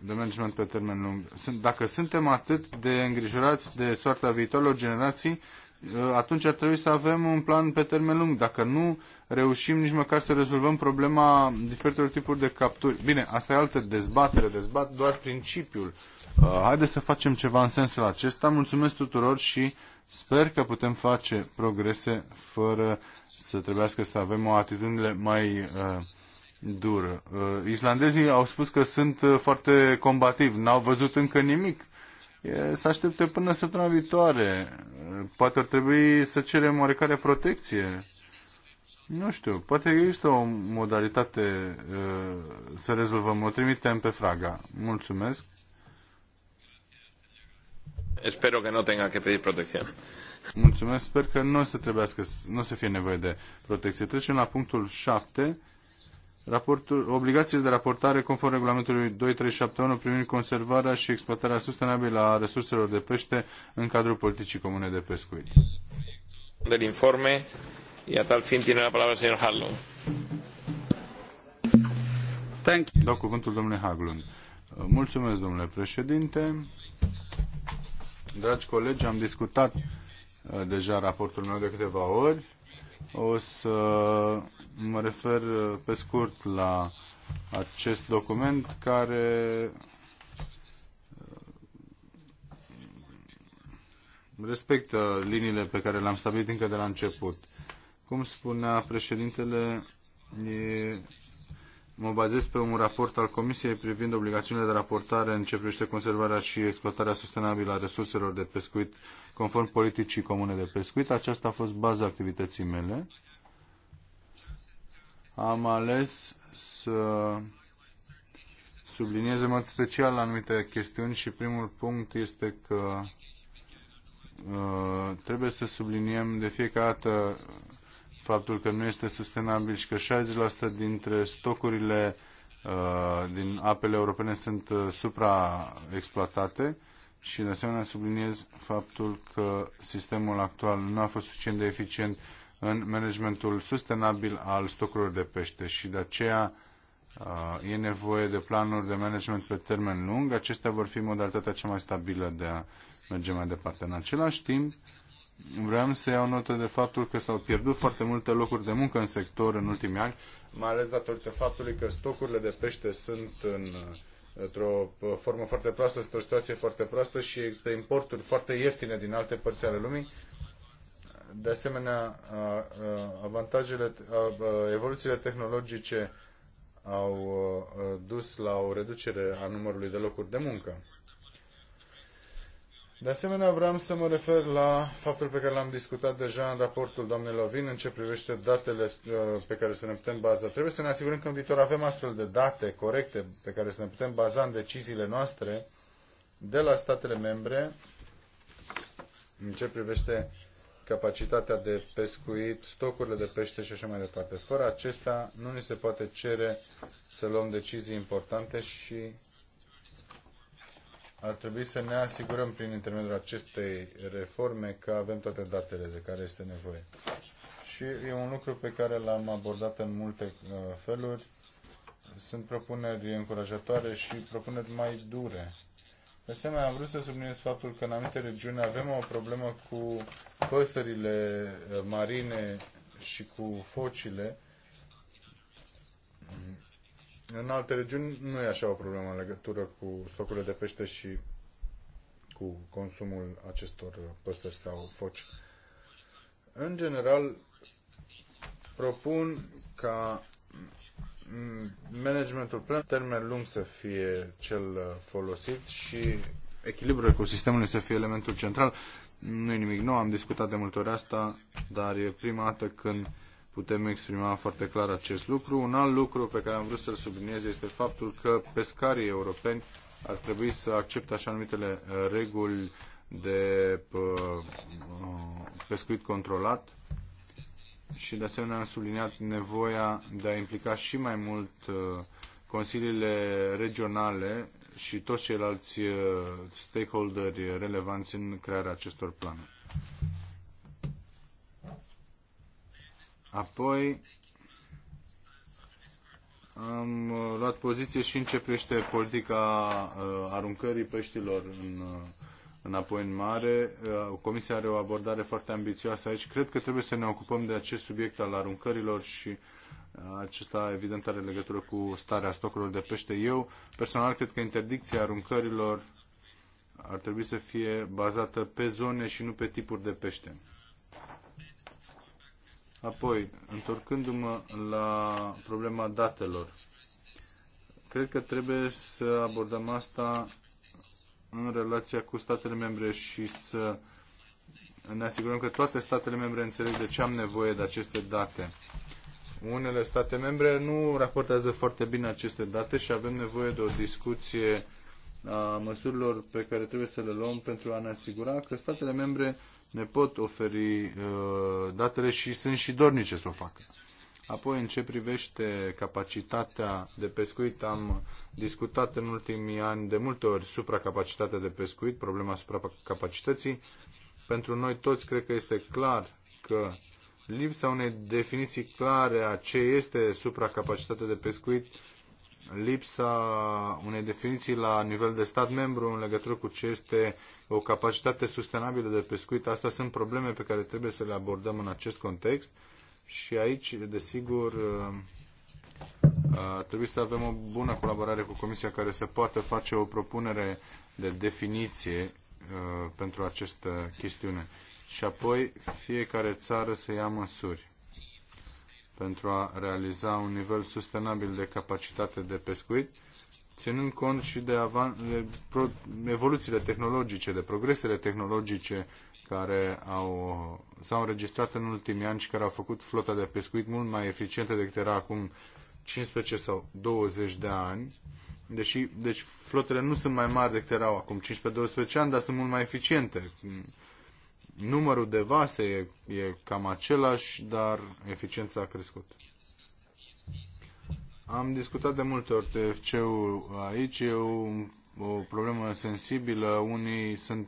de management pe termen lung. Dacă suntem atât de îngrijorați de soarta viitorilor generații, uh, atunci ar trebui să avem un plan pe termen lung. Dacă nu reușim nici măcar să rezolvăm problema diferitelor tipuri de capturi. Bine, asta e altă dezbatere, dezbat doar principiul. Uh, Haideți să facem ceva în sensul acesta. Mulțumesc tuturor și sper că putem face progrese fără să trebuiască să avem o atitudine mai uh, dură. Uh, islandezii au spus că sunt uh, foarte combativi, n-au văzut încă nimic. să aștepte până săptămâna viitoare. Uh, poate ar trebui să cerem oarecare protecție. Nu știu, poate există o modalitate să rezolvăm. O trimitem pe Fraga. Mulțumesc. Espero că nu tenga că pedi protecție. Mulțumesc, sper că nu o să trebuiască, nu o să fie nevoie de protecție. Trecem la punctul 7 Raportul, obligațiile de raportare conform regulamentului 2371 privind conservarea și exploatarea sustenabilă a resurselor de pește în cadrul politicii comune de pescuit. Del informe y a tal fin tiene la palabra el señor Harlund. Thank you. Dau cuvântul domnule Haglund. Mulțumesc, domnule președinte. Dragi colegi, am discutat uh, deja raportul meu de câteva ori. O să mă refer uh, pe scurt la acest document care uh, respectă liniile pe care le-am stabilit încă de la început. Cum spunea președintele, e, mă bazez pe un raport al Comisiei privind obligațiunile de raportare în ce privește conservarea și exploatarea sustenabilă a resurselor de pescuit conform politicii comune de pescuit. Aceasta a fost baza activității mele am ales să subliniez în mod special anumite chestiuni și primul punct este că uh, trebuie să subliniem de fiecare dată faptul că nu este sustenabil și că 60% dintre stocurile uh, din apele europene sunt uh, supraexploatate și de asemenea subliniez faptul că sistemul actual nu a fost suficient de eficient uh, în managementul sustenabil al stocurilor de pește și de aceea uh, e nevoie de planuri de management pe termen lung. Acestea vor fi modalitatea cea mai stabilă de a merge mai departe. În același timp, vreau să iau notă de faptul că s-au pierdut foarte multe locuri de muncă în sector în ultimii ani, mai ales datorită faptului că stocurile de pește sunt în uh, într-o formă foarte proastă, într-o situație foarte proastă și există importuri foarte ieftine din alte părți ale lumii de asemenea, avantajele, evoluțiile tehnologice au dus la o reducere a numărului de locuri de muncă. De asemenea, vreau să mă refer la faptul pe care l-am discutat deja în raportul doamnei Lovin în ce privește datele pe care să ne putem baza. Trebuie să ne asigurăm că în viitor avem astfel de date corecte pe care să ne putem baza în deciziile noastre de la statele membre în ce privește capacitatea de pescuit, stocurile de pește și așa mai departe. Fără acesta nu ni se poate cere să luăm decizii importante și ar trebui să ne asigurăm prin intermediul acestei reforme că avem toate datele de care este nevoie. Și e un lucru pe care l-am abordat în multe uh, feluri. Sunt propuneri încurajatoare și propuneri mai dure de asemenea, am vrut să subliniez faptul că în anumite regiuni avem o problemă cu păsările uh, marine și cu focile. În alte regiuni nu e așa o problemă în legătură cu stocurile de pește și cu consumul acestor uh, păsări sau foci. În general, propun ca Mm, managementul plan termen lung să fie cel uh, folosit și echilibrul ecosistemului să fie elementul central. Nu e nimic nou, am discutat de multe ori asta, dar e prima dată când putem exprima foarte clar acest lucru. Un alt lucru pe care am vrut să-l subliniez este faptul că pescarii europeni ar trebui să accepte așa numitele uh, reguli de uh, pescuit controlat și de asemenea am subliniat nevoia de a implica și mai mult uh, consiliile regionale și toți ceilalți uh, stakeholderi relevanți în crearea acestor planuri. Apoi am uh, luat poziție și în ce privește politica aruncării peștilor în înapoi în mare. Uh, Comisia are o abordare foarte ambițioasă aici. Cred că trebuie să ne ocupăm de acest subiect al aruncărilor și uh, acesta evident are legătură cu starea stocurilor de pește. Eu personal cred că interdicția aruncărilor ar trebui să fie bazată pe zone și nu pe tipuri de pește. Apoi, întorcându-mă la problema datelor, cred că trebuie să abordăm asta în relația cu statele membre și să ne asigurăm că toate statele membre înțeleg de ce am nevoie de aceste date. Unele state membre nu raportează foarte bine aceste date și avem nevoie de o discuție a măsurilor pe care trebuie să le luăm pentru a ne asigura că statele membre ne pot oferi uh, datele și sunt și dornice să o facă. Apoi, în ce privește capacitatea de pescuit, am discutat în ultimii ani de multe ori supracapacitatea de pescuit, problema supracapacității. Pentru noi toți, cred că este clar că lipsa unei definiții clare a ce este supracapacitatea de pescuit, lipsa unei definiții la nivel de stat membru în legătură cu ce este o capacitate sustenabilă de pescuit, astea sunt probleme pe care trebuie să le abordăm în acest context și aici, desigur, ar trebui să avem o bună colaborare cu Comisia care să poată face o propunere de definiție uh, pentru această chestiune. Și apoi fiecare țară să ia măsuri pentru a realiza un nivel sustenabil de capacitate de pescuit, ținând cont și de, avan- de evoluțiile tehnologice, de progresele tehnologice care au, s-au înregistrat în ultimii ani și care au făcut flota de pescuit mult mai eficientă decât era acum 15 sau 20 de ani. Deși, deci flotele nu sunt mai mari decât erau acum 15-12 ani, dar sunt mult mai eficiente. Numărul de vase e, e cam același, dar eficiența a crescut. Am discutat de multe ori TFC-ul aici, e o, o problemă sensibilă, unii sunt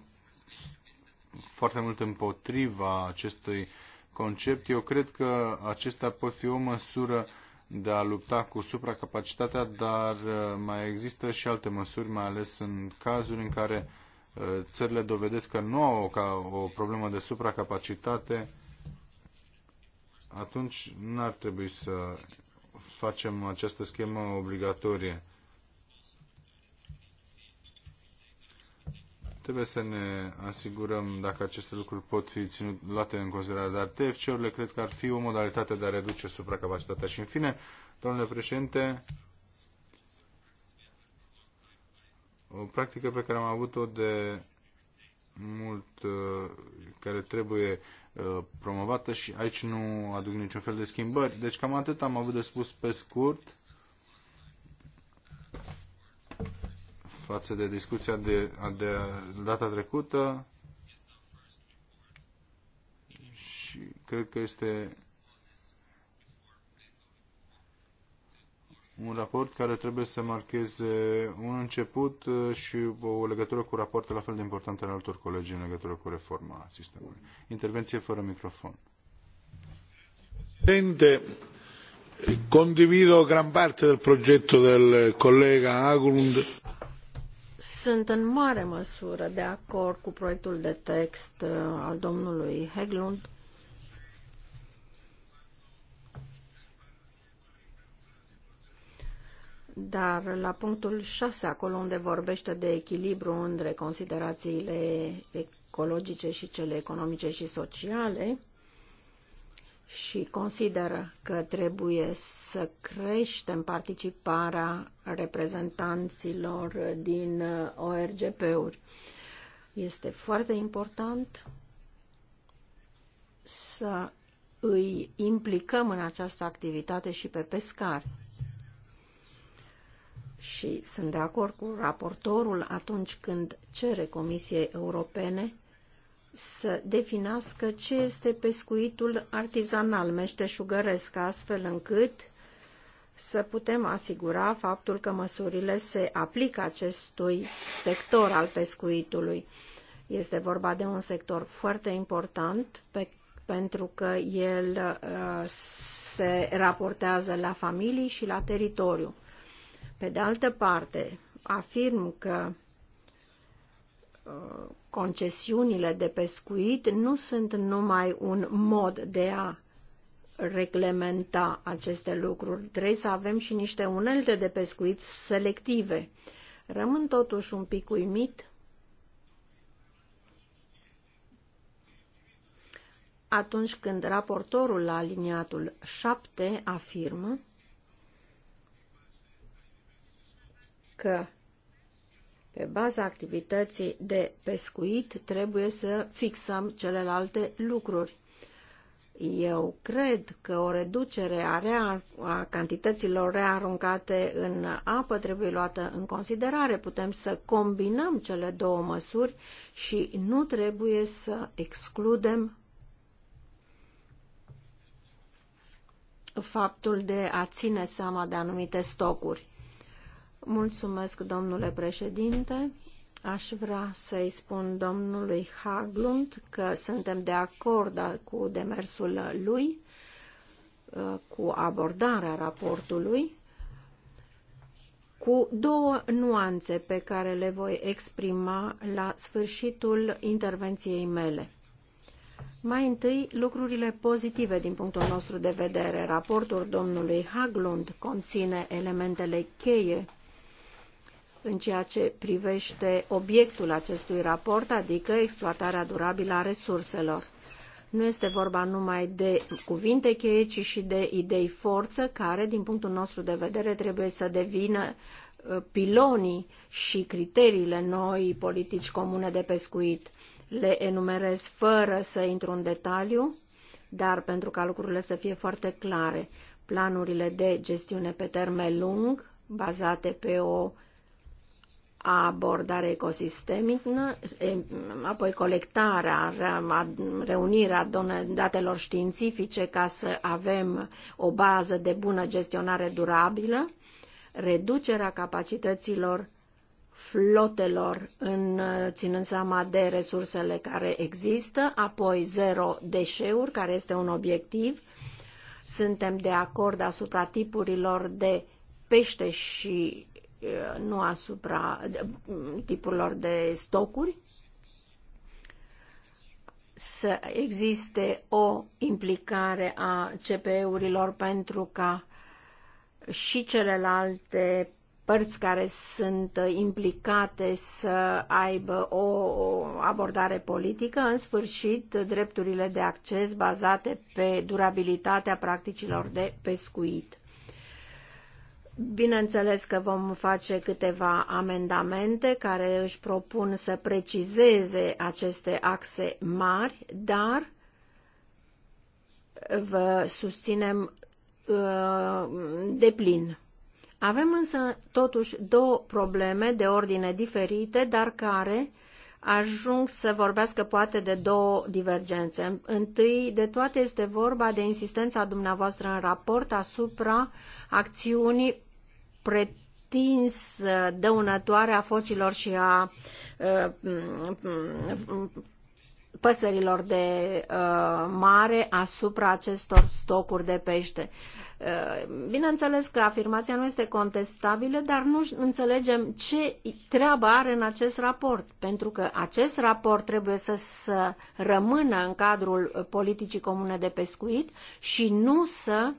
foarte mult împotriva acestui concept. Eu cred că acesta pot fi o măsură de a lupta cu supracapacitatea, dar uh, mai există și alte măsuri, mai ales în cazuri în care uh, țările dovedesc că nu au ca o problemă de supracapacitate, atunci n-ar trebui să facem această schemă obligatorie. Trebuie să ne asigurăm dacă aceste lucruri pot fi ținut, luate în considerare, dar TFC-urile cred că ar fi o modalitate de a reduce supracapacitatea. Și în fine, domnule președinte, o practică pe care am avut-o de mult uh, care trebuie uh, promovată și aici nu aduc niciun fel de schimbări. Deci cam atât am avut de spus pe scurt. față de discuția de, de data trecută și cred că este un raport care trebuie să marcheze un început uh, și o legătură cu rapoarte la fel de importante ale altor colegi în legătură cu reforma sistemului. Intervenție fără microfon. Presidente, condivido gran parte del progetto del collega Aglund. Sunt în mare măsură de acord cu proiectul de text uh, al domnului Heglund. Dar la punctul 6, acolo unde vorbește de echilibru între considerațiile ecologice și cele economice și sociale, și consideră că trebuie să creștem participarea reprezentanților din uh, ORGP-uri. Este foarte important să îi implicăm în această activitate și pe pescari. Și sunt de acord cu raportorul atunci când cere Comisiei Europene să definească ce este pescuitul artizanal meșteșugăresc, astfel încât să putem asigura faptul că măsurile se aplică acestui sector al pescuitului. Este vorba de un sector foarte important pe, pentru că el uh, se raportează la familii și la teritoriu. Pe de altă parte, afirm că uh, Concesiunile de pescuit nu sunt numai un mod de a reglementa aceste lucruri. Trebuie să avem și niște unelte de pescuit selective. Rămân totuși un pic uimit atunci când raportorul la aliniatul 7 afirmă că pe baza activității de pescuit trebuie să fixăm celelalte lucruri. Eu cred că o reducere a, rea, a cantităților rearuncate în apă trebuie luată în considerare. Putem să combinăm cele două măsuri și nu trebuie să excludem faptul de a ține seama de anumite stocuri. Mulțumesc, domnule președinte. Aș vrea să-i spun domnului Haglund că suntem de acord cu demersul lui, uh, cu abordarea raportului, cu două nuanțe pe care le voi exprima la sfârșitul intervenției mele. Mai întâi, lucrurile pozitive din punctul nostru de vedere. Raportul domnului Haglund conține elementele cheie în ceea ce privește obiectul acestui raport, adică exploatarea durabilă a resurselor. Nu este vorba numai de cuvinte cheie, ci și de idei forță care, din punctul nostru de vedere, trebuie să devină uh, pilonii și criteriile noi politici comune de pescuit. Le enumerez fără să intru în detaliu, dar pentru ca lucrurile să fie foarte clare, planurile de gestiune pe termen lung, bazate pe o abordare ecosistemică, apoi colectarea, reunirea datelor științifice ca să avem o bază de bună gestionare durabilă, reducerea capacităților flotelor în, ținând seama de resursele care există, apoi zero deșeuri, care este un obiectiv. Suntem de acord asupra tipurilor de pește și Uh, nu asupra mm, tipurilor de stocuri, să existe o implicare a CPE-urilor pentru ca și celelalte părți care sunt implicate să aibă o abordare politică, în sfârșit drepturile de acces bazate pe durabilitatea practicilor de pescuit. Bineînțeles că vom face câteva amendamente care își propun să precizeze aceste axe mari, dar vă susținem uh, de plin. Avem însă totuși două probleme de ordine diferite, dar care ajung să vorbească poate de două divergențe. Întâi de toate este vorba de insistența dumneavoastră în raport asupra acțiunii pretins uh, dăunătoare a focilor și a uh, mm, mm, păsărilor de uh, mare asupra acestor stocuri de pește. Eh, bineînțeles că afirmația nu este contestabilă, dar nu înțelegem ce treabă are în acest raport, pentru că acest raport trebuie să, să rămână în cadrul eh, politicii comune de pescuit și nu să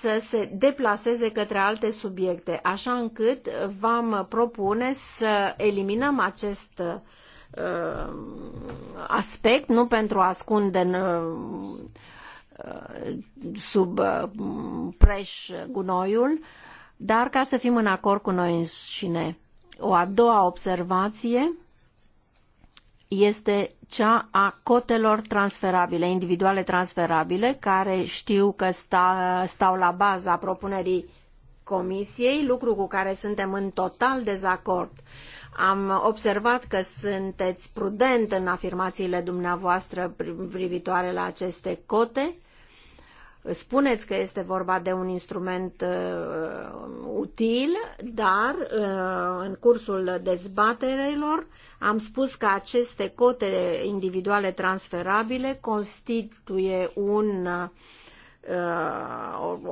să se deplaseze către alte subiecte, așa încât eh, v-am propune să eliminăm acest aspect, nu pentru a ascunde în Uh, sub uh, preș gunoiul, dar ca să fim în acord cu noi înșine. O a doua observație este cea a cotelor transferabile, individuale transferabile, care știu că sta, stau la baza propunerii Comisiei, lucru cu care suntem în total dezacord. Am observat că sunteți prudent în afirmațiile dumneavoastră privitoare la aceste cote spuneți că este vorba de un instrument uh, util, dar uh, în cursul dezbaterilor am spus că aceste cote individuale transferabile constituie un, uh, o,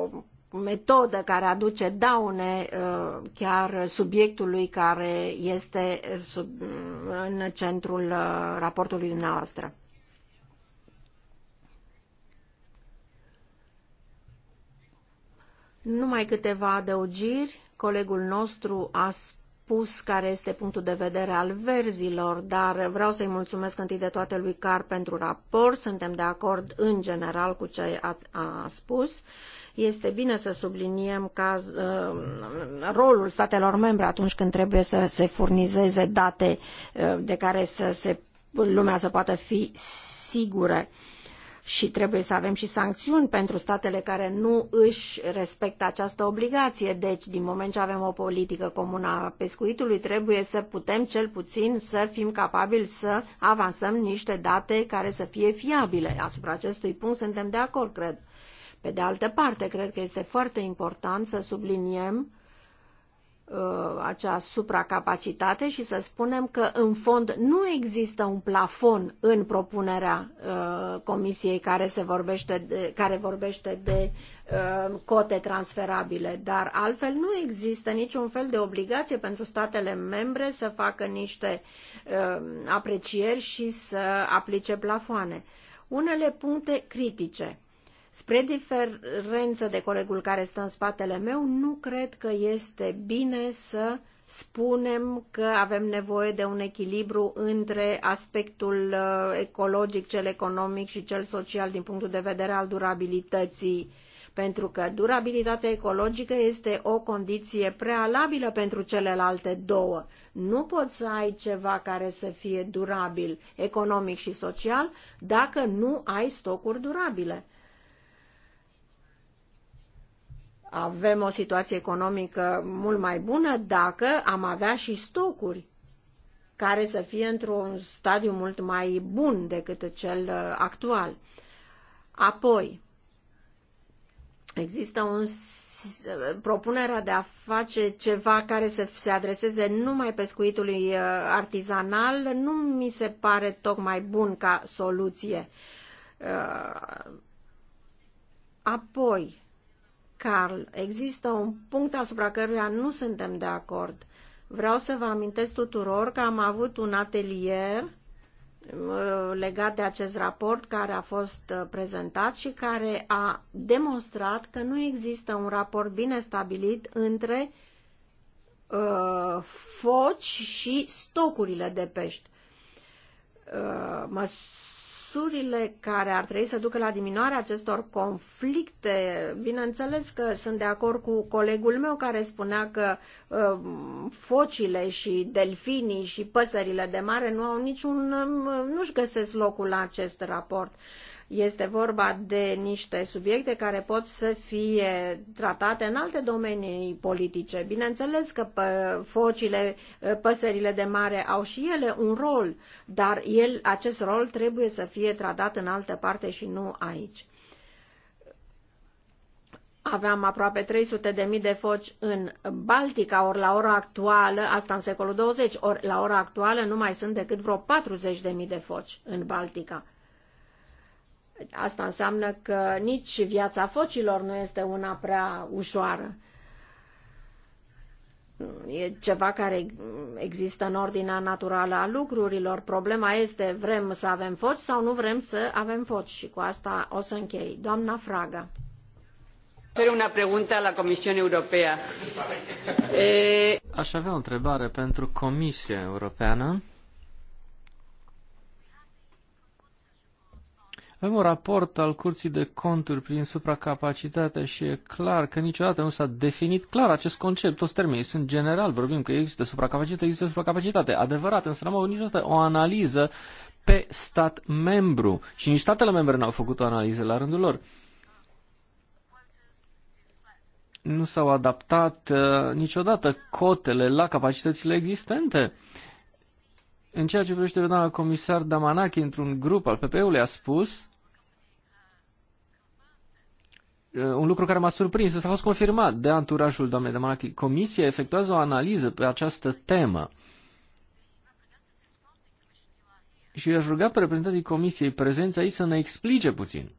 o metodă care aduce daune uh, chiar subiectului care este sub, în centrul uh, raportului dumneavoastră. Numai câteva adăugiri. Colegul nostru a spus care este punctul de vedere al verzilor, dar vreau să-i mulțumesc întâi de toate lui Car pentru raport. Suntem de acord în general cu ce a, a spus. Este bine să subliniem caz, uh, rolul statelor membre atunci când trebuie să se furnizeze date uh, de care să se, lumea să poată fi sigură. Uh, și trebuie să avem și sancțiuni pentru statele care nu își respectă această obligație. Deci, din moment ce avem o politică comună a pescuitului, trebuie să putem cel puțin să fim capabili să avansăm niște date care să fie fiabile. Asupra acestui punct suntem de acord, cred. Pe de altă parte, cred că este foarte important să subliniem Uh, acea supracapacitate și să spunem că în fond nu există un plafon în propunerea uh, comisiei care, se vorbește de, care vorbește de uh, cote transferabile, dar altfel nu există niciun fel de obligație pentru statele membre să facă niște uh, aprecieri și să aplice plafoane. Unele puncte critice Spre diferență de colegul care stă în spatele meu, nu cred că este bine să spunem că avem nevoie de un echilibru între aspectul uh, ecologic, cel economic și cel social din punctul de vedere al durabilității pentru că durabilitatea ecologică este o condiție prealabilă pentru celelalte două. Nu poți să ai ceva care să fie durabil economic și social dacă nu ai stocuri durabile. avem o situație economică mult mai bună dacă am avea și stocuri care să fie într-un stadiu mult mai bun decât cel uh, actual. Apoi, există un, uh, propunerea de a face ceva care să se adreseze numai pescuitului uh, artizanal nu mi se pare tocmai bun ca soluție. Apoi, Carl, există un punct asupra căruia nu suntem de acord. Vreau să vă amintesc tuturor că am avut un atelier uh, legat de acest raport care a fost uh, prezentat și care a demonstrat că nu există un raport bine stabilit între uh, foci și stocurile de pești. Uh, măsurile care ar trebui să ducă la diminuarea acestor conflicte, bineînțeles că sunt de acord cu colegul meu care spunea că uh, focile și delfinii și păsările de mare nu au niciun, um, nu-și găsesc locul la acest raport. Uh, este vorba de niște subiecte care pot să fie tratate în alte domenii politice. Bineînțeles că pă, focile, păsările de mare au și ele un rol, dar el, acest rol trebuie să fie tratat în altă parte și nu aici. Aveam aproape 300 de mii de foci în Baltica, ori la ora actuală, asta în secolul 20, ori la ora actuală nu mai sunt decât vreo 40 de mii de foci în Baltica. Asta înseamnă că nici viața focilor nu este una prea ușoară. E ceva care există în ordinea naturală a lucrurilor. Problema este, vrem să avem foci sau nu vrem să avem foci? Și cu asta o să închei. Doamna Fraga. Hacer una pregunta la Comisiunea Europeană. Aș avea o întrebare pentru Comisia Europeană. Avem un raport al Curții de Conturi prin supracapacitate și e clar că niciodată nu s-a definit clar acest concept. Toți termenii sunt general, vorbim că există supracapacitate, există supracapacitate. Adevărat, însă n-am avut niciodată o analiză pe stat membru și nici statele membre n-au făcut o analiză la rândul lor nu s-au adaptat uh, niciodată cotele la capacitățile existente. În ceea ce privește pe doamna comisar Damanachi, într-un grup al PP-ului, a spus uh, un lucru care m-a surprins, s-a fost confirmat de anturajul doamnei Damanachi. Comisia efectuează o analiză pe această temă. Și eu aș ruga pe reprezentantii Comisiei prezenți aici să ne explice puțin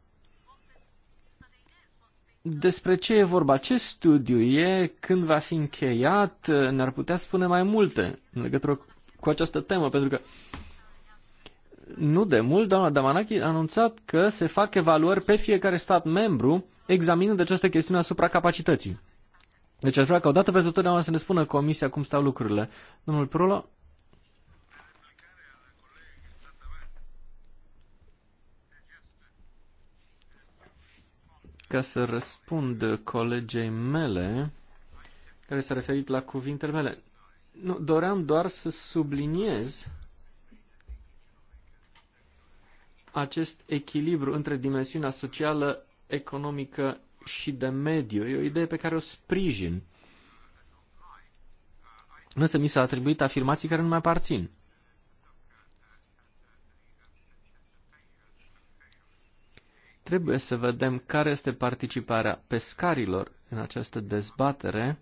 despre ce e vorba, acest studiu e, când va fi încheiat, ne-ar putea spune mai multe în legătură cu această temă, pentru că nu de mult, doamna Damanachi a anunțat că se fac evaluări pe fiecare stat membru examinând această chestiune asupra capacității. Deci aș vrea ca odată pentru totdeauna să ne spună comisia cum stau lucrurile. Domnul Prolo? Ca să răspund colegei mele, care s-a referit la cuvintele mele. Nu, doream doar să subliniez acest echilibru între dimensiunea socială, economică și de mediu. E o idee pe care o sprijin. Însă mi s-a atribuit afirmații care nu mai aparțin. Trebuie să vedem care este participarea pescarilor în această dezbatere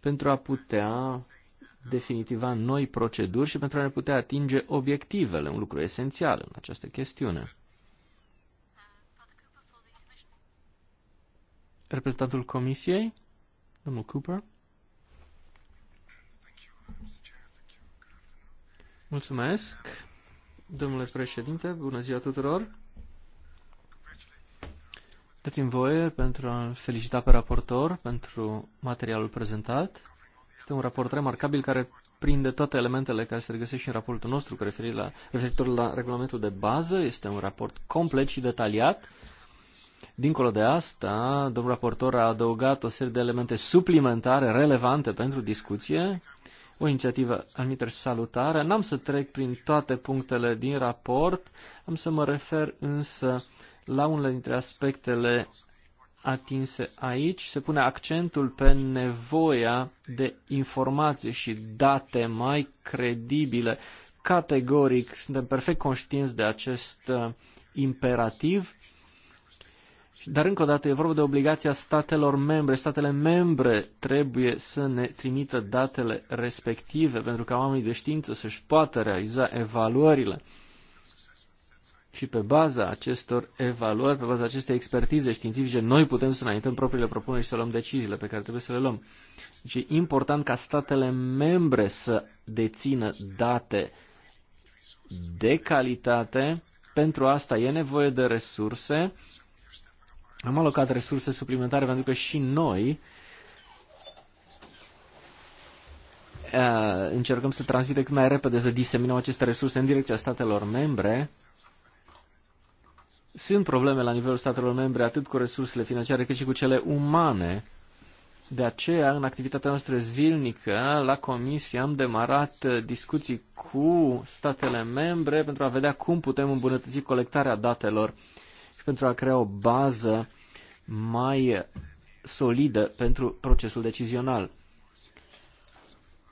pentru a putea definitiva noi proceduri și pentru a ne putea atinge obiectivele, un lucru esențial în această chestiune. Reprezentantul Comisiei, domnul Cooper. Mulțumesc, domnule președinte, bună ziua tuturor. Dați-mi voie pentru a felicita pe raportor pentru materialul prezentat. Este un raport remarcabil care prinde toate elementele care se regăsesc și în raportul nostru cu referire la, referitor la regulamentul de bază. Este un raport complet și detaliat. Dincolo de asta, domnul raportor a adăugat o serie de elemente suplimentare relevante pentru discuție, o inițiativă anumiter salutare. N-am să trec prin toate punctele din raport, am să mă refer însă la unele dintre aspectele atinse aici. Se pune accentul pe nevoia de informații și date mai credibile. Categoric, suntem perfect conștienți de acest uh, imperativ. Dar încă o dată e vorba de obligația statelor membre. Statele membre trebuie să ne trimită datele respective pentru ca oamenii de știință să-și poată realiza evaluările și pe baza acestor evaluări, pe baza acestei expertize științifice, noi putem să înaintăm propriile propuneri și să luăm deciziile pe care trebuie să le luăm. Deci e important ca statele membre să dețină date de calitate. Pentru asta e nevoie de resurse. Am alocat resurse suplimentare pentru că și noi uh, încercăm să transmitem cât mai repede, să diseminăm aceste resurse în direcția statelor membre sunt probleme la nivelul statelor membre atât cu resursele financiare cât și cu cele umane. De aceea, în activitatea noastră zilnică, la comisie am demarat uh, discuții cu statele membre pentru a vedea cum putem îmbunătăți colectarea datelor și pentru a crea o bază mai solidă pentru procesul decizional.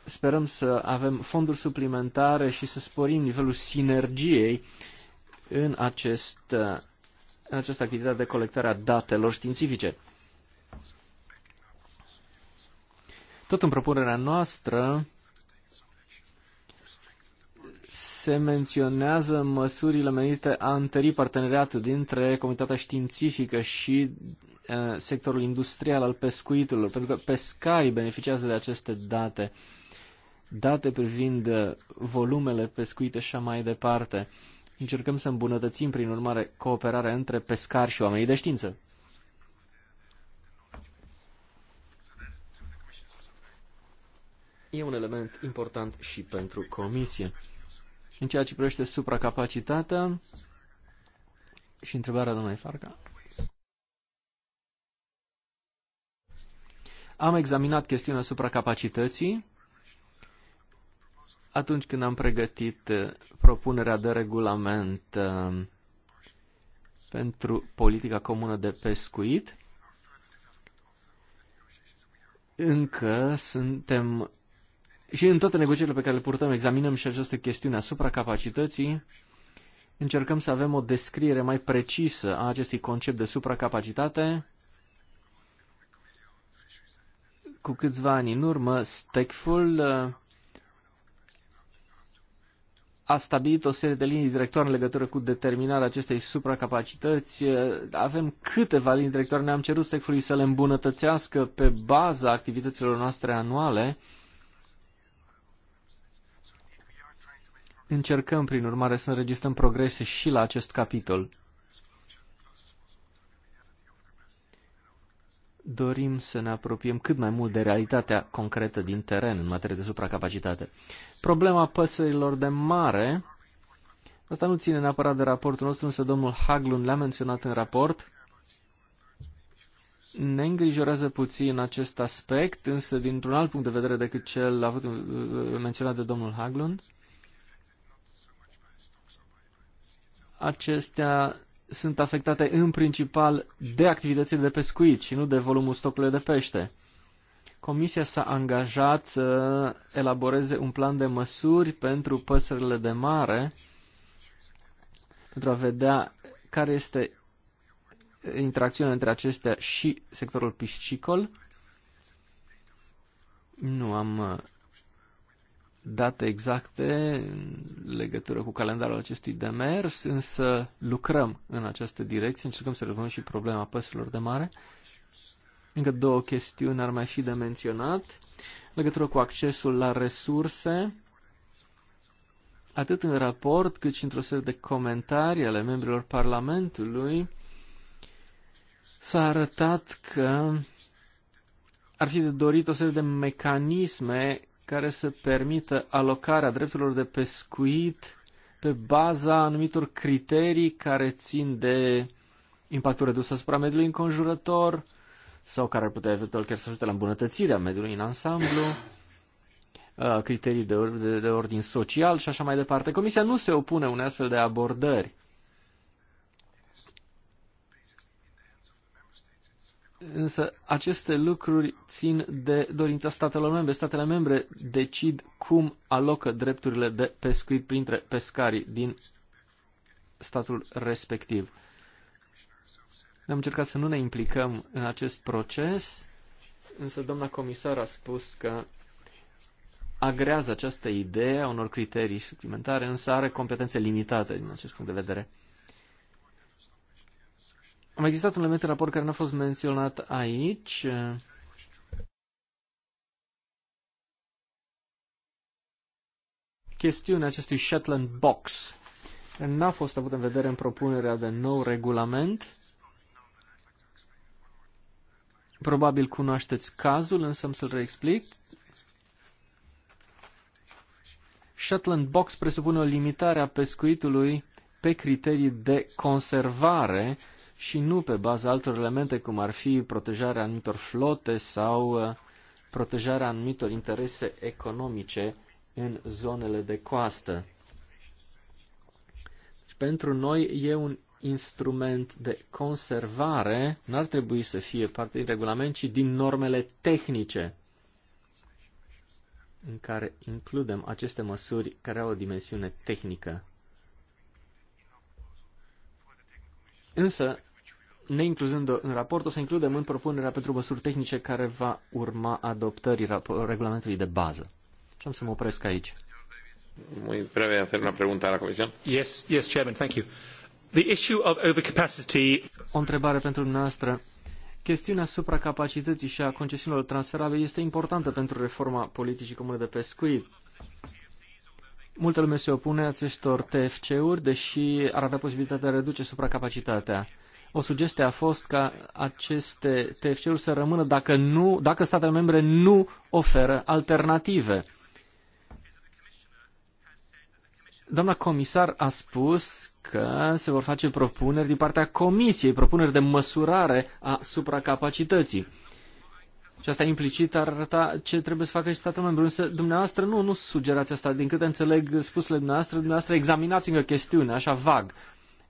Sperăm să avem fonduri suplimentare și să sporim nivelul sinergiei în acest uh, în această activitate de colectare a datelor științifice. Tot în propunerea noastră se menționează măsurile menite a întări parteneriatul dintre comunitatea științifică și uh, sectorul industrial al pescuitului, pentru că pescarii beneficiază de aceste date, date privind volumele pescuite și mai departe. Uh, Încercăm să îmbunătățim, prin urmare, cooperarea între pescari și oamenii de știință. E un element important și pentru comisie. În ceea ce privește supracapacitatea și întrebarea doamnei Farca. Am examinat chestiunea supracapacității atunci când am pregătit uh, propunerea de regulament uh, pentru politica comună de pescuit, încă suntem și în toate negocierile pe care le purtăm, examinăm și această chestiune asupra capacității, încercăm să avem o descriere mai precisă a acestui concept de supracapacitate. Cu câțiva ani în urmă, Steckful. Uh, a stabilit o serie de linii directoare în legătură cu determinarea acestei supracapacități. Avem câteva linii directoare, ne-am cerut stecfului să le îmbunătățească pe baza activităților noastre anuale. Încercăm, prin urmare, să înregistrăm progrese și la acest capitol. dorim să ne apropiem cât mai mult de realitatea concretă din teren în materie de supracapacitate. Problema păsărilor de mare, asta nu ține neapărat de raportul nostru, însă domnul Haglund l-a menționat în raport, ne îngrijorează puțin acest aspect, însă dintr-un alt punct de vedere decât cel avut, uh, uh, menționat de domnul Haglund, acestea sunt afectate în principal de activitățile de pescuit și nu de volumul stocului de pește. Comisia s-a angajat să elaboreze un plan de măsuri pentru păsările de mare pentru a vedea care este interacțiunea între acestea și sectorul piscicol. Nu am date exacte în legătură cu calendarul acestui demers, însă lucrăm în această direcție, încercăm să rezolvăm și problema păsărilor de mare. Încă două chestiuni ar mai fi de menționat. Legătură cu accesul la resurse, atât în raport cât și într-o serie de comentarii ale membrilor Parlamentului, s-a arătat că ar fi de dorit o serie de mecanisme care să permită alocarea drepturilor de pescuit pe baza anumitor criterii care țin de impactul redus asupra mediului înconjurător sau care ar putea eventual chiar să ajute la îmbunătățirea mediului în ansamblu, criterii de, de, de ordin social și așa mai departe. Comisia nu se opune unei astfel de abordări Însă aceste lucruri țin de dorința statelor membre. Statele membre decid cum alocă drepturile de pescuit printre pescarii din statul respectiv. Am încercat să nu ne implicăm în acest proces, însă doamna comisar a spus că agrează această idee a unor criterii suplimentare, însă are competențe limitate din acest punct de vedere. Am existat un element în raport care n-a fost menționat aici. Chestiunea acestui Shetland Box n-a fost avut în vedere în propunerea de nou regulament. Probabil cunoașteți cazul, însă am să-l reexplic. Shetland Box presupune o limitare a pescuitului pe criterii de conservare și nu pe baza altor elemente, cum ar fi protejarea anumitor flote sau uh, protejarea anumitor interese economice în zonele de coastă. Deci, pentru noi e un instrument de conservare, n-ar trebui să fie parte din regulament, ci din normele tehnice în care includem aceste măsuri care au o dimensiune tehnică. Însă, neincluzând în raport, o să includem în propunerea pentru măsuri tehnice care va urma adoptării regulamentului de bază. Și am să mă opresc aici. Muy breve hacer una pregunta a la Comisión. Yes, yes, Chairman, thank you. The issue of overcapacity... O întrebare pentru dumneavoastră. Chestiunea supracapacității și a concesiunilor transferabile este importantă pentru reforma politicii comune de pescuit. Multă lume se opune acestor TFC-uri, deși ar avea posibilitatea de a reduce supracapacitatea. O sugestie a fost ca aceste TFC-uri să rămână dacă, nu, dacă statele membre nu oferă alternative. Doamna comisar a spus că se vor face propuneri din partea Comisiei, propuneri de măsurare a supracapacității. Și asta implicit ar arăta ce trebuie să facă și statul membru. Însă dumneavoastră nu, nu sugerați asta. Din câte înțeleg spusele dumneavoastră, dumneavoastră examinați încă chestiunea, așa vag.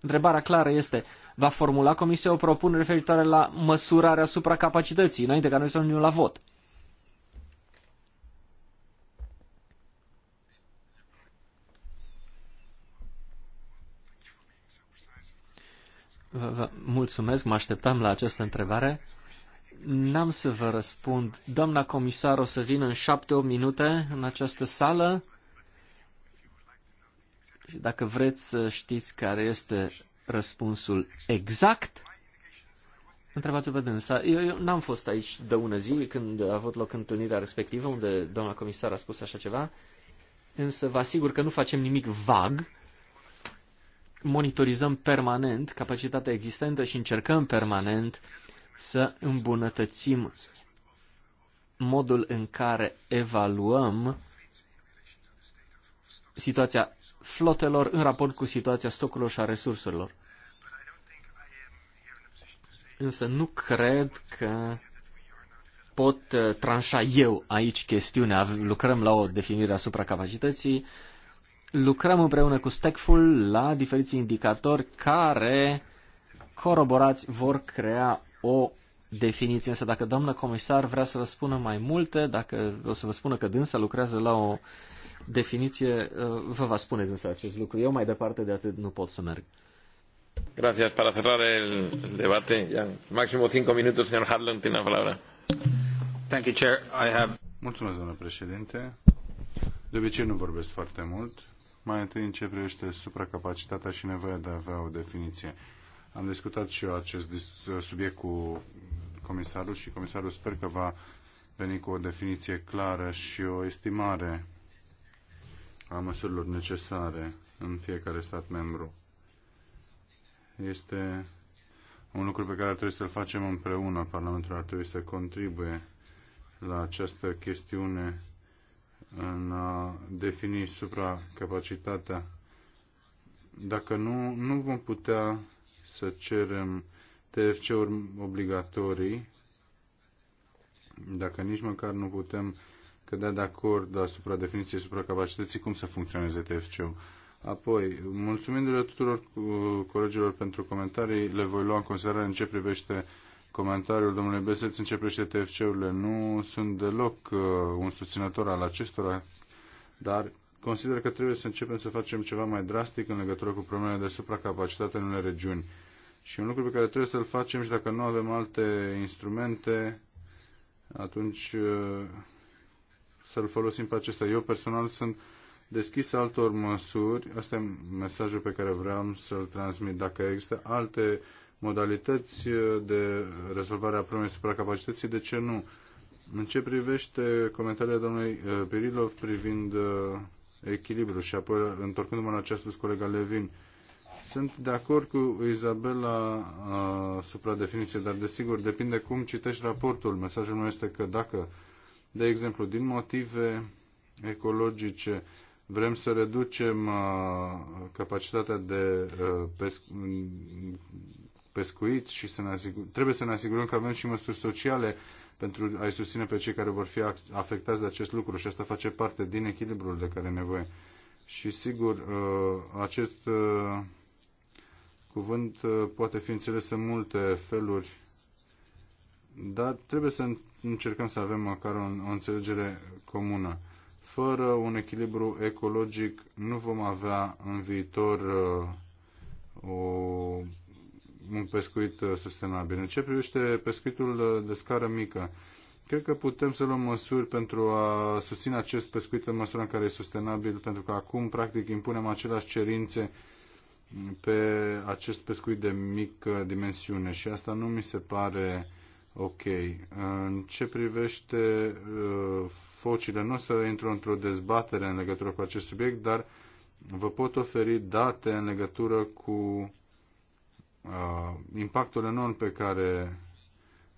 Întrebarea clară este, va formula Comisia o propunere referitoare la măsurarea supracapacității, înainte ca noi să nu la vot? Vă, vă mulțumesc, mă așteptam la această întrebare. N-am să vă răspund. Doamna comisar o să vină în 7-8 minute în această sală. Și dacă vreți să știți care este răspunsul exact, întrebați-o pe dânsa. Eu, eu n-am fost aici de ună zi când a avut loc întâlnirea respectivă unde doamna comisar a spus așa ceva, însă vă asigur că nu facem nimic vag, monitorizăm permanent capacitatea existentă și încercăm permanent uh, să îmbunătățim modul în care evaluăm situația flotelor în raport cu situația stocurilor și a resurselor. Însă nu cred că pot uh, tranșa eu aici chestiunea. Lucrăm la o definire a supracapacității, lucrăm împreună cu Stackful la diferiți indicatori care, coroborați, vor crea o definiție, însă dacă doamna comisar vrea să vă spună mai multe, dacă o să vă spună că dânsa lucrează la o definiție, uh, vă va spune dânsa acest lucru. Eu mai departe de atât nu pot să merg. Gracias. Para cerrar el debate, ya. máximo cinco minutos, señor Harlan, tiene la palabra. Thank you, Chair. I have... Mulțumesc, domnule președinte. De obicei nu vorbesc foarte mult. Mai întâi în ce privește supracapacitatea și nevoia de a avea o definiție. Am discutat și eu acest subiect cu comisarul și comisarul sper că va veni cu o definiție clară și o estimare a măsurilor necesare în fiecare stat membru. Este un lucru pe care ar trebui să-l facem împreună. Parlamentul ar trebui să contribuie la această chestiune în a defini supracapacitatea. Dacă nu, nu vom putea să cerem TFC-uri obligatorii, dacă nici măcar nu putem cădea de acord asupra definiției capacității, cum să funcționeze TFC-ul. Apoi, mulțumindu-le tuturor uh, colegilor pentru comentarii, le voi lua în considerare în ce privește comentariul domnului Beseț, în ce privește TFC-urile. Nu sunt deloc uh, un susținător al acestora, dar consider că trebuie să începem să facem ceva mai drastic în legătură cu problemele de supracapacitate în unele regiuni. Și un lucru pe care trebuie să-l facem și dacă nu avem alte instrumente, atunci uh, să-l folosim pe acesta. Eu personal sunt deschis altor măsuri. Asta e mesajul pe care vreau să-l transmit. Dacă există alte modalități uh, de rezolvare a problemei supracapacității, de ce nu? În ce privește comentariile domnului uh, Pirilov privind echilibru. Și apoi, întorcându-mă la ce a spus colega Levin, sunt de acord cu Izabela asupra definiției, dar desigur depinde cum citești raportul. Mesajul meu este că dacă, de exemplu, din motive ecologice vrem să reducem capacitatea de pescuit și să ne asigur, trebuie să ne asigurăm că avem și măsuri sociale pentru a-i susține pe cei care vor fi afectați de acest lucru și asta face parte din echilibrul de care e nevoie. Și sigur, uh, acest uh, cuvânt uh, poate fi înțeles în multe feluri, dar trebuie să încercăm să avem măcar o înțelegere comună. Fără un echilibru ecologic nu vom avea în viitor o un pescuit uh, sustenabil. În ce privește pescuitul uh, de scară mică, cred că putem să luăm măsuri pentru a susține acest pescuit în măsura în care e sustenabil, pentru că acum, practic, impunem aceleași cerințe pe acest pescuit de mică dimensiune și asta nu mi se pare ok. În ce privește uh, focile, nu o să intru într-o dezbatere în legătură cu acest subiect, dar vă pot oferi date în legătură cu Uh, impactul enorm pe care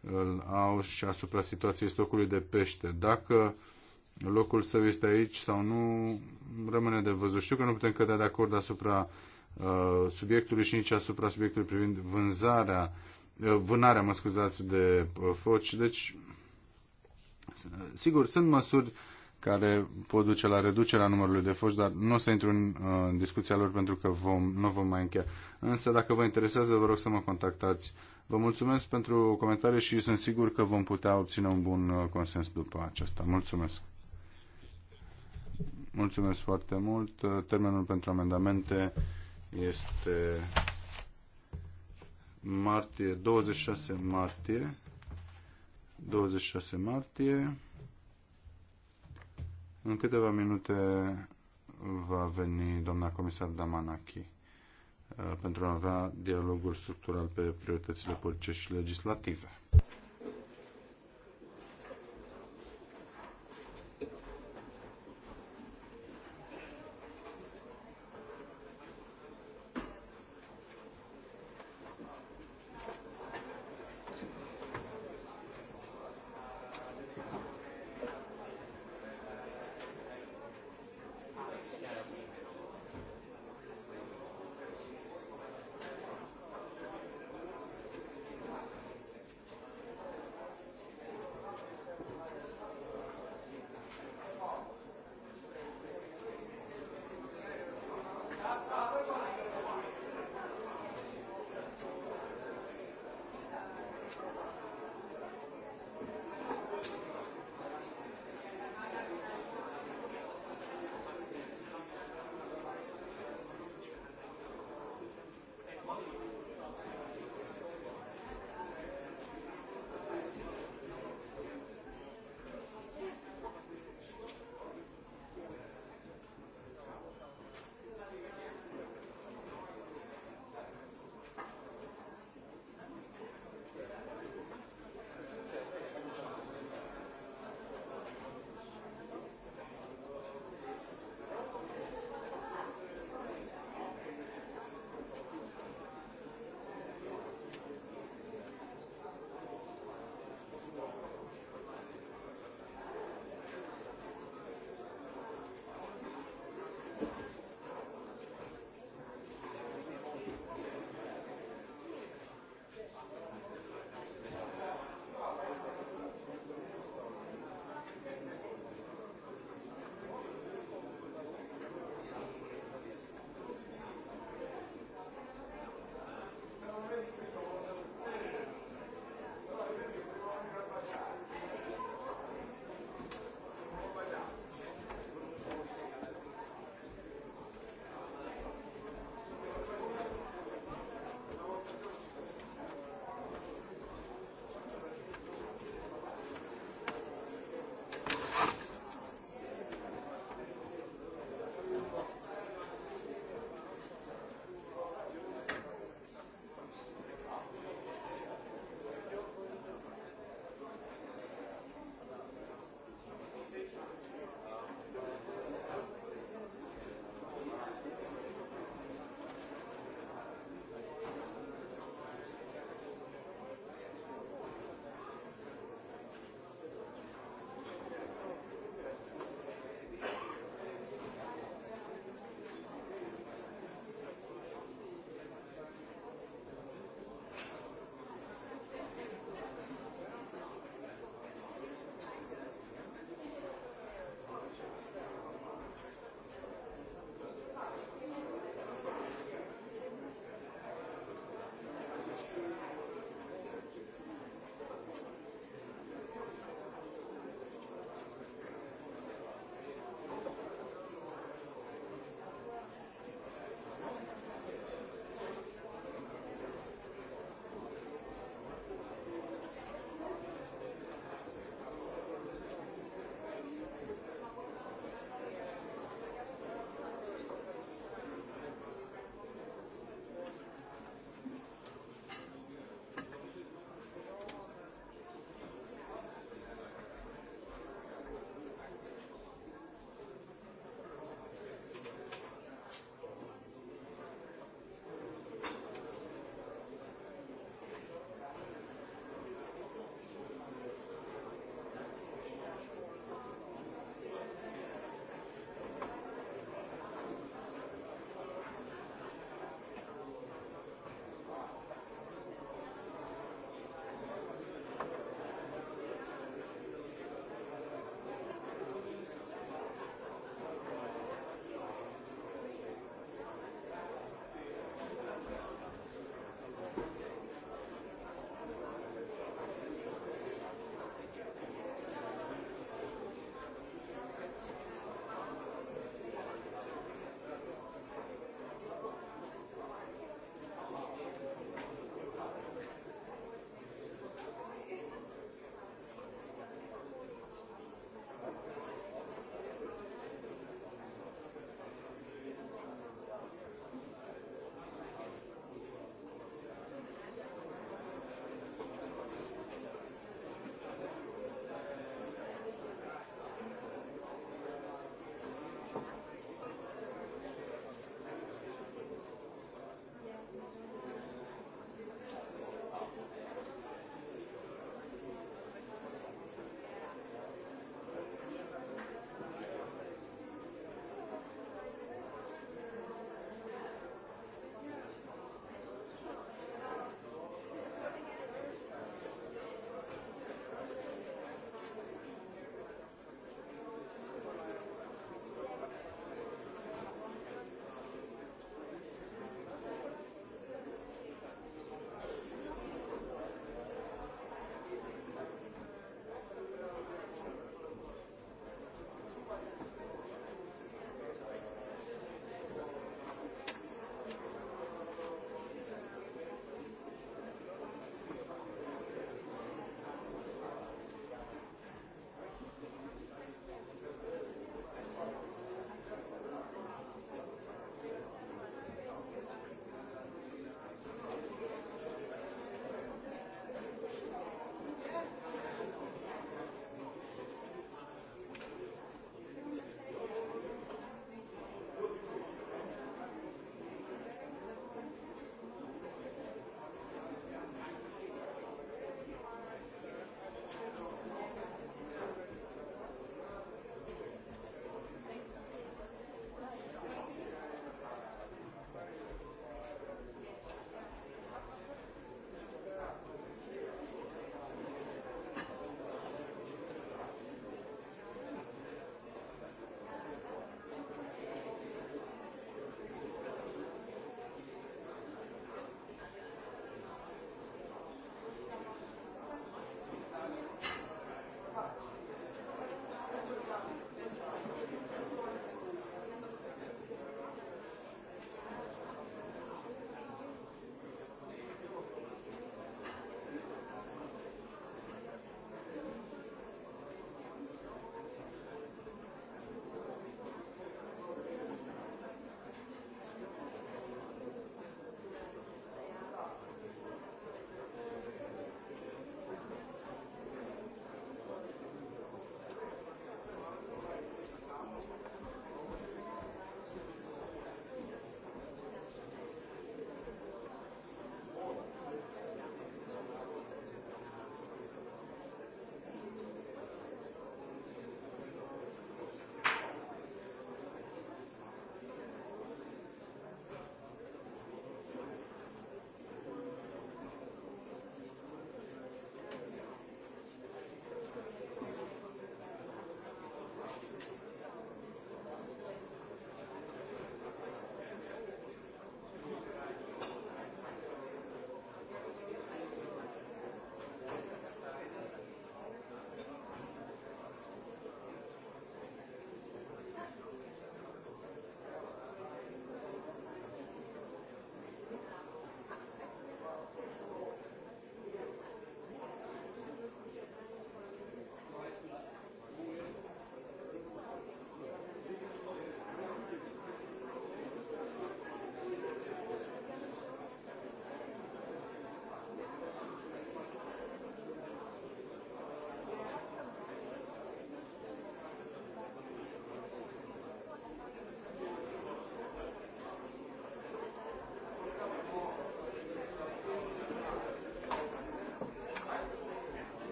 îl au și asupra situației stocului de pește. Dacă locul său este aici sau nu, rămâne de văzut. Știu că nu putem cădea de acord asupra uh, subiectului și nici asupra subiectului privind vânzarea, uh, vânarea, mă scuzați, de uh, foci. Deci, sigur, sunt măsuri uh, care pot duce la reducerea numărului de foști, dar nu o să intru în, uh, în discuția lor pentru că vom, nu vom mai încheia. Însă, dacă vă interesează, vă rog să mă contactați. Vă mulțumesc pentru comentarii și sunt sigur că vom putea obține un bun uh, consens după aceasta. Mulțumesc! Mulțumesc foarte mult. Uh, termenul pentru amendamente este martie, 26 martie. 26 martie în câteva minute va veni doamna comisar Damanaki uh, pentru a avea dialoguri structural pe prioritățile politice și legislative.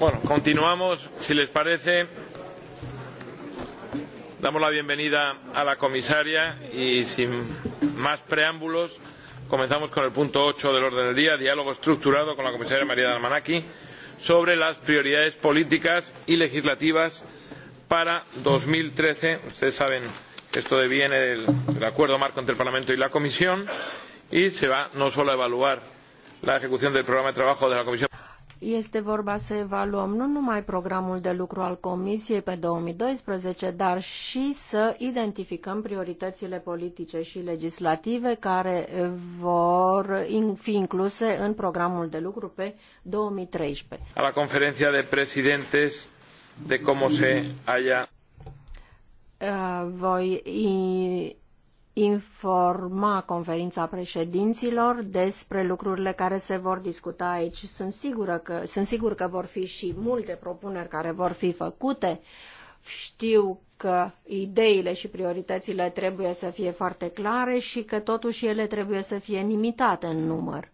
Bueno, continuamos, si les parece. Damos la bienvenida a la comisaria y sin más preámbulos comenzamos con el punto 8 del orden del día, diálogo estructurado con la comisaria María Dalmanaki sobre las prioridades políticas y legislativas para 2013. Ustedes saben que esto viene del, del acuerdo marco entre el Parlamento y la Comisión y se va no solo a evaluar la ejecución del programa de trabajo de la Comisión este vorba să evaluăm nu numai programul de lucru al Comisiei pe 2012, dar și să identificăm prioritățile politice și legislative care vor fi incluse în programul de lucru pe 2013. la conferința de presidentes de cum se haya uh, voi informa conferința președinților despre lucrurile care se vor discuta aici. Sunt, sigură că, sunt sigur că vor fi și multe propuneri care vor fi făcute. Știu că ideile și prioritățile trebuie să fie foarte clare și că totuși ele trebuie să fie limitate în număr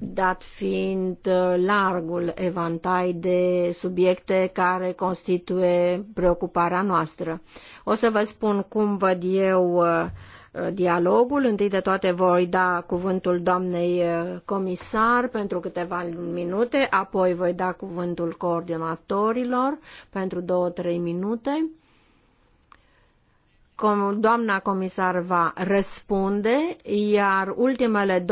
dat fiind uh, largul evantai de subiecte care constituie preocuparea noastră. O să vă spun cum văd eu uh, dialogul. Întâi de toate voi da cuvântul doamnei uh, comisar pentru câteva minute, apoi voi da cuvântul coordonatorilor pentru două-trei minute doamna comisar va răspunde, iar ultimele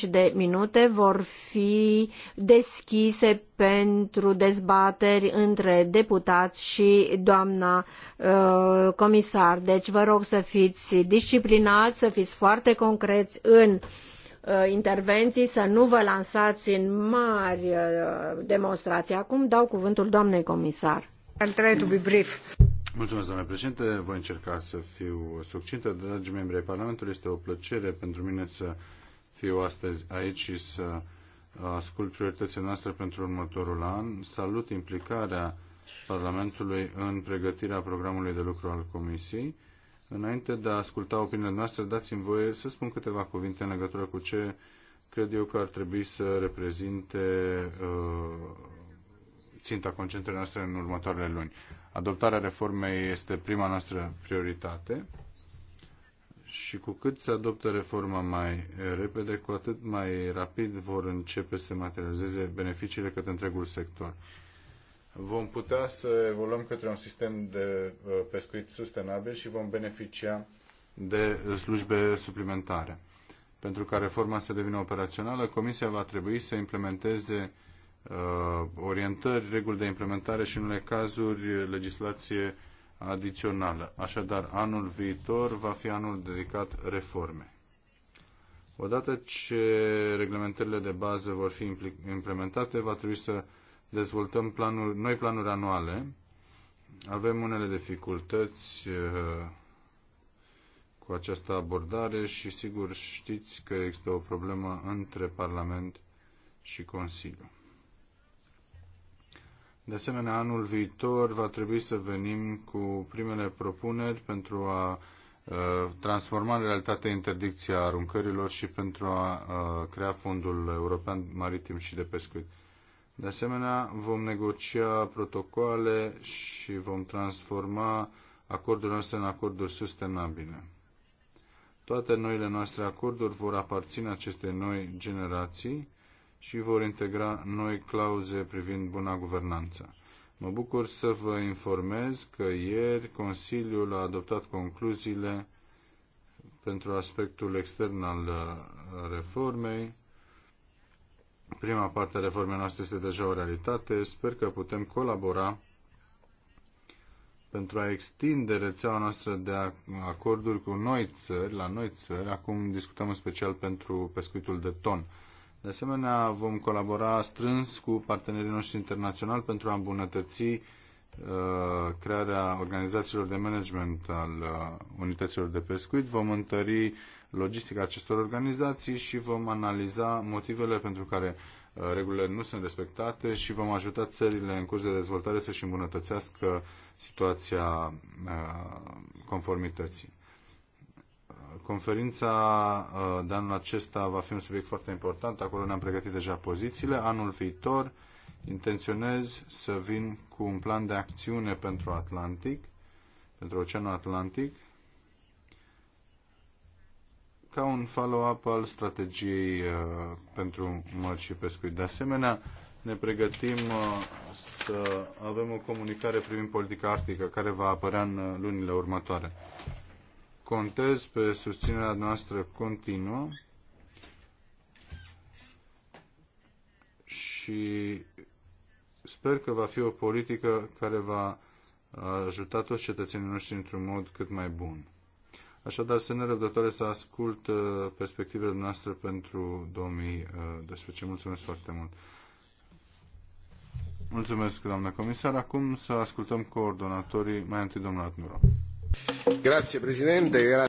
20-25 de minute vor fi deschise pentru dezbateri între deputați și doamna uh, comisar. Deci vă rog să fiți disciplinați, să fiți foarte concreți în uh, intervenții, să nu vă lansați în mari uh, demonstrații. Acum dau cuvântul doamnei comisar. I'll try to be brief. Mulțumesc, domnule președinte. Voi încerca să fiu succintă. Dragi membri ai Parlamentului, este o plăcere pentru mine să fiu astăzi aici și să ascult prioritățile noastre pentru următorul an. Salut implicarea Parlamentului în pregătirea programului de lucru al Comisiei. Înainte de a asculta opiniile noastre, dați-mi voie să spun câteva cuvinte în legătură cu ce cred eu că ar trebui să reprezinte uh, ținta concentrării noastre în următoarele luni. Adoptarea reformei este prima noastră prioritate și cu cât se adoptă reforma mai repede, cu atât mai rapid vor începe să materializeze beneficiile către întregul sector. Vom putea să evoluăm către un sistem de uh, pescuit sustenabil și vom beneficia de slujbe suplimentare. Pentru ca reforma să devină operațională, Comisia va trebui să implementeze Uh, orientări, reguli de implementare și, în unele cazuri, legislație adițională. Așadar, anul viitor va fi anul dedicat reforme. Odată ce reglementările de bază vor fi implementate, va trebui să dezvoltăm planuri, noi planuri anuale. Avem unele dificultăți uh, cu această abordare și sigur știți că există o problemă între Parlament și Consiliu. De asemenea, anul viitor va trebui să venim cu primele propuneri pentru a uh, transforma în realitate interdicția aruncărilor și pentru a uh, crea Fondul European Maritim și de Pescuit. De asemenea, vom negocia protocoale și vom transforma acordurile noastre în acorduri sustenabile. Toate noile noastre acorduri vor aparține acestei noi generații și vor integra noi clauze privind buna guvernanță. Mă bucur să vă informez că ieri Consiliul a adoptat concluziile pentru aspectul extern al uh, reformei. Prima parte a reformei noastre este deja o realitate. Sper că putem colabora pentru a extinde rețeaua noastră de acorduri cu noi țări, la noi țări. Acum discutăm în special pentru pescuitul de ton de asemenea, vom colabora strâns cu partenerii noștri internaționali pentru a îmbunătăți uh, crearea organizațiilor de management al uh, unităților de pescuit. Vom întări logistica acestor organizații și vom analiza motivele pentru care uh, regulile nu sunt respectate și vom ajuta țările în curs de dezvoltare să-și îmbunătățească situația uh, conformității conferința uh, de anul acesta va fi un subiect foarte important. Acolo ne-am pregătit deja pozițiile. Anul viitor intenționez să vin cu un plan de acțiune pentru Atlantic, pentru Oceanul Atlantic, ca un follow-up al strategiei uh, pentru mărci și pescuit. De asemenea, ne pregătim uh, să avem o comunicare privind politica arctică care va apărea în lunile următoare contez pe susținerea noastră continuă și sper că va fi o politică care va uh, ajuta toți cetățenii noștri într-un mod cât mai bun. Așadar, sunt nerăbdătoare să ascult uh, perspectivele noastre pentru 2012. Uh, Mulțumesc foarte mult! Mulțumesc, doamnă comisar. Acum să ascultăm coordonatorii, mai întâi domnul Admiral. Grazie, președinte.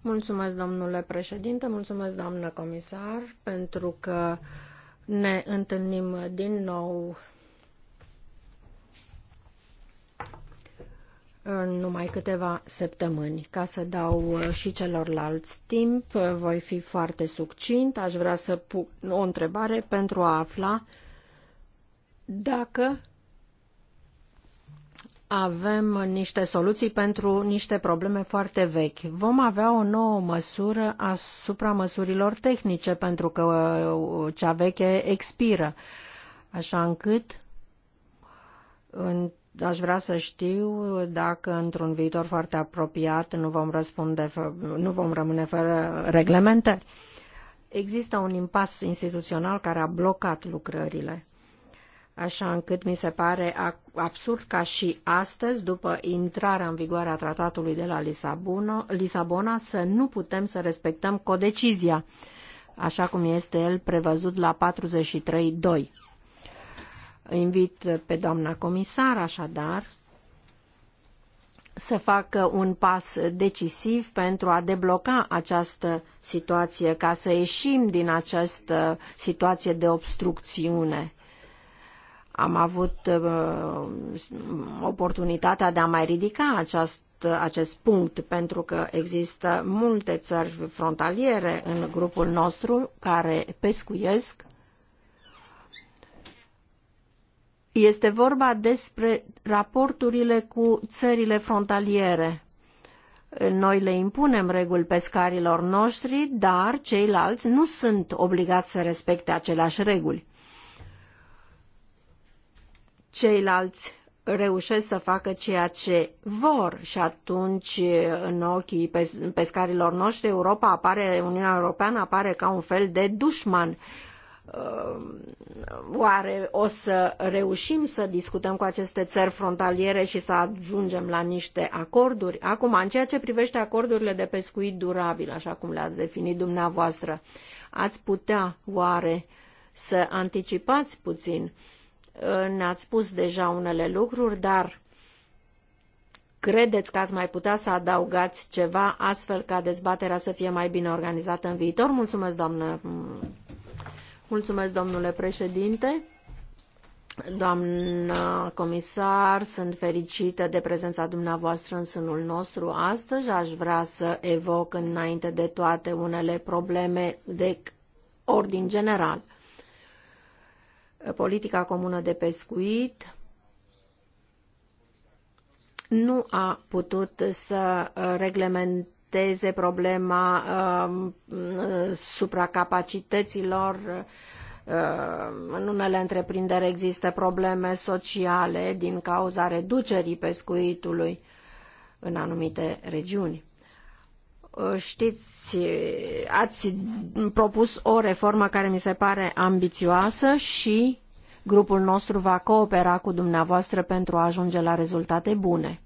Mulțumesc, domnule președinte, mulțumesc, doamnă comisar, pentru că ne întâlnim din nou în numai câteva săptămâni. Ca să dau uh, și celorlalți timp, uh, voi fi foarte succint. Aș vrea să pun o întrebare pentru a afla dacă avem niște soluții pentru niște probleme foarte vechi. Vom avea o nouă măsură asupra măsurilor tehnice, pentru că uh, cea veche expiră. Așa încât în, aș vrea să știu dacă într-un viitor foarte apropiat nu vom, răspunde, nu vom rămâne fără reglementări. Există un impas instituțional care a blocat lucrările așa încât mi se pare absurd ca și astăzi, după intrarea în vigoare a tratatului de la Lisabona, Lisabona, să nu putem să respectăm codecizia, așa cum este el prevăzut la 43.2. Invit pe doamna comisar, așadar, să facă un pas decisiv pentru a debloca această situație, ca să ieșim din această situație de obstrucțiune am avut uh, oportunitatea de a mai ridica această acest punct pentru că există multe țări frontaliere în grupul nostru care pescuiesc. Este vorba despre raporturile cu țările frontaliere. Noi le impunem reguli pescarilor noștri, dar ceilalți nu sunt obligați să respecte aceleași reguli ceilalți reușesc să facă ceea ce vor și atunci în ochii pescarilor noștri Europa apare, Uniunea Europeană apare ca un fel de dușman. Uh, oare o să reușim să discutăm cu aceste țări frontaliere și să ajungem la niște acorduri? Acum, în ceea ce privește acordurile de pescuit durabil, așa cum le-ați definit dumneavoastră, ați putea oare să anticipați puțin uh, ne-ați spus deja unele lucruri, dar credeți că ați mai putea să adaugați ceva astfel ca dezbaterea să fie mai bine organizată în viitor? Mulțumesc, doamnă. Mulțumesc, domnule președinte. Doamnă comisar, sunt fericită de prezența dumneavoastră în sânul nostru astăzi. Aș vrea să evoc înainte de toate unele probleme de ordin general politica comună de pescuit nu a putut să reglementeze problema uh, supracapacităților uh, în unele întreprinderi există probleme sociale din cauza reducerii pescuitului în anumite regiuni. Uh, știți, ați propus o reformă care mi se pare ambițioasă și grupul nostru va coopera cu dumneavoastră pentru a ajunge la rezultate bune.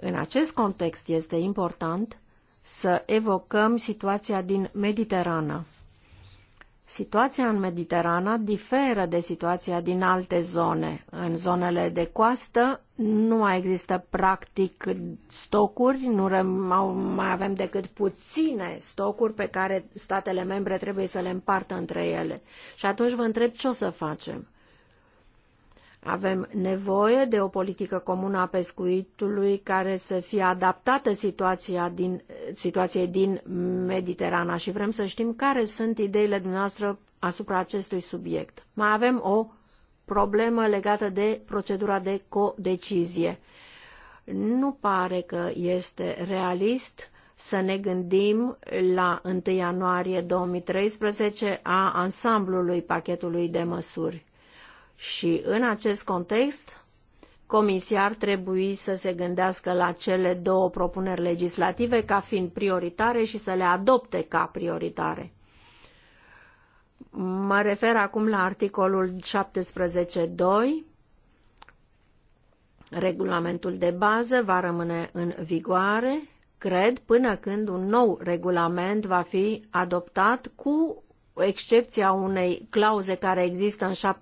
În acest context este important să evocăm situația din Mediterană. Situația în Mediterana diferă de situația din alte zone. În zonele de coastă nu mai există practic stocuri, nu mai avem decât puține stocuri pe care statele membre trebuie să le împartă între ele. Și atunci vă întreb ce o să facem. Avem nevoie de o politică comună a pescuitului care să fie adaptată situația din, situației din Mediterana și vrem să știm care sunt ideile dumneavoastră asupra acestui subiect. Mai avem o problemă legată de procedura de codecizie. Nu pare că este realist să ne gândim la 1 ianuarie 2013 a ansamblului pachetului de măsuri și în acest context, Comisia ar trebui să se gândească la cele două propuneri legislative ca fiind prioritare și să le adopte ca prioritare. Mă refer acum la articolul 17.2. Regulamentul de bază va rămâne în vigoare, cred, până când un nou regulament va fi adoptat cu excepția unei clauze care există în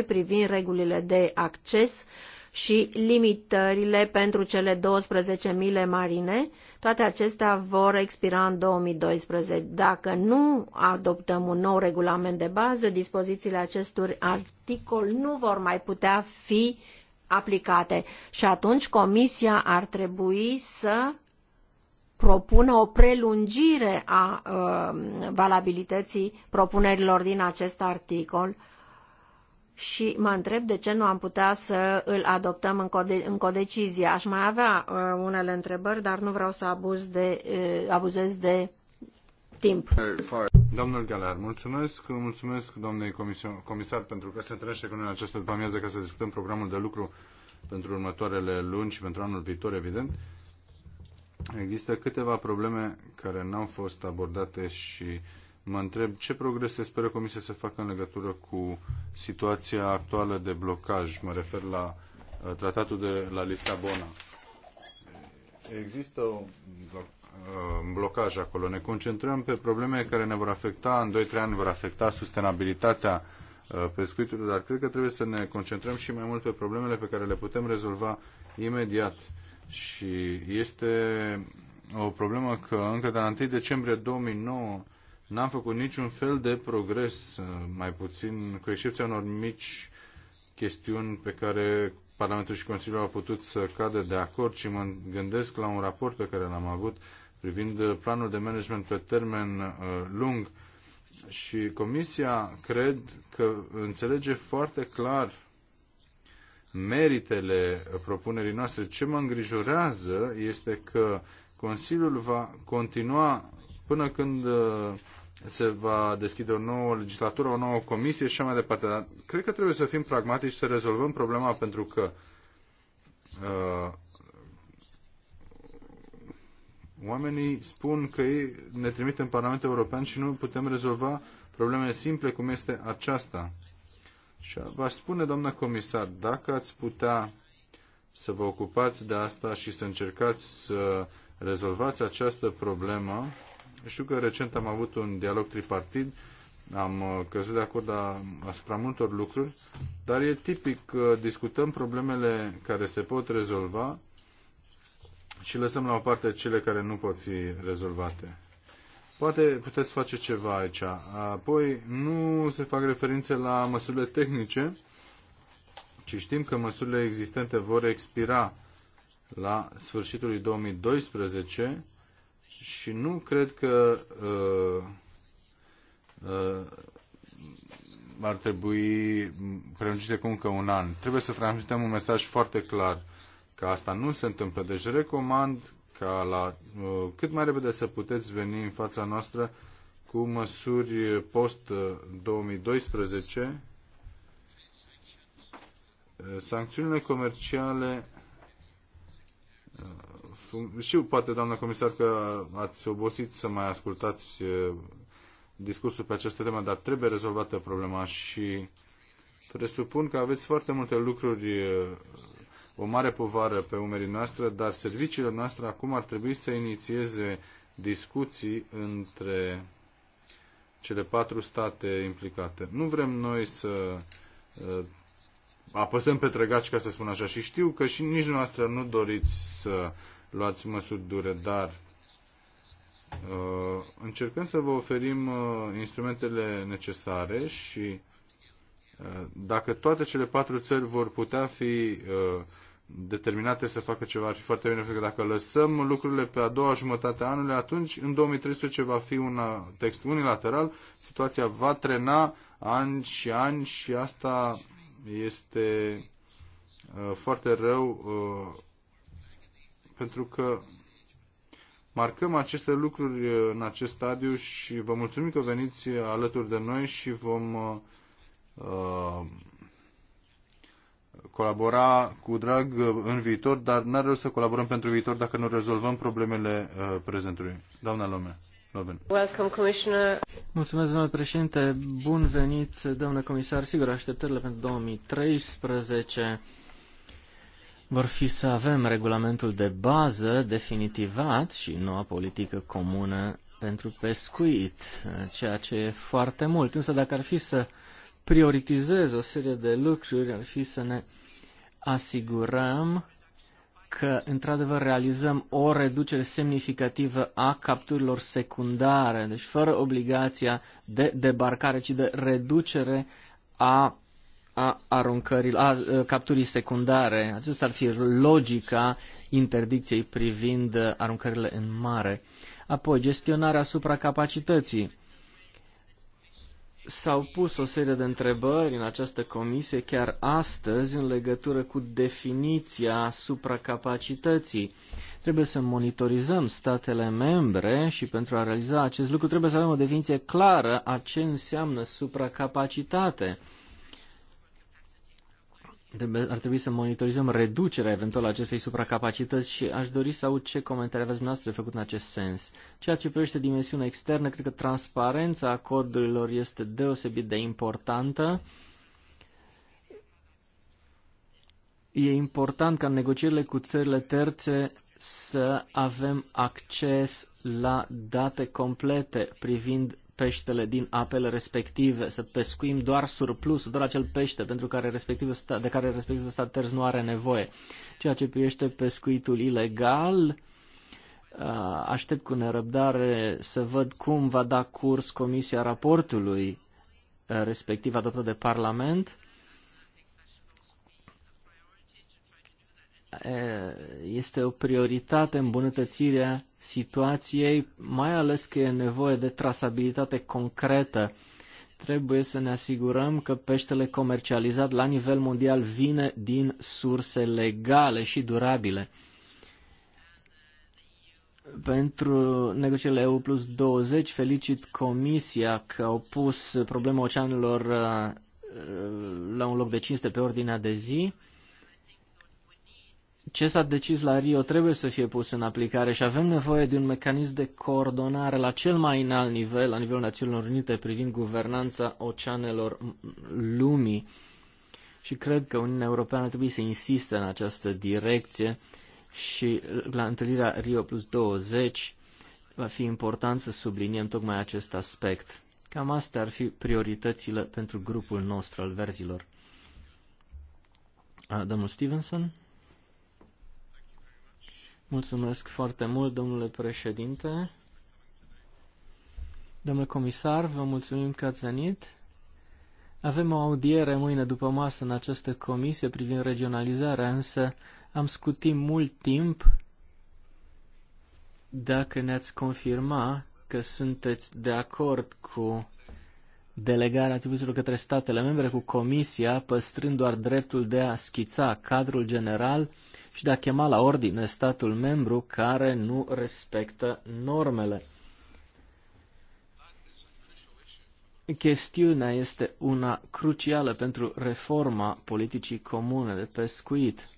17.2 privind regulile de acces și limitările pentru cele 12 mile marine, toate acestea vor expira în 2012. Dacă nu adoptăm un nou regulament de bază, dispozițiile acestui articol nu vor mai putea fi aplicate și atunci Comisia ar trebui să propună o prelungire a uh, valabilității propunerilor din acest articol și mă întreb de ce nu am putea să îl adoptăm în, code- în codecizie. Aș mai avea uh, unele întrebări, dar nu vreau să abuz de, uh, abuzez de timp. Domnul Galar, mulțumesc. Mulțumesc doamnei comisar pentru că se întâlnește cu noi în această după-amiază ca să discutăm programul de lucru pentru următoarele luni și pentru anul viitor, evident. Există câteva probleme care n-au fost abordate și mă întreb ce progrese speră Comisia să facă în legătură cu situația actuală de blocaj. Mă refer la uh, tratatul de la Lisabona. Există uh, un blocaj acolo. Ne concentrăm pe probleme care ne vor afecta, în 2-3 ani vor afecta sustenabilitatea uh, pescuitului, dar cred că trebuie să ne concentrăm și mai mult pe problemele pe care le putem rezolva imediat și este o problemă că încă de la 1 decembrie 2009 n-am făcut niciun fel de progres, mai puțin cu excepția unor mici chestiuni pe care Parlamentul și Consiliul au putut să cadă de acord și mă gândesc la un raport pe care l-am avut privind planul de management pe termen uh, lung și Comisia cred că înțelege foarte clar meritele propunerii noastre. Ce mă îngrijorează este că Consiliul va continua până când uh, se va deschide o nouă legislatură, o nouă comisie și așa mai departe. Dar cred că trebuie să fim pragmatici, să rezolvăm problema pentru că uh, oamenii spun că ei ne trimit în Parlamentul European și nu putem rezolva probleme simple cum este aceasta. Și v-aș spune, doamna comisar, dacă ați putea să vă ocupați de asta și să încercați să rezolvați această problemă. Știu că recent am avut un dialog tripartit, am uh, căzut de acord asupra multor lucruri, dar e tipic că uh, discutăm problemele care se pot rezolva și lăsăm la o parte cele care nu pot fi rezolvate. Poate puteți face ceva aici. Apoi, nu se fac referințe la măsurile tehnice, ci știm că măsurile existente vor expira la sfârșitul lui 2012 și nu cred că uh, uh, ar trebui prelungite cu încă un an. Trebuie să transmitem un mesaj foarte clar că asta nu se întâmplă. Deci recomand ca la uh, cât mai repede să puteți veni în fața noastră cu măsuri post-2012 uh, sancțiunile comerciale uh, știu, poate, doamna comisar, că ați obosit să mai ascultați discursul pe această temă, dar trebuie rezolvată problema și presupun că aveți foarte multe lucruri o mare povară pe umerii noastre, dar serviciile noastre acum ar trebui să inițieze discuții între cele patru state implicate. Nu vrem noi să uh, apăsăm pe trăgaci, ca să spun așa, și știu că și nici noastră nu doriți să luați măsuri dure, dar uh, încercăm să vă oferim uh, instrumentele necesare și uh, dacă toate cele patru țări vor putea fi uh, determinate să facă ceva. Ar fi foarte bine că dacă lăsăm lucrurile pe a doua jumătate a anului, atunci în 2013 va fi un uh, text unilateral, situația va trena ani și ani și asta este uh, foarte rău uh, pentru că marcăm aceste lucruri uh, în acest stadiu și vă mulțumim că veniți alături de noi și vom uh, uh colabora cu drag uh, în viitor, dar n-ar rău să colaborăm pentru viitor dacă nu rezolvăm problemele uh, prezentului. Doamna Lome. Loven. Welcome, Commissioner. Mulțumesc, domnule președinte. Bun venit, domnule comisar. Sigur, așteptările pentru 2013 vor fi să avem regulamentul de bază definitivat și noua politică comună pentru pescuit, ceea ce e foarte mult. Însă dacă ar fi să prioritizez o serie de lucruri ar fi să ne asigurăm că, într-adevăr, realizăm o reducere semnificativă a capturilor secundare, deci fără obligația de debarcare, ci de reducere a, a aruncărilor, a, a capturii secundare. Acesta ar fi logica interdicției privind aruncările în mare. Apoi, gestionarea supracapacității. S-au pus o serie de întrebări în această comisie chiar astăzi în legătură cu definiția supracapacității. Trebuie să monitorizăm statele membre și pentru a realiza acest lucru trebuie să avem o definiție clară a ce înseamnă supracapacitate ar trebui să monitorizăm reducerea eventuală acestei supracapacități și aș dori să aud ce comentarii aveți dumneavoastră făcut în acest sens. Ceea ce privește dimensiunea externă, cred că transparența acordurilor este deosebit de importantă. E important ca în negocierile cu țările terțe să avem acces la date complete privind peștele din apele respective, să pescuim doar surplus doar acel pește pentru care respectiv stat, de care respectivul stat terz nu are nevoie. Ceea ce privește pescuitul ilegal, aștept cu nerăbdare să văd cum va da curs Comisia raportului respectiv adoptat de Parlament este o prioritate îmbunătățirea situației, mai ales că e nevoie de trasabilitate concretă. Trebuie să ne asigurăm că peștele comercializat la nivel mondial vine din surse legale și durabile. Pentru negocierile EU plus 20 felicit Comisia că au pus problema oceanelor la un loc de cinste pe ordinea de zi ce s-a decis la Rio trebuie să fie pus în aplicare și avem nevoie de un mecanism de coordonare la cel mai înalt nivel, la nivelul Națiunilor Unite, privind guvernanța oceanelor lumii. Și cred că Uniunea Europeană trebuie să insiste în această direcție și la întâlnirea Rio plus 20 va fi important să subliniem tocmai acest aspect. Cam astea ar fi prioritățile pentru grupul nostru al verzilor. domnul Stevenson? Mulțumesc foarte mult, domnule președinte. Domnule comisar, vă mulțumim că ați venit. Avem o audiere mâine după masă în această comisie privind regionalizarea, însă am scutit mult timp dacă ne-ați confirma că sunteți de acord cu delegarea atribuțiilor către statele membre cu Comisia, păstrând doar dreptul de a schița cadrul general și de a chema la ordine statul membru care nu respectă normele. Chestiunea este una crucială pentru reforma politicii comune de pescuit.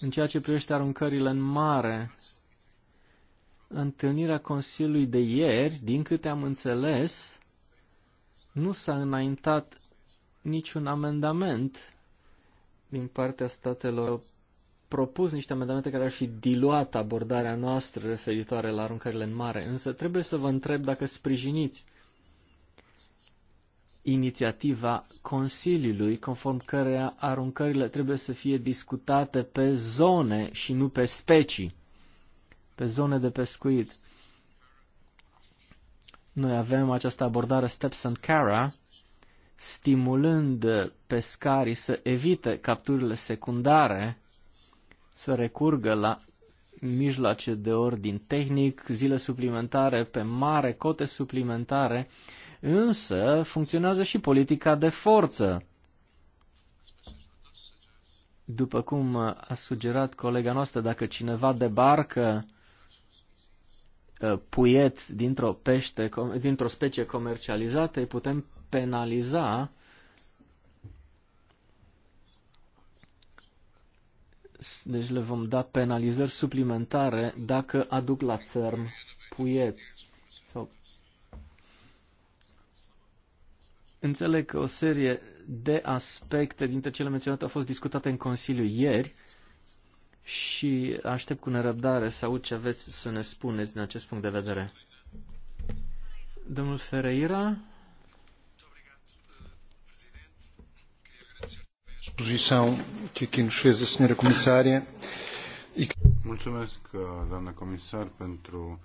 În ceea ce privește aruncările în mare, întâlnirea Consiliului de ieri, din câte am înțeles, nu s-a înaintat niciun amendament din partea statelor propus niște amendamente care ar fi diluat abordarea noastră referitoare la aruncările în mare, însă trebuie să vă întreb dacă sprijiniți inițiativa Consiliului, conform căreia aruncările trebuie să fie discutate pe zone și nu pe specii pe zone de pescuit. Noi avem această abordare Steps and Cara, stimulând pescarii să evite capturile secundare, să recurgă la mijloace de ordin tehnic, zile suplimentare pe mare, cote suplimentare, însă funcționează și politica de forță. După cum a sugerat colega noastră, dacă cineva debarcă Uh, puieți dintr-o pește, dintr-o specie comercializată, îi putem penaliza deci le vom da penalizări suplimentare dacă aduc la țărm puiet. Sau... Înțeleg că o serie de aspecte dintre cele menționate au fost discutate în Consiliu ieri și aștept cu nerăbdare să aud ce aveți să ne spuneți din acest punct de vedere. Domnul Ferreira. a Mulțumesc, uh, doamna comisar, pentru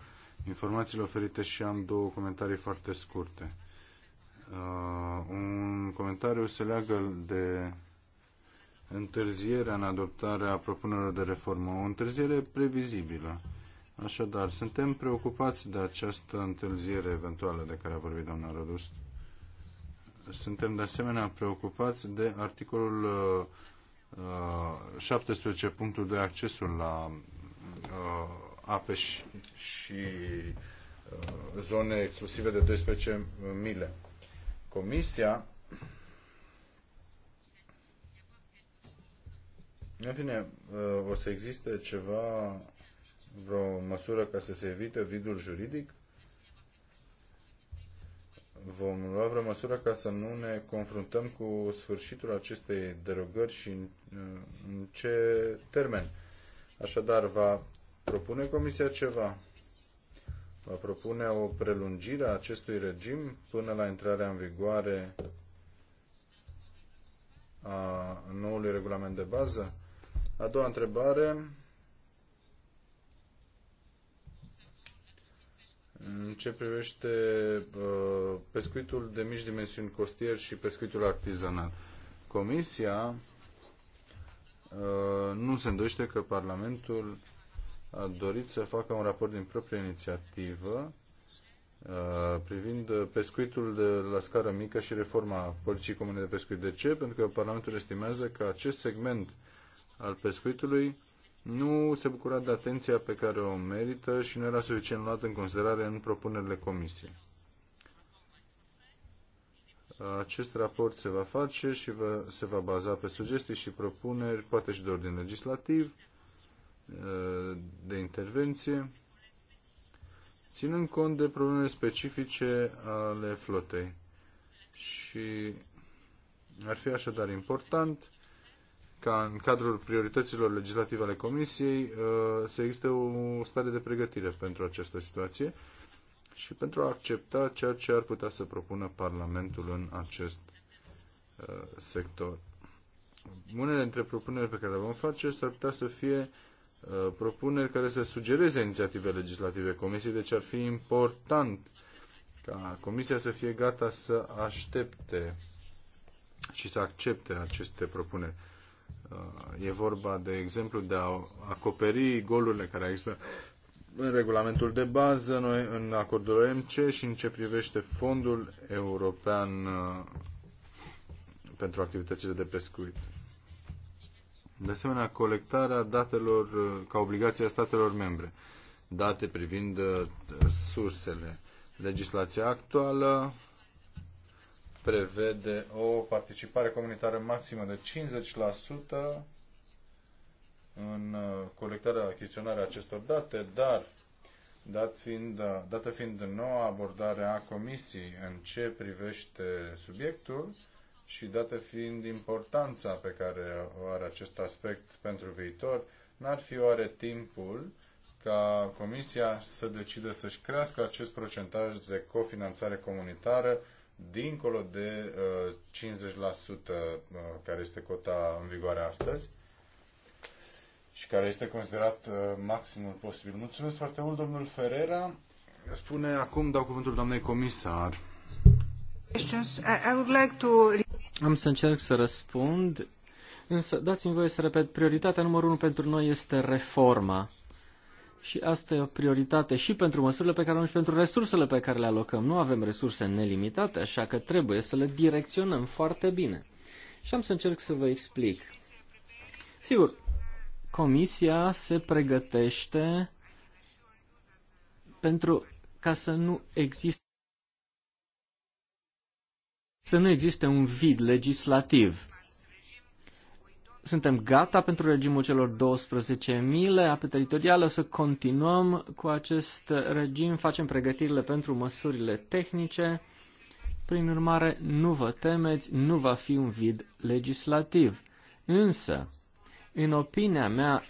informațiile oferite și am două comentarii foarte scurte. Uh, un comentariu se leagă de întârzierea în adoptarea propunerilor de reformă, o întârziere previzibilă. Așadar, suntem preocupați de această întârziere eventuală de care a vorbit doamna Rodust. Suntem de asemenea preocupați de articolul uh, 17.2 uh, accesul la uh, ape și, și uh, zone exclusive de 12 mile. Comisia În fine, uh, o să existe ceva, vreo măsură ca să se evite vidul juridic? Vom lua vreo măsură ca să nu ne confruntăm cu sfârșitul acestei derogări și în, uh, în ce termen? Așadar, va propune Comisia ceva? Va propune o prelungire a acestui regim până la intrarea în vigoare a noului regulament de bază? A doua întrebare. În ce privește uh, pescuitul de mici dimensiuni costier și pescuitul artizanal. Comisia uh, nu se îndoiește că Parlamentul a dorit să facă un raport din proprie inițiativă uh, privind pescuitul de la scară mică și reforma politicii comune de pescuit. De ce? Pentru că Parlamentul estimează că acest segment al pescuitului nu se bucura de atenția pe care o merită și nu era suficient luat în considerare în propunerile comisiei. Acest raport se va face și va, se va baza pe sugestii și propuneri, poate și de ordin legislativ, de intervenție, ținând cont de problemele specifice ale flotei. Și ar fi așadar important ca în cadrul priorităților legislative ale Comisiei uh, să existe o stare de pregătire pentru această situație și pentru a accepta ceea ce ar putea să propună Parlamentul în acest uh, sector. Unele dintre propunerile pe care le vom face s-ar putea să fie uh, propuneri care să sugereze inițiative legislative Comisiei, deci ar fi important ca Comisia să fie gata să aștepte și să accepte aceste propuneri. E vorba, de exemplu, de a acoperi golurile care există în regulamentul de bază, noi în acordul OMC și în ce privește fondul european uh, pentru activitățile de pescuit. De asemenea, colectarea datelor uh, ca obligație a statelor membre, date privind uh, sursele. Legislația actuală prevede o participare comunitară maximă de 50% în uh, colectarea, achiziționarea acestor date, dar dat fiind, uh, dată fiind noua abordare a Comisiei în ce privește subiectul și dată fiind importanța pe care o are acest aspect pentru viitor, n-ar fi oare timpul ca Comisia să decide să-și crească acest procentaj de cofinanțare comunitară dincolo de 50% uh, uh, care este cota în vigoare astăzi și care este considerat uh, maximul posibil. Mulțumesc foarte mult, domnul Ferera. Spune acum, dau cuvântul doamnei comisar. Am să încerc să răspund, însă dați-mi voie să repet, prioritatea numărul unu pentru noi este reforma. Și asta e o prioritate și pentru măsurile pe care avem și pentru resursele pe care le alocăm. Nu avem resurse nelimitate, așa că trebuie să le direcționăm foarte bine. Și am să încerc să vă explic. Sigur, comisia se pregătește pentru ca să nu existe să nu existe un vid legislativ suntem gata pentru regimul celor 12 mile, apă teritorială, să continuăm cu acest regim, facem pregătirile pentru măsurile tehnice. Prin urmare, nu vă temeți, nu va fi un vid legislativ. Însă, în opinia mea,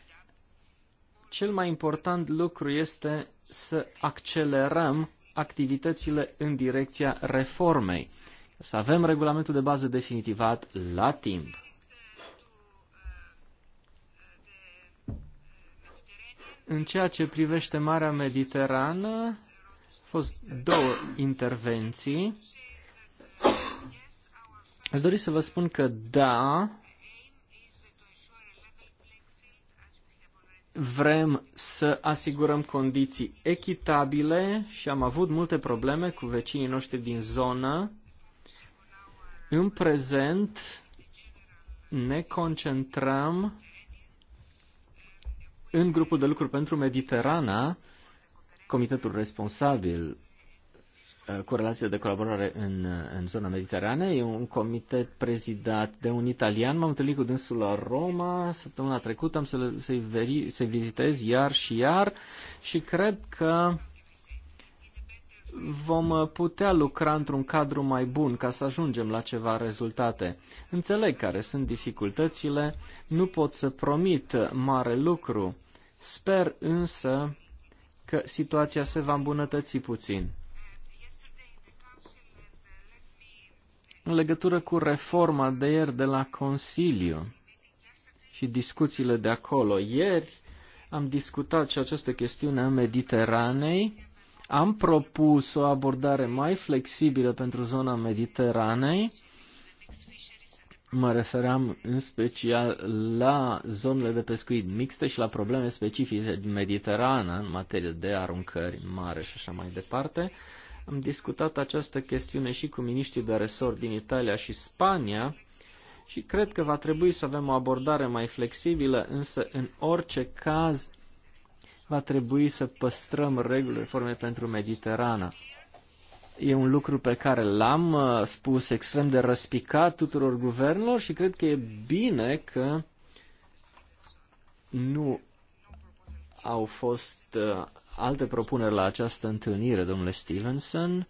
cel mai important lucru este să accelerăm activitățile în direcția reformei, să avem regulamentul de bază definitivat la timp. În ceea ce privește Marea Mediterană, au fost două intervenții. Aș dori să vă spun că da, vrem să asigurăm condiții echitabile și am avut multe probleme cu vecinii noștri din zonă. În prezent ne concentrăm în grupul de lucru pentru Mediterana, comitetul responsabil uh, cu relație de colaborare în, uh, în zona mediterană. E un comitet prezidat de un italian. M-am întâlnit cu dânsul la Roma săptămâna trecută. Am să să-i, veri, să vizitez iar și iar și cred că vom uh, putea lucra într-un cadru mai bun ca să ajungem la ceva rezultate. Înțeleg care sunt dificultățile, nu pot să promit mare lucru, Sper însă că situația se va îmbunătăți puțin. În legătură cu reforma de ieri de la Consiliu și discuțiile de acolo, ieri am discutat și această chestiune a Mediteranei, am propus o abordare mai flexibilă pentru zona Mediteranei, Mă refeream în special la zonele de pescuit mixte și la probleme specifice din Mediterană în materie de aruncări în mare și așa mai departe. Am discutat această chestiune și cu miniștrii de resort din Italia și Spania și cred că va trebui să avem o abordare mai flexibilă, însă în orice caz va trebui să păstrăm regulile forme pentru Mediterana. E un lucru pe care l-am uh, spus extrem de răspicat tuturor guvernelor și cred că e bine că nu au fost uh, alte propuneri la această întâlnire, domnule Stevenson.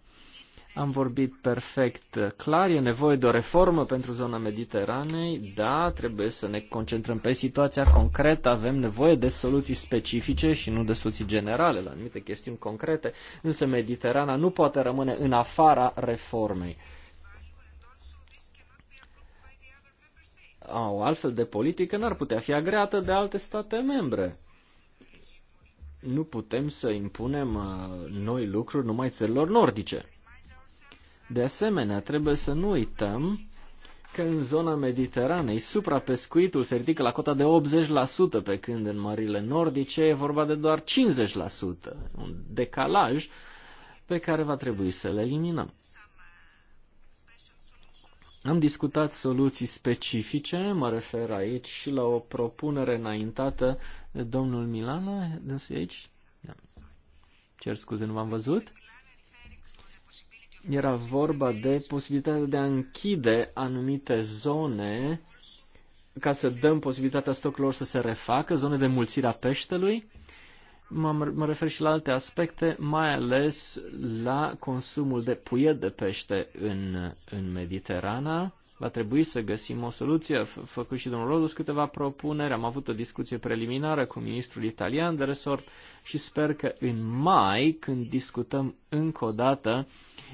Am vorbit perfect clar, e nevoie de o reformă pentru zona Mediteranei, da, trebuie să ne concentrăm pe situația concretă, avem nevoie de soluții specifice și nu de soluții generale la anumite chestiuni concrete, însă Mediterana nu poate rămâne în afara reformei. O altfel de politică n-ar putea fi agreată de alte state membre nu putem să impunem uh, noi lucruri numai țărilor nordice. De asemenea, trebuie să nu uităm că în zona Mediteranei suprapescuitul se ridică la cota de 80%, pe când în mările nordice e vorba de doar 50%, un decalaj pe care va trebui să-l eliminăm. Am discutat soluții specifice, mă refer aici și la o propunere înaintată de domnul Milana, dânsul aici? Da. Cer scuze, nu v-am văzut era vorba de posibilitatea de a închide anumite zone ca să dăm posibilitatea stocurilor să se refacă, zone de mulțire a peștelui. Mă refer și la alte aspecte, mai ales la consumul de puiet de pește în, în Mediterana. Va trebui să găsim o soluție. A făcut și domnul Rodus câteva propuneri. Am avut o discuție preliminară cu ministrul italian de resort și sper că în mai, când discutăm încă o dată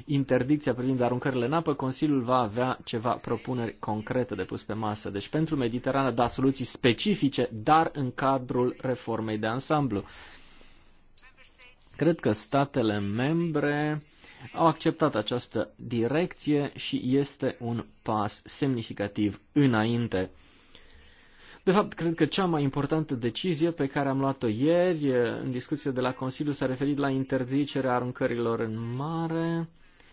interdicția privind aruncările în apă, Consiliul va avea ceva propuneri concrete de pus pe masă. Deci pentru Mediterana, da, soluții specifice, dar în cadrul reformei de ansamblu. Cred că statele membre au acceptat această direcție și este un pas semnificativ înainte. De fapt, cred că cea mai importantă decizie pe care am luat-o ieri în discuția de la Consiliu s-a referit la interzicerea aruncărilor în mare.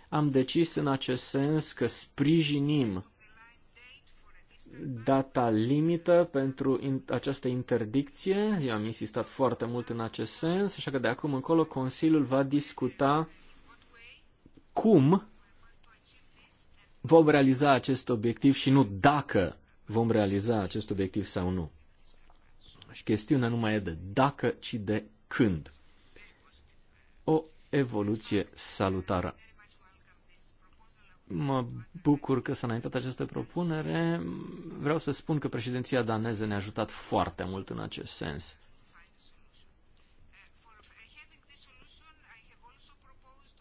Am decis în acest sens că sprijinim data limită pentru in, această interdicție. Eu am insistat foarte mult în acest sens, așa că de acum încolo Consiliul va discuta cum vom realiza acest obiectiv și nu dacă vom realiza acest obiectiv sau nu. Și chestiunea nu mai e de dacă, ci de când. O evoluție salutară. Mă bucur că s-a înaintat această propunere. Vreau să spun că președinția daneză ne-a ajutat foarte mult în acest sens.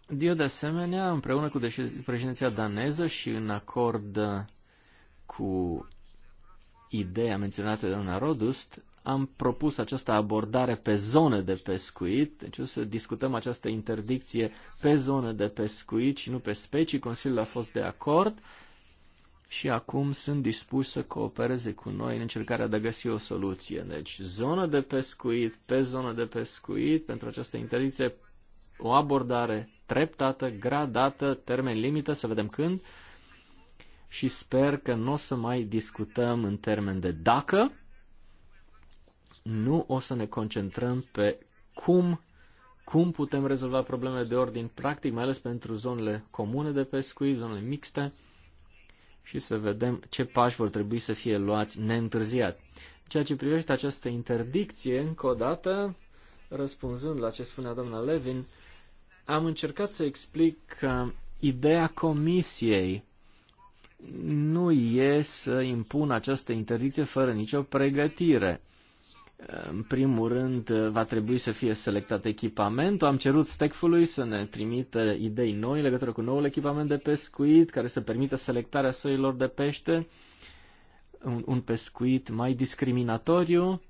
Dio, de asemenea, împreună cu președinția daneză și în acord cu ideea menționată de Ana Rodust, am propus această abordare pe zone de pescuit, deci o să discutăm această interdicție pe zone de pescuit și nu pe specii. Consiliul a fost de acord și acum sunt dispuși să coopereze cu noi în încercarea de a găsi o soluție. Deci zonă de pescuit, pe zonă de pescuit, pentru această interdicție o abordare treptată, gradată, termen limită, să vedem când, și sper că nu o să mai discutăm în termen de dacă, nu o să ne concentrăm pe cum, cum putem rezolva problemele de ordin practic, mai ales pentru zonele comune de pescuit, zonele mixte, și să vedem ce pași vor trebui să fie luați neîntârziat. Ceea ce privește această interdicție, încă o dată, răspunzând la ce spunea doamna Levin, am încercat să explic că ideea comisiei nu e să impun această interdicție fără nicio pregătire. În primul rând, va trebui să fie selectat echipamentul. Am cerut stecfului să ne trimită idei noi în legătură cu noul echipament de pescuit, care să permită selectarea soilor de pește, un, un pescuit mai discriminatoriu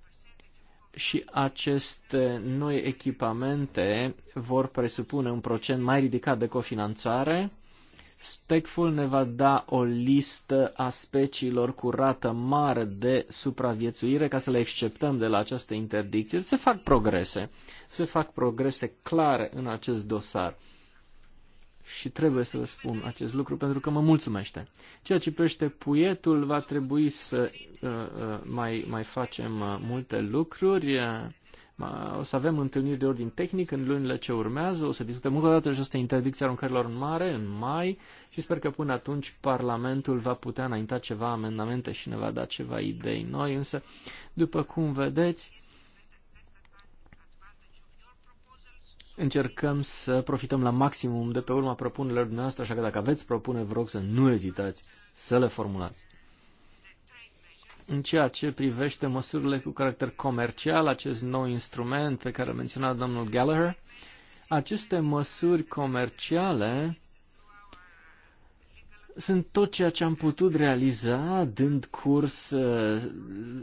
și aceste noi echipamente vor presupune un procent mai ridicat de cofinanțare. Stecful ne va da o listă a speciilor cu rată mare de supraviețuire ca să le exceptăm de la această interdicție. Se fac progrese, se fac progrese clare în acest dosar și trebuie să vă spun acest lucru pentru că mă mulțumește. Ceea ce privește puietul, va trebui să uh, uh, mai, mai facem uh, multe lucruri. Uh, o să avem întâlniri de ordin tehnic în lunile ce urmează. O să discutăm încă o dată această interdicție aruncărilor în mare în mai și sper că până atunci Parlamentul va putea înainta ceva amendamente și ne va da ceva idei noi. Însă, după cum vedeți, încercăm să profităm la maximum de pe urma propunerilor dumneavoastră, așa că dacă aveți propuneri, vă rog să nu ezitați să le formulați. În ceea ce privește măsurile cu caracter comercial, acest nou instrument pe care a menționat domnul Gallagher, aceste măsuri comerciale sunt tot ceea ce am putut realiza dând curs uh,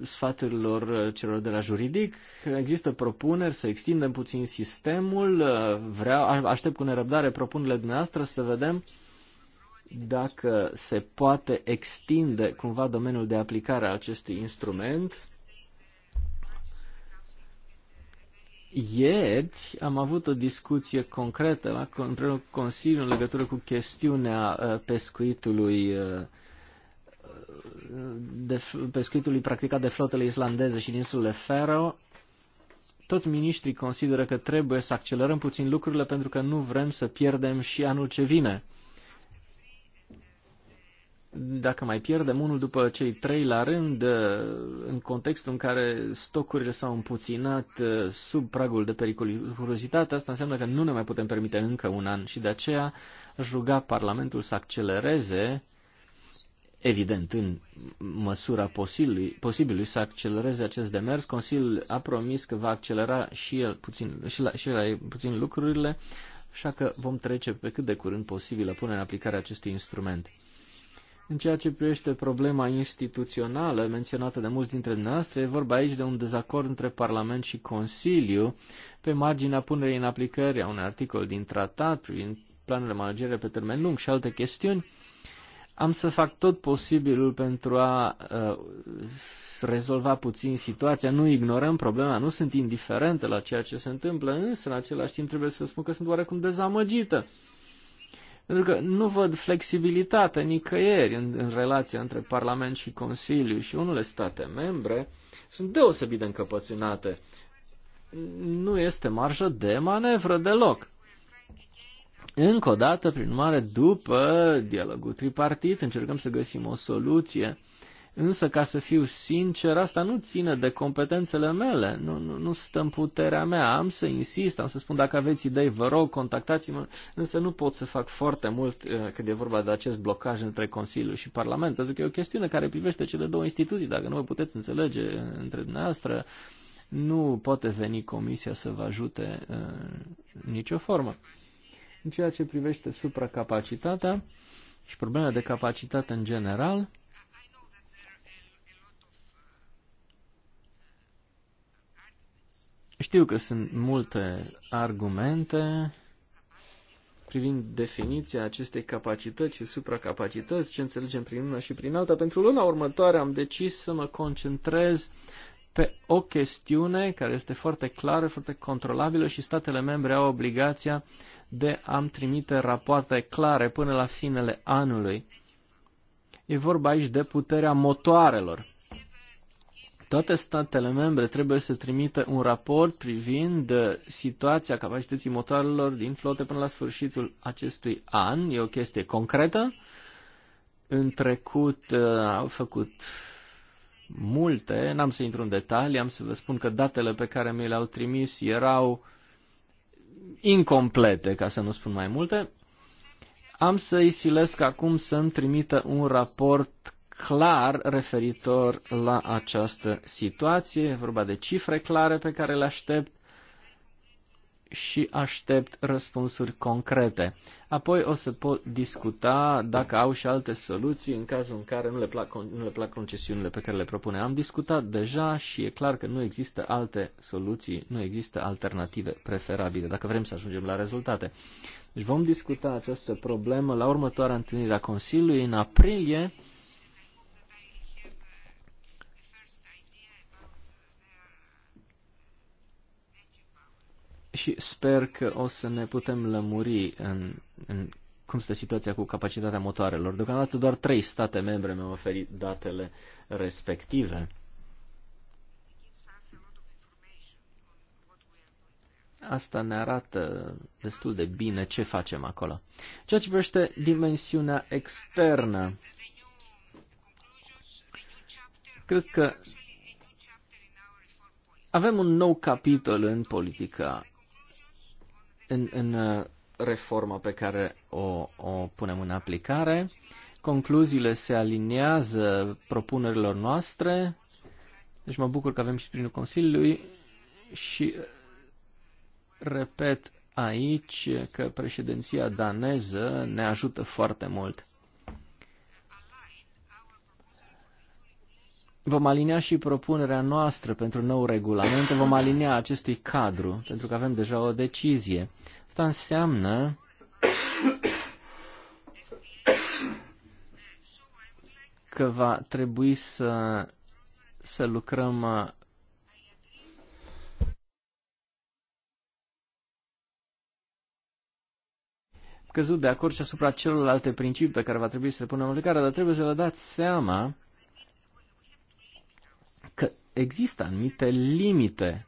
sfaturilor uh, celor de la juridic. Există propuneri să extindem puțin sistemul. Uh, vreau, aștept cu nerăbdare propunerile dumneavoastră să vedem dacă se poate extinde cumva domeniul de aplicare a acestui instrument Ieri am avut o discuție concretă la Consiliul în legătură cu chestiunea uh, pescuitului uh, de, pescuitului practicat de flotele islandeze și din insulele Fero. Toți miniștrii consideră că trebuie să accelerăm puțin lucrurile pentru că nu vrem să pierdem și anul ce vine dacă mai pierdem unul după cei trei la rând, uh, în contextul în care stocurile s-au împuținat uh, sub pragul de periculozitate, asta înseamnă că nu ne mai putem permite încă un an și de aceea aș ruga Parlamentul să accelereze, evident în măsura posibilului, posibilului să accelereze acest demers. Consiliul a promis că va accelera și el puțin, și la, și la puțin lucrurile, așa că vom trece pe cât de curând posibil la punerea în aplicare acestui instrument. În ceea ce privește problema instituțională menționată de mulți dintre noastre, e vorba aici de un dezacord între Parlament și Consiliu pe marginea punerii în aplicare a unui articol din tratat privind planurile managere pe termen lung și alte chestiuni. Am să fac tot posibilul pentru a uh, rezolva puțin situația. Nu ignorăm problema, nu sunt indiferentă la ceea ce se întâmplă, însă în același timp trebuie să spun că sunt oarecum dezamăgită. Uh, pentru că nu văd flexibilitate nicăieri în, în relația între Parlament și Consiliu și unele state membre sunt deosebit de încăpățânate. Nu este marjă de manevră deloc. Încă o dată, prin urmare, după dialogul tripartit, încercăm să găsim o soluție Însă, ca să fiu sincer, asta nu ține de competențele mele, nu, nu, nu stă în puterea mea. Am să insist, am să spun, dacă aveți idei, vă rog, contactați-mă, însă nu pot să fac foarte mult uh, când e vorba de acest blocaj între Consiliu și Parlament, pentru că e o chestiune care privește cele două instituții. Dacă nu vă puteți înțelege uh, între dumneavoastră, nu poate veni Comisia să vă ajute uh, în nicio formă. În ceea ce privește supracapacitatea și problemele de capacitate în general, Știu că sunt multe argumente privind definiția acestei capacități și supracapacități, ce înțelegem prin una și prin alta. Pentru luna următoare am decis să mă concentrez pe o chestiune care este foarte clară, foarte controlabilă și statele membre au obligația de a-mi trimite rapoarte clare până la finele anului. E vorba aici de puterea motoarelor. Toate statele membre trebuie să trimită un raport privind uh, situația capacității motoarelor din flote până la sfârșitul acestui an. E o chestie concretă. În trecut uh, au făcut multe, n-am să intru în detalii, am să vă spun că datele pe care mi le-au trimis erau incomplete, ca să nu spun mai multe. Am să-i silesc acum să-mi trimită un raport clar referitor la această situație. E vorba de cifre clare pe care le aștept și aștept răspunsuri concrete. Apoi o să pot discuta dacă au și alte soluții în cazul în care nu le plac, nu le plac concesiunile pe care le propune. Am discutat deja și e clar că nu există alte soluții, nu există alternative preferabile dacă vrem să ajungem la rezultate. Deci vom discuta această problemă la următoarea întâlnire a Consiliului în aprilie și sper că o să ne putem lămuri în, în cum stă situația cu capacitatea motoarelor. Deocamdată doar trei state membre mi-au oferit datele respective. Asta ne arată destul de bine ce facem acolo. Ceea ce privește dimensiunea externă, cred că avem un nou capitol în politica în, în uh, reforma pe care o, o punem în aplicare. Concluziile se aliniază propunerilor noastre, deci mă bucur că avem și sprijinul Consiliului și uh, repet aici că președinția daneză ne ajută foarte mult. Vom alinea și propunerea noastră pentru nou regulament, vom alinea acestui cadru, pentru că avem deja o decizie. Asta înseamnă că va trebui să, să lucrăm uh, căzut de acord și asupra celorlalte principii pe care va trebui să le punem în aplicare, dar trebuie să vă dați seama că există anumite limite.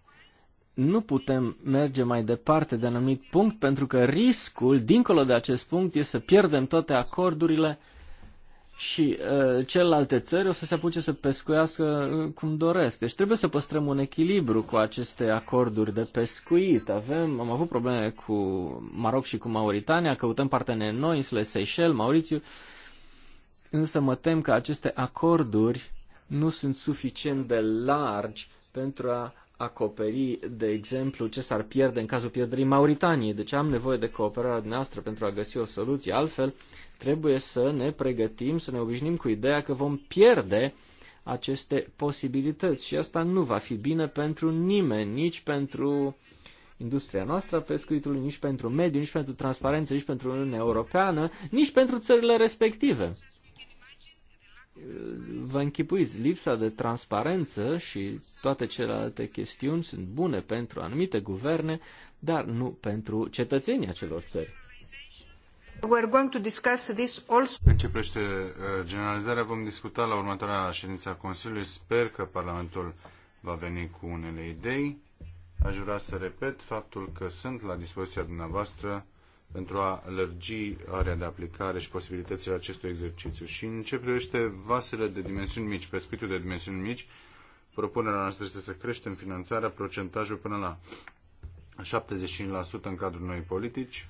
Nu putem merge mai departe de anumit punct pentru că riscul, dincolo de acest punct, este să pierdem toate acordurile și uh, celelalte țări o să se apuce să pescuiască uh, cum doresc. Deci trebuie să păstrăm un echilibru cu aceste acorduri de pescuit. Avem, am avut probleme cu Maroc și cu Mauritania, căutăm parteneri noi, insule Seychelles, Maurițiu, însă mă tem că aceste acorduri nu sunt suficient de largi pentru a acoperi, de exemplu, ce s-ar pierde în cazul pierderii Mauritaniei. Deci am nevoie de cooperarea noastră pentru a găsi o soluție. Altfel, trebuie să ne pregătim, să ne obișnim cu ideea că vom pierde aceste posibilități și asta nu va fi bine pentru nimeni, nici pentru industria noastră a pescuitului, nici pentru mediu, nici pentru transparență, nici pentru Uniunea Europeană, nici pentru țările respective vă închipuiți, lipsa de transparență și toate celelalte chestiuni sunt bune pentru anumite guverne, dar nu pentru cetățenii acelor țări. We're going to discuss this also. În ce privește uh, generalizarea, vom discuta la următoarea ședință a Consiliului. Sper că Parlamentul va veni cu unele idei. Aș vrea să repet faptul că sunt la dispoziția dumneavoastră pentru a lărgi area de aplicare și posibilitățile acestui exercițiu. Și în ce privește vasele de dimensiuni mici, pescuitul de dimensiuni mici, propunerea noastră este să creștem finanțarea procentajul până la 75% în cadrul noi politici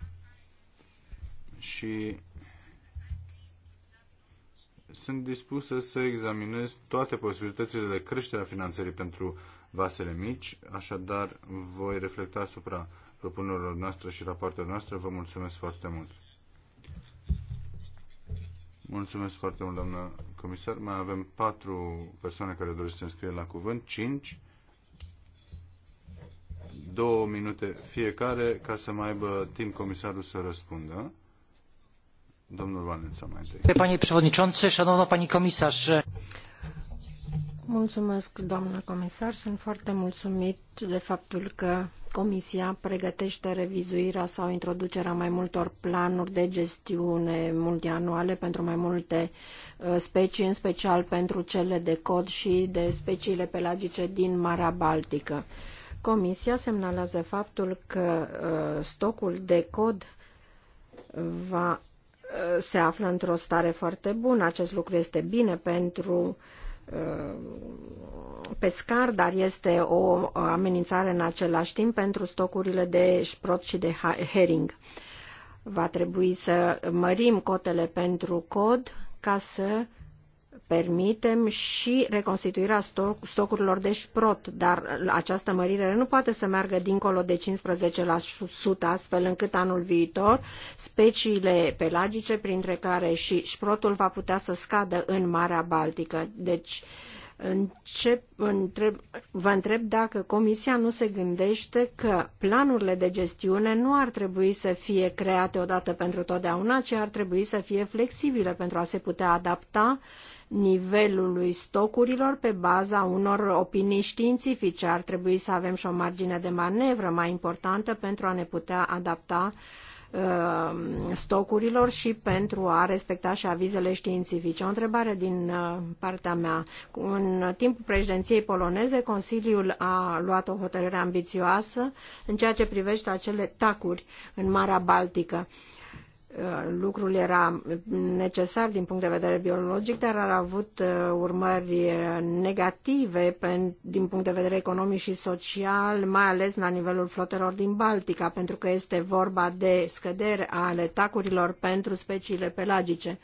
și sunt dispusă să examinez toate posibilitățile de creștere a finanțării pentru vasele mici, așadar voi reflecta asupra propunerilor noastre și rapoartelor noastre. Vă mulțumesc foarte mult. Mulțumesc foarte mult, doamnă comisar. Mai avem patru persoane care doresc să se înscrie la cuvânt. Cinci. Două minute fiecare ca să mai aibă timp comisarul să răspundă. Domnul Valența mai întâi. Panie președinte, șanovna pani comisar. Mulțumesc, doamnă comisar. Sunt foarte mulțumit de faptul că Comisia pregătește revizuirea sau introducerea mai multor planuri de gestiune multianuale pentru mai multe uh, specii, în special pentru cele de cod și de speciile pelagice din Marea Baltică. Comisia semnalează faptul că uh, stocul de cod va, uh, se află într-o stare foarte bună. Acest lucru este bine pentru uh, Uh, pescar, dar este o amenințare în același timp pentru stocurile de șprot și de herring. Va trebui să mărim cotele pentru cod ca să permitem și reconstituirea stoc, stocurilor de șprot, dar această mărire nu poate să meargă dincolo de 15%, astfel încât anul viitor speciile pelagice, printre care și șprotul, va putea să scadă în Marea Baltică. Deci, încep, întreb, vă întreb dacă Comisia nu se gândește că planurile de gestiune nu ar trebui să fie create odată pentru totdeauna, ci ar trebui să fie flexibile pentru a se putea adapta uh, nivelului stocurilor pe baza unor opinii științifice. Ar trebui să avem și o margine de manevră mai importantă pentru a ne putea adapta uh, stocurilor și pentru a respecta și avizele științifice. O întrebare din uh, partea mea. În timpul președinției poloneze, Consiliul a luat o hotărâre ambițioasă în ceea ce privește acele tacuri în Marea Baltică lucrul era necesar din punct de vedere biologic, dar ar avut uh, urmări uh, negative din punct de vedere economic și social, mai ales la nivelul flotelor din Baltica, pentru că este vorba de scădere ale tacurilor pentru speciile pelagice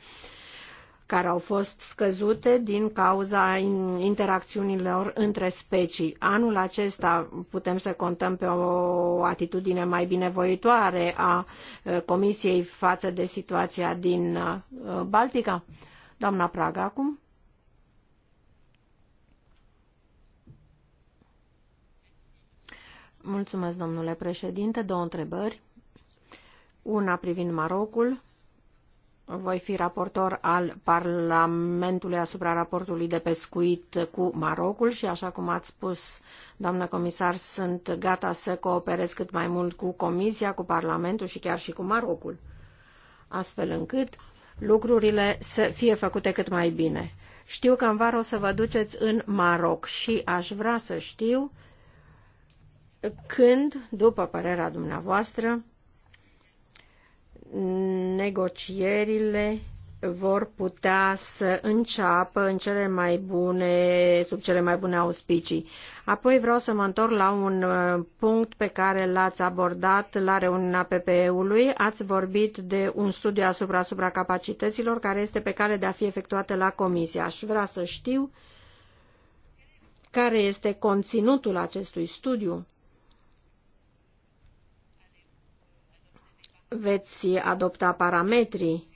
care au fost scăzute din cauza interacțiunilor între specii. Anul acesta putem să contăm pe o atitudine mai binevoitoare a Comisiei față de situația din Baltica. Doamna Praga, acum. Mulțumesc, domnule președinte. Două întrebări. Una privind Marocul voi fi raportor al Parlamentului asupra raportului de pescuit cu Marocul și, așa cum ați spus, doamnă comisar, sunt gata să cooperez cât mai mult cu Comisia, cu Parlamentul și chiar și cu Marocul, astfel încât lucrurile să fie făcute cât mai bine. Știu că în vară o să vă duceți în Maroc și aș vrea să știu când, după părerea dumneavoastră, negocierile vor putea să înceapă în cele mai bune, sub cele mai bune auspicii. Apoi vreau să mă întorc la un uh, punct pe care l-ați abordat la reuniunea PPE-ului. Ați vorbit de un studiu asupra supracapacităților care este pe cale de a fi efectuată la comisie. Aș vrea să știu care este conținutul acestui studiu veți adopta parametrii,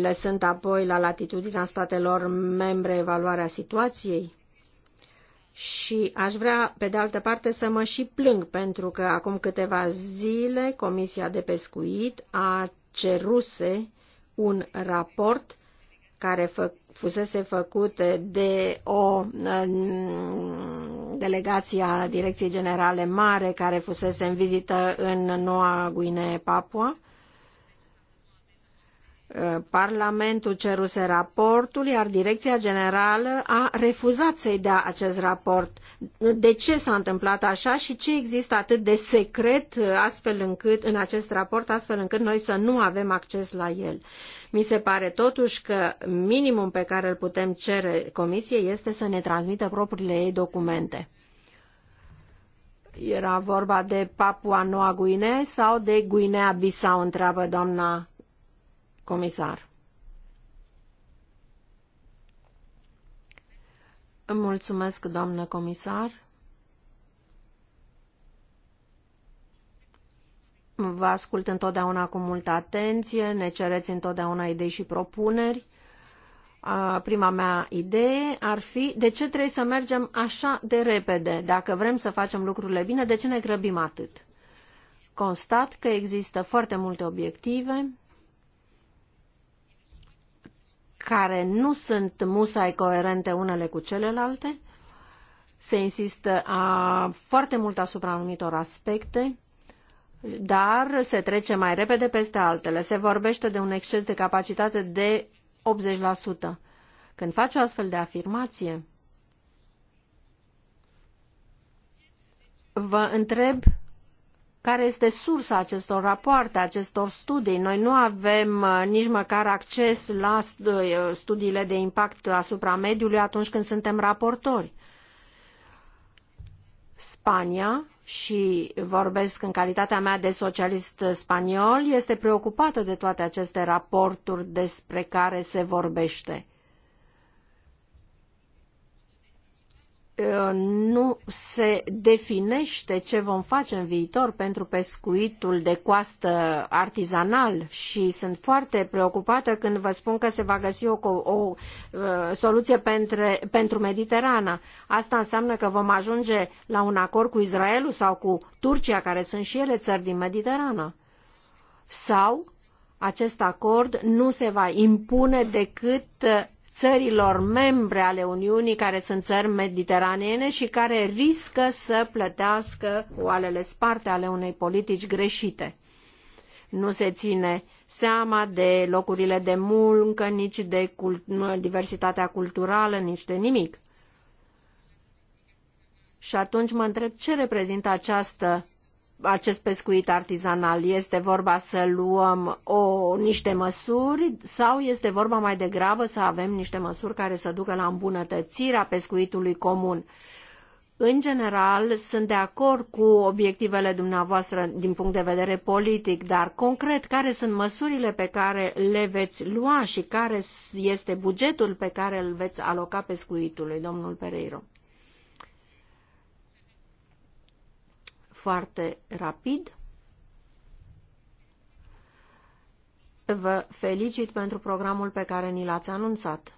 lăsând apoi la latitudinea statelor membre evaluarea situației? Și aș vrea, pe de altă parte, să mă și plâng, pentru că acum câteva zile Comisia de Pescuit a ceruse un raport care făcut fusese făcut de o delegație a Direcției Generale Mare care fusese în vizită în Noua Guinee Papua Eh, Parlamentul ceruse raportul, iar Direcția Generală a refuzat să-i dea acest raport. De ce s-a întâmplat așa și ce există atât de secret eh, astfel încât, în acest raport, astfel încât noi să nu avem acces la el? Mi se pare totuși că minimul pe care îl putem cere Comisiei este să ne transmită propriile ei documente. Era vorba de Papua Noua Guinee sau de Guinea Bissau, întreabă doamna comisar. Îmi mulțumesc, doamnă comisar. Vă ascult întotdeauna cu multă atenție, ne cereți întotdeauna idei și propuneri. Prima mea idee ar fi de ce trebuie să mergem așa de repede. Dacă vrem să facem lucrurile bine, de ce ne grăbim atât? Constat că există foarte multe obiective care nu sunt musai coerente unele cu celelalte. Se insistă a, foarte mult asupra anumitor aspecte, dar se trece mai repede peste altele. Se vorbește de un exces de capacitate de 80%. Când faci o astfel de afirmație, vă întreb care este sursa acestor rapoarte, acestor studii. Noi nu avem uh, nici măcar acces la uh, studiile de impact asupra mediului atunci când suntem raportori. Spania, și vorbesc în calitatea mea de socialist spaniol, este preocupată de toate aceste raporturi despre care se vorbește. nu se definește ce vom face în viitor pentru pescuitul de coastă artizanal și sunt foarte preocupată când vă spun că se va găsi o, o, o soluție pentru, pentru Mediterana. Asta înseamnă că vom ajunge la un acord cu Israelul sau cu Turcia, care sunt și ele țări din Mediterana. Sau acest acord nu se va impune decât țărilor membre ale Uniunii care sunt țări mediteraneene și care riscă să plătească oalele sparte ale unei politici greșite. Nu se ține seama de locurile de muncă, nici de cult diversitatea culturală, nici de nimic. Și atunci mă întreb ce reprezintă această acest pescuit artizanal? Este vorba să luăm o, niște măsuri sau este vorba mai degrabă să avem niște măsuri care să ducă la îmbunătățirea pescuitului comun? În general, sunt de acord cu obiectivele dumneavoastră din punct de vedere politic, dar concret, care sunt măsurile pe care le veți lua și care este bugetul pe care îl veți aloca pescuitului, domnul Pereiro? foarte rapid. Vă felicit pentru programul pe care ni l-ați anunțat.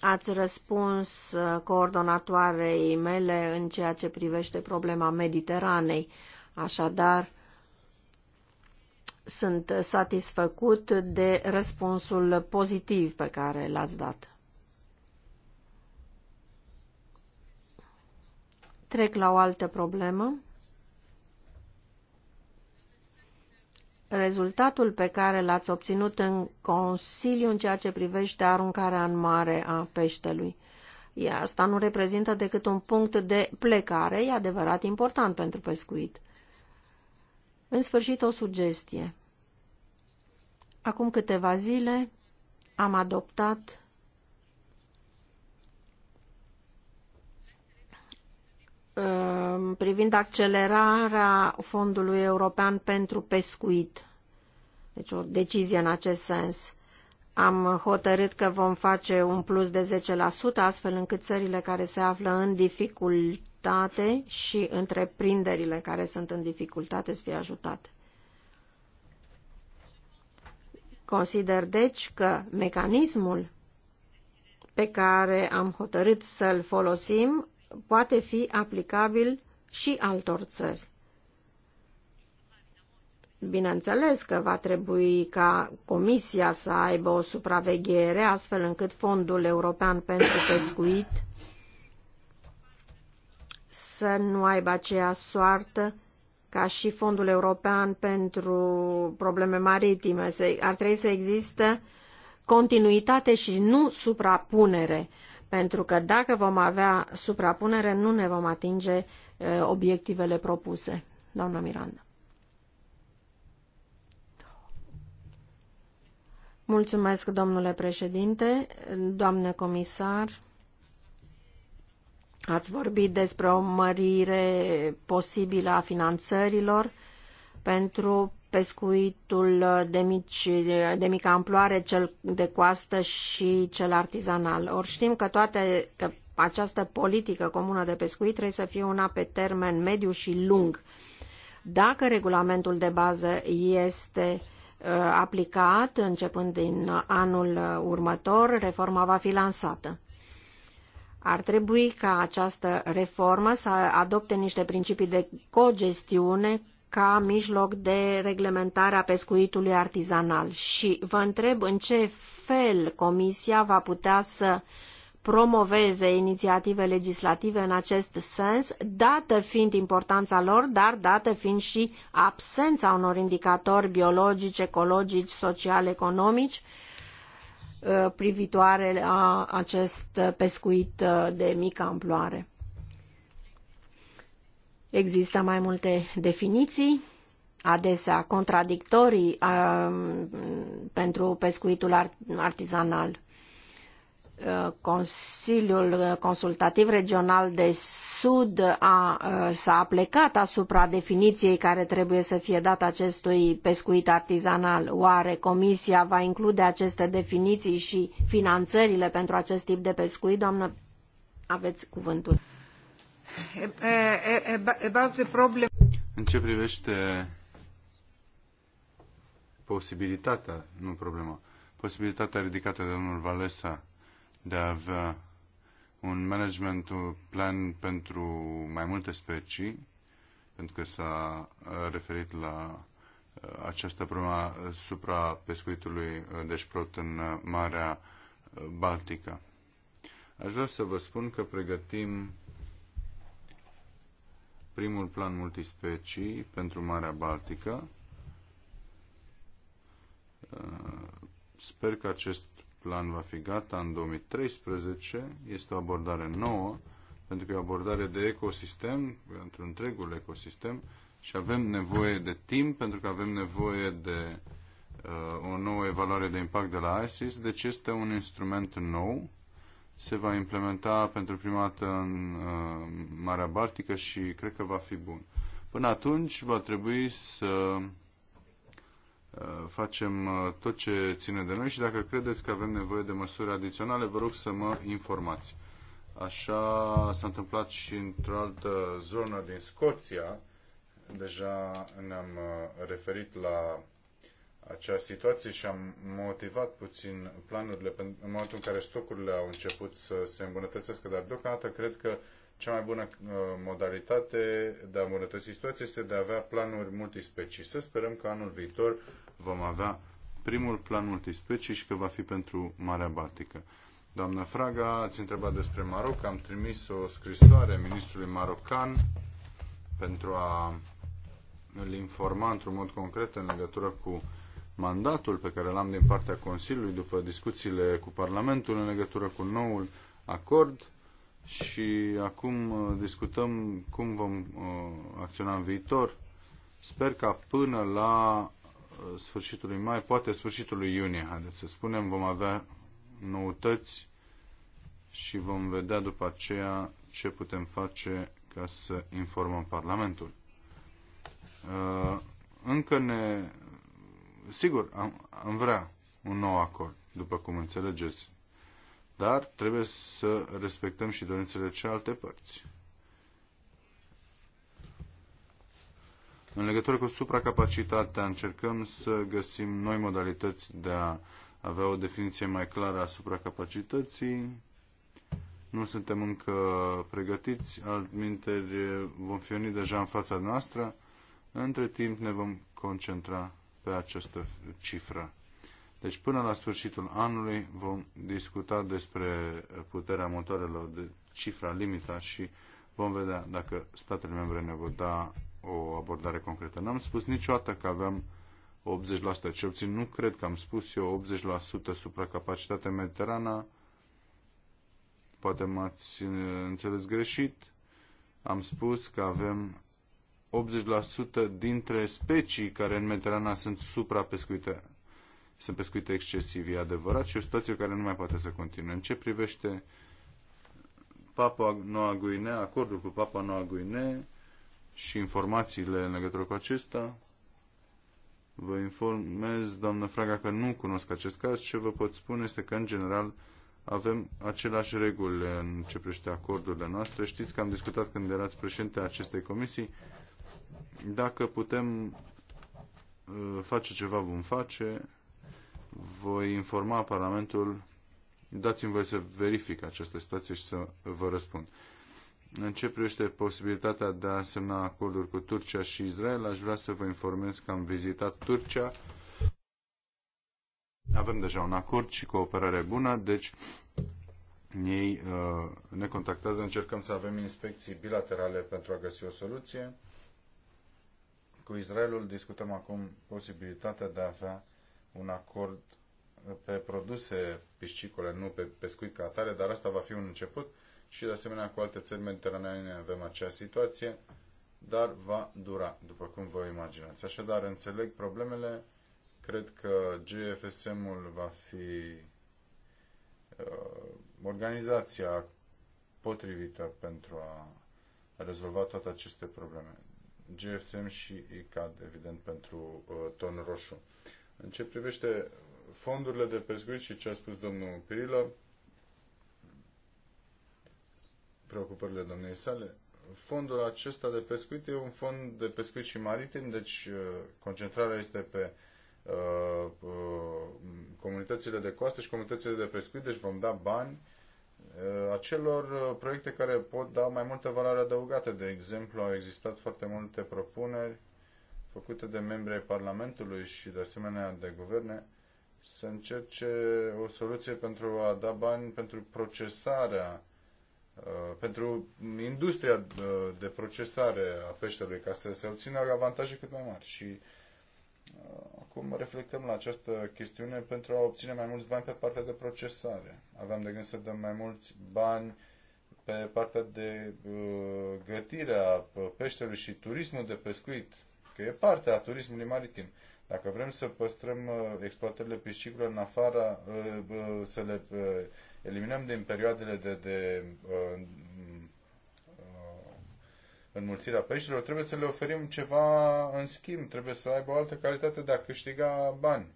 Ați răspuns uh, coordonatoarei mele în ceea ce privește problema Mediteranei. Așadar, sunt satisfăcut de răspunsul pozitiv pe care l-ați dat. Trec la o altă problemă. Rezultatul pe care l-ați obținut în Consiliu în ceea ce privește aruncarea în mare a peștelui. Asta nu reprezintă decât un punct de plecare, e adevărat important pentru pescuit. În sfârșit, o sugestie. Acum câteva zile am adoptat Um, privind accelerarea Fondului European pentru Pescuit. Deci o decizie în acest sens. Am hotărât că vom face un plus de 10%, astfel încât țările care se află în dificultate și întreprinderile care sunt în dificultate să fie ajutate. Consider deci că mecanismul pe care am hotărât să-l folosim poate fi aplicabil și altor țări. Bineînțeles că va trebui ca Comisia să aibă o supraveghere, astfel încât Fondul European pentru Pescuit să nu aibă aceea soartă ca și Fondul European pentru Probleme Maritime. Ar trebui să existe continuitate și nu suprapunere pentru că dacă vom avea suprapunere, nu ne vom atinge obiectivele propuse. Doamna Miranda. Mulțumesc, domnule președinte, doamne comisar. Ați vorbit despre o mărire posibilă a finanțărilor pentru pescuitul de, mici, de mică amploare, cel de coastă și cel artizanal. Ori știm că toate că această politică comună de pescuit trebuie să fie una pe termen mediu și lung. Dacă regulamentul de bază este uh, aplicat începând din anul următor, reforma va fi lansată. Ar trebui ca această reformă să adopte niște principii de cogestiune ca mijloc de reglementare a pescuitului artizanal și vă întreb în ce fel Comisia va putea să promoveze inițiative legislative în acest sens, dată fiind importanța lor, dar dată fiind și absența unor indicatori biologici, ecologici, social, economici uh, privitoare a acest pescuit uh, de mică amploare. Există mai multe definiții, adesea contradictorii a, um, pentru pescuitul artizanal. Uh, Consiliul Consultativ Regional de Sud a, uh, s-a plecat asupra definiției care trebuie să fie dată acestui pescuit artizanal. Oare Comisia va include aceste definiții și finanțările pentru acest tip de pescuit? Doamnă, aveți cuvântul. În ce privește posibilitatea, nu problema, posibilitatea ridicată de domnul Valesa de a avea un management plan pentru mai multe specii, pentru că s-a uh, referit la uh, această problemă supra pescuitului uh, de deci șprot în Marea Baltică. Aș vrea să vă spun că pregătim primul plan multispecii pentru Marea Baltică. Uh, sper că acest plan va fi gata în 2013. Este o abordare nouă, pentru că e o abordare de ecosistem, pentru întregul ecosistem și avem nevoie de timp, pentru că avem nevoie de uh, o nouă evaluare de impact de la ISIS, deci este un instrument nou se va implementa pentru prima dată în uh, Marea Baltică și cred că va fi bun. Până atunci va trebui să uh, facem uh, tot ce ține de noi și dacă credeți că avem nevoie de măsuri adiționale, vă rog să mă informați. Așa s-a întâmplat și într-o altă zonă din Scoția. Deja ne-am referit la acea situație și am motivat puțin planurile în momentul în care stocurile au început să se îmbunătățească, dar deocamdată cred că cea mai bună uh, modalitate de a îmbunătăți situația este de a avea planuri multispecii. Să sperăm că anul viitor vom avea primul plan multispecii și că va fi pentru Marea Baltică. Doamna Fraga, ați întrebat despre Maroc. Am trimis o scrisoare ministrului marocan pentru a îl informa într-un mod concret în legătură cu mandatul pe care l-am din partea Consiliului după discuțiile cu Parlamentul în legătură cu noul acord și acum uh, discutăm cum vom uh, acționa în viitor. Sper ca până la uh, sfârșitul lui mai, poate sfârșitul lui iunie, haideți să spunem, vom avea noutăți și vom vedea după aceea ce putem face ca să informăm Parlamentul. Încă ne Sigur, am, am vrea un nou acord, după cum înțelegeți, dar trebuie să respectăm și dorințele celelalte părți. În legătură cu supracapacitatea, încercăm să găsim noi modalități de a avea o definiție mai clară a supracapacității. Nu suntem încă pregătiți, altminteri vom fi unii deja în fața noastră. Între timp ne vom concentra pe această cifră. Deci până la sfârșitul anului vom discuta despre puterea motoarelor de cifra limita și vom vedea dacă statele membre ne vor da o abordare concretă. N-am spus niciodată că avem 80%, cel puțin nu cred că am spus eu 80% supracapacitate mediterana, poate m-ați eh, înțeles greșit, am spus că avem 80% dintre specii care în Mediterana sunt suprapescuite, sunt pescuite excesiv, e adevărat, și o situație care nu mai poate să continue. În ce privește Papua Noua Guine, acordul cu Papua Noua Guine și informațiile în legătură cu acesta, vă informez, doamnă Fraga, că nu cunosc acest caz. Ce vă pot spune este că, în general, avem aceleași reguli în ce privește acordurile noastre. Știți că am discutat când erați președinte acestei comisii dacă putem uh, face ceva, vom face. Voi informa Parlamentul. Dați-mi voi să verific această situație și să vă răspund. În ce privește posibilitatea de a semna acorduri cu Turcia și Israel, aș vrea să vă informez că am vizitat Turcia. Avem deja un acord și cooperare bună, deci ei uh, ne contactează, încercăm să avem inspecții bilaterale pentru a găsi o soluție. Cu Israelul discutăm acum posibilitatea de a avea un acord pe produse piscicole, nu pe pescuit ca atare, dar asta va fi un început și de asemenea cu alte țări mediteraneane avem acea situație, dar va dura, după cum vă imaginați. Așadar, înțeleg problemele, cred că GFSM-ul va fi uh, organizația potrivită pentru a rezolva toate aceste probleme. GFSM și ICAD, evident, pentru uh, ton roșu. În ce privește fondurile de pescuit și ce a spus domnul Pirilă, preocupările domnei sale, fondul acesta de pescuit e un fond de pescuit și maritim, deci uh, concentrarea este pe uh, uh, comunitățile de coastă și comunitățile de pescuit, deci vom da bani uh, Eh, acelor eh, proiecte care pot da mai multă valoare adăugată. De exemplu, au existat foarte multe propuneri făcute de membri ai Parlamentului și de asemenea de guverne să încerce o soluție pentru a da bani pentru procesarea, eh, pentru industria de procesare a peștelui, ca să se obțină avantaje cât mai mari. Și acum reflectăm la această chestiune pentru a obține mai mulți bani pe partea de procesare. Aveam de gând să dăm mai mulți bani pe partea de uh, a peștelui și turismul de pescuit, că e parte a turismului maritim. Dacă vrem să păstrăm uh, exploatările piscicole în afara, uh, uh, să le uh, eliminăm din perioadele de, de uh, înmulțirea peștilor, trebuie să le oferim ceva în schimb, trebuie să aibă o altă calitate de a câștiga bani.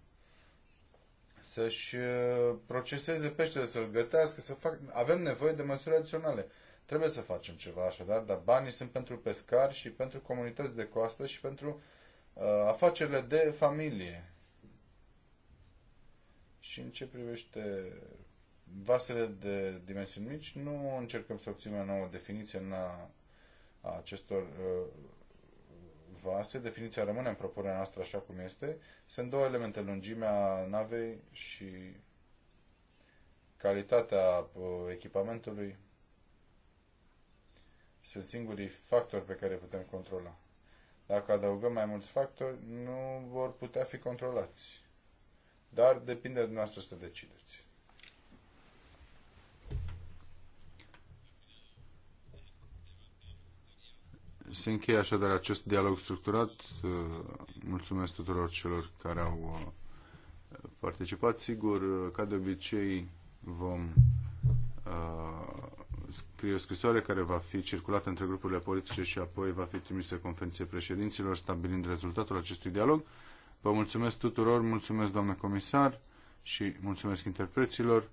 Să-și uh, proceseze peștele, să-l gătească, să fac... Avem nevoie de măsuri adiționale. Trebuie să facem ceva așadar, dar banii sunt pentru pescari și pentru comunități de coastă și pentru uh, afacerile de familie. Și în ce privește vasele de dimensiuni mici, nu încercăm să obținem o nouă definiție, în a a acestor uh, vase, definiția rămâne în propunerea noastră așa cum este, sunt două elemente, lungimea navei și calitatea uh, echipamentului. Sunt singurii factori pe care putem controla. Dacă adăugăm mai mulți factori, nu vor putea fi controlați. Dar depinde de dumneavoastră să decideți. Se încheie așadar acest dialog structurat. Mulțumesc tuturor celor care au uh, participat. Sigur, uh, ca de obicei, vom uh, scrie o scrisoare care va fi circulată între grupurile politice și apoi va fi trimisă conferinței președinților, stabilind rezultatul acestui dialog. Vă mulțumesc tuturor, mulțumesc doamne comisar și mulțumesc interpreților.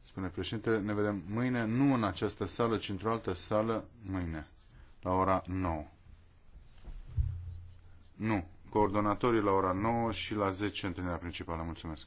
Spune președinte, ne vedem mâine, nu în această sală, ci într-o altă sală mâine la ora 9. Nu, coordonatorii la ora 9 și la 10 întâlnirea principală. Mulțumesc!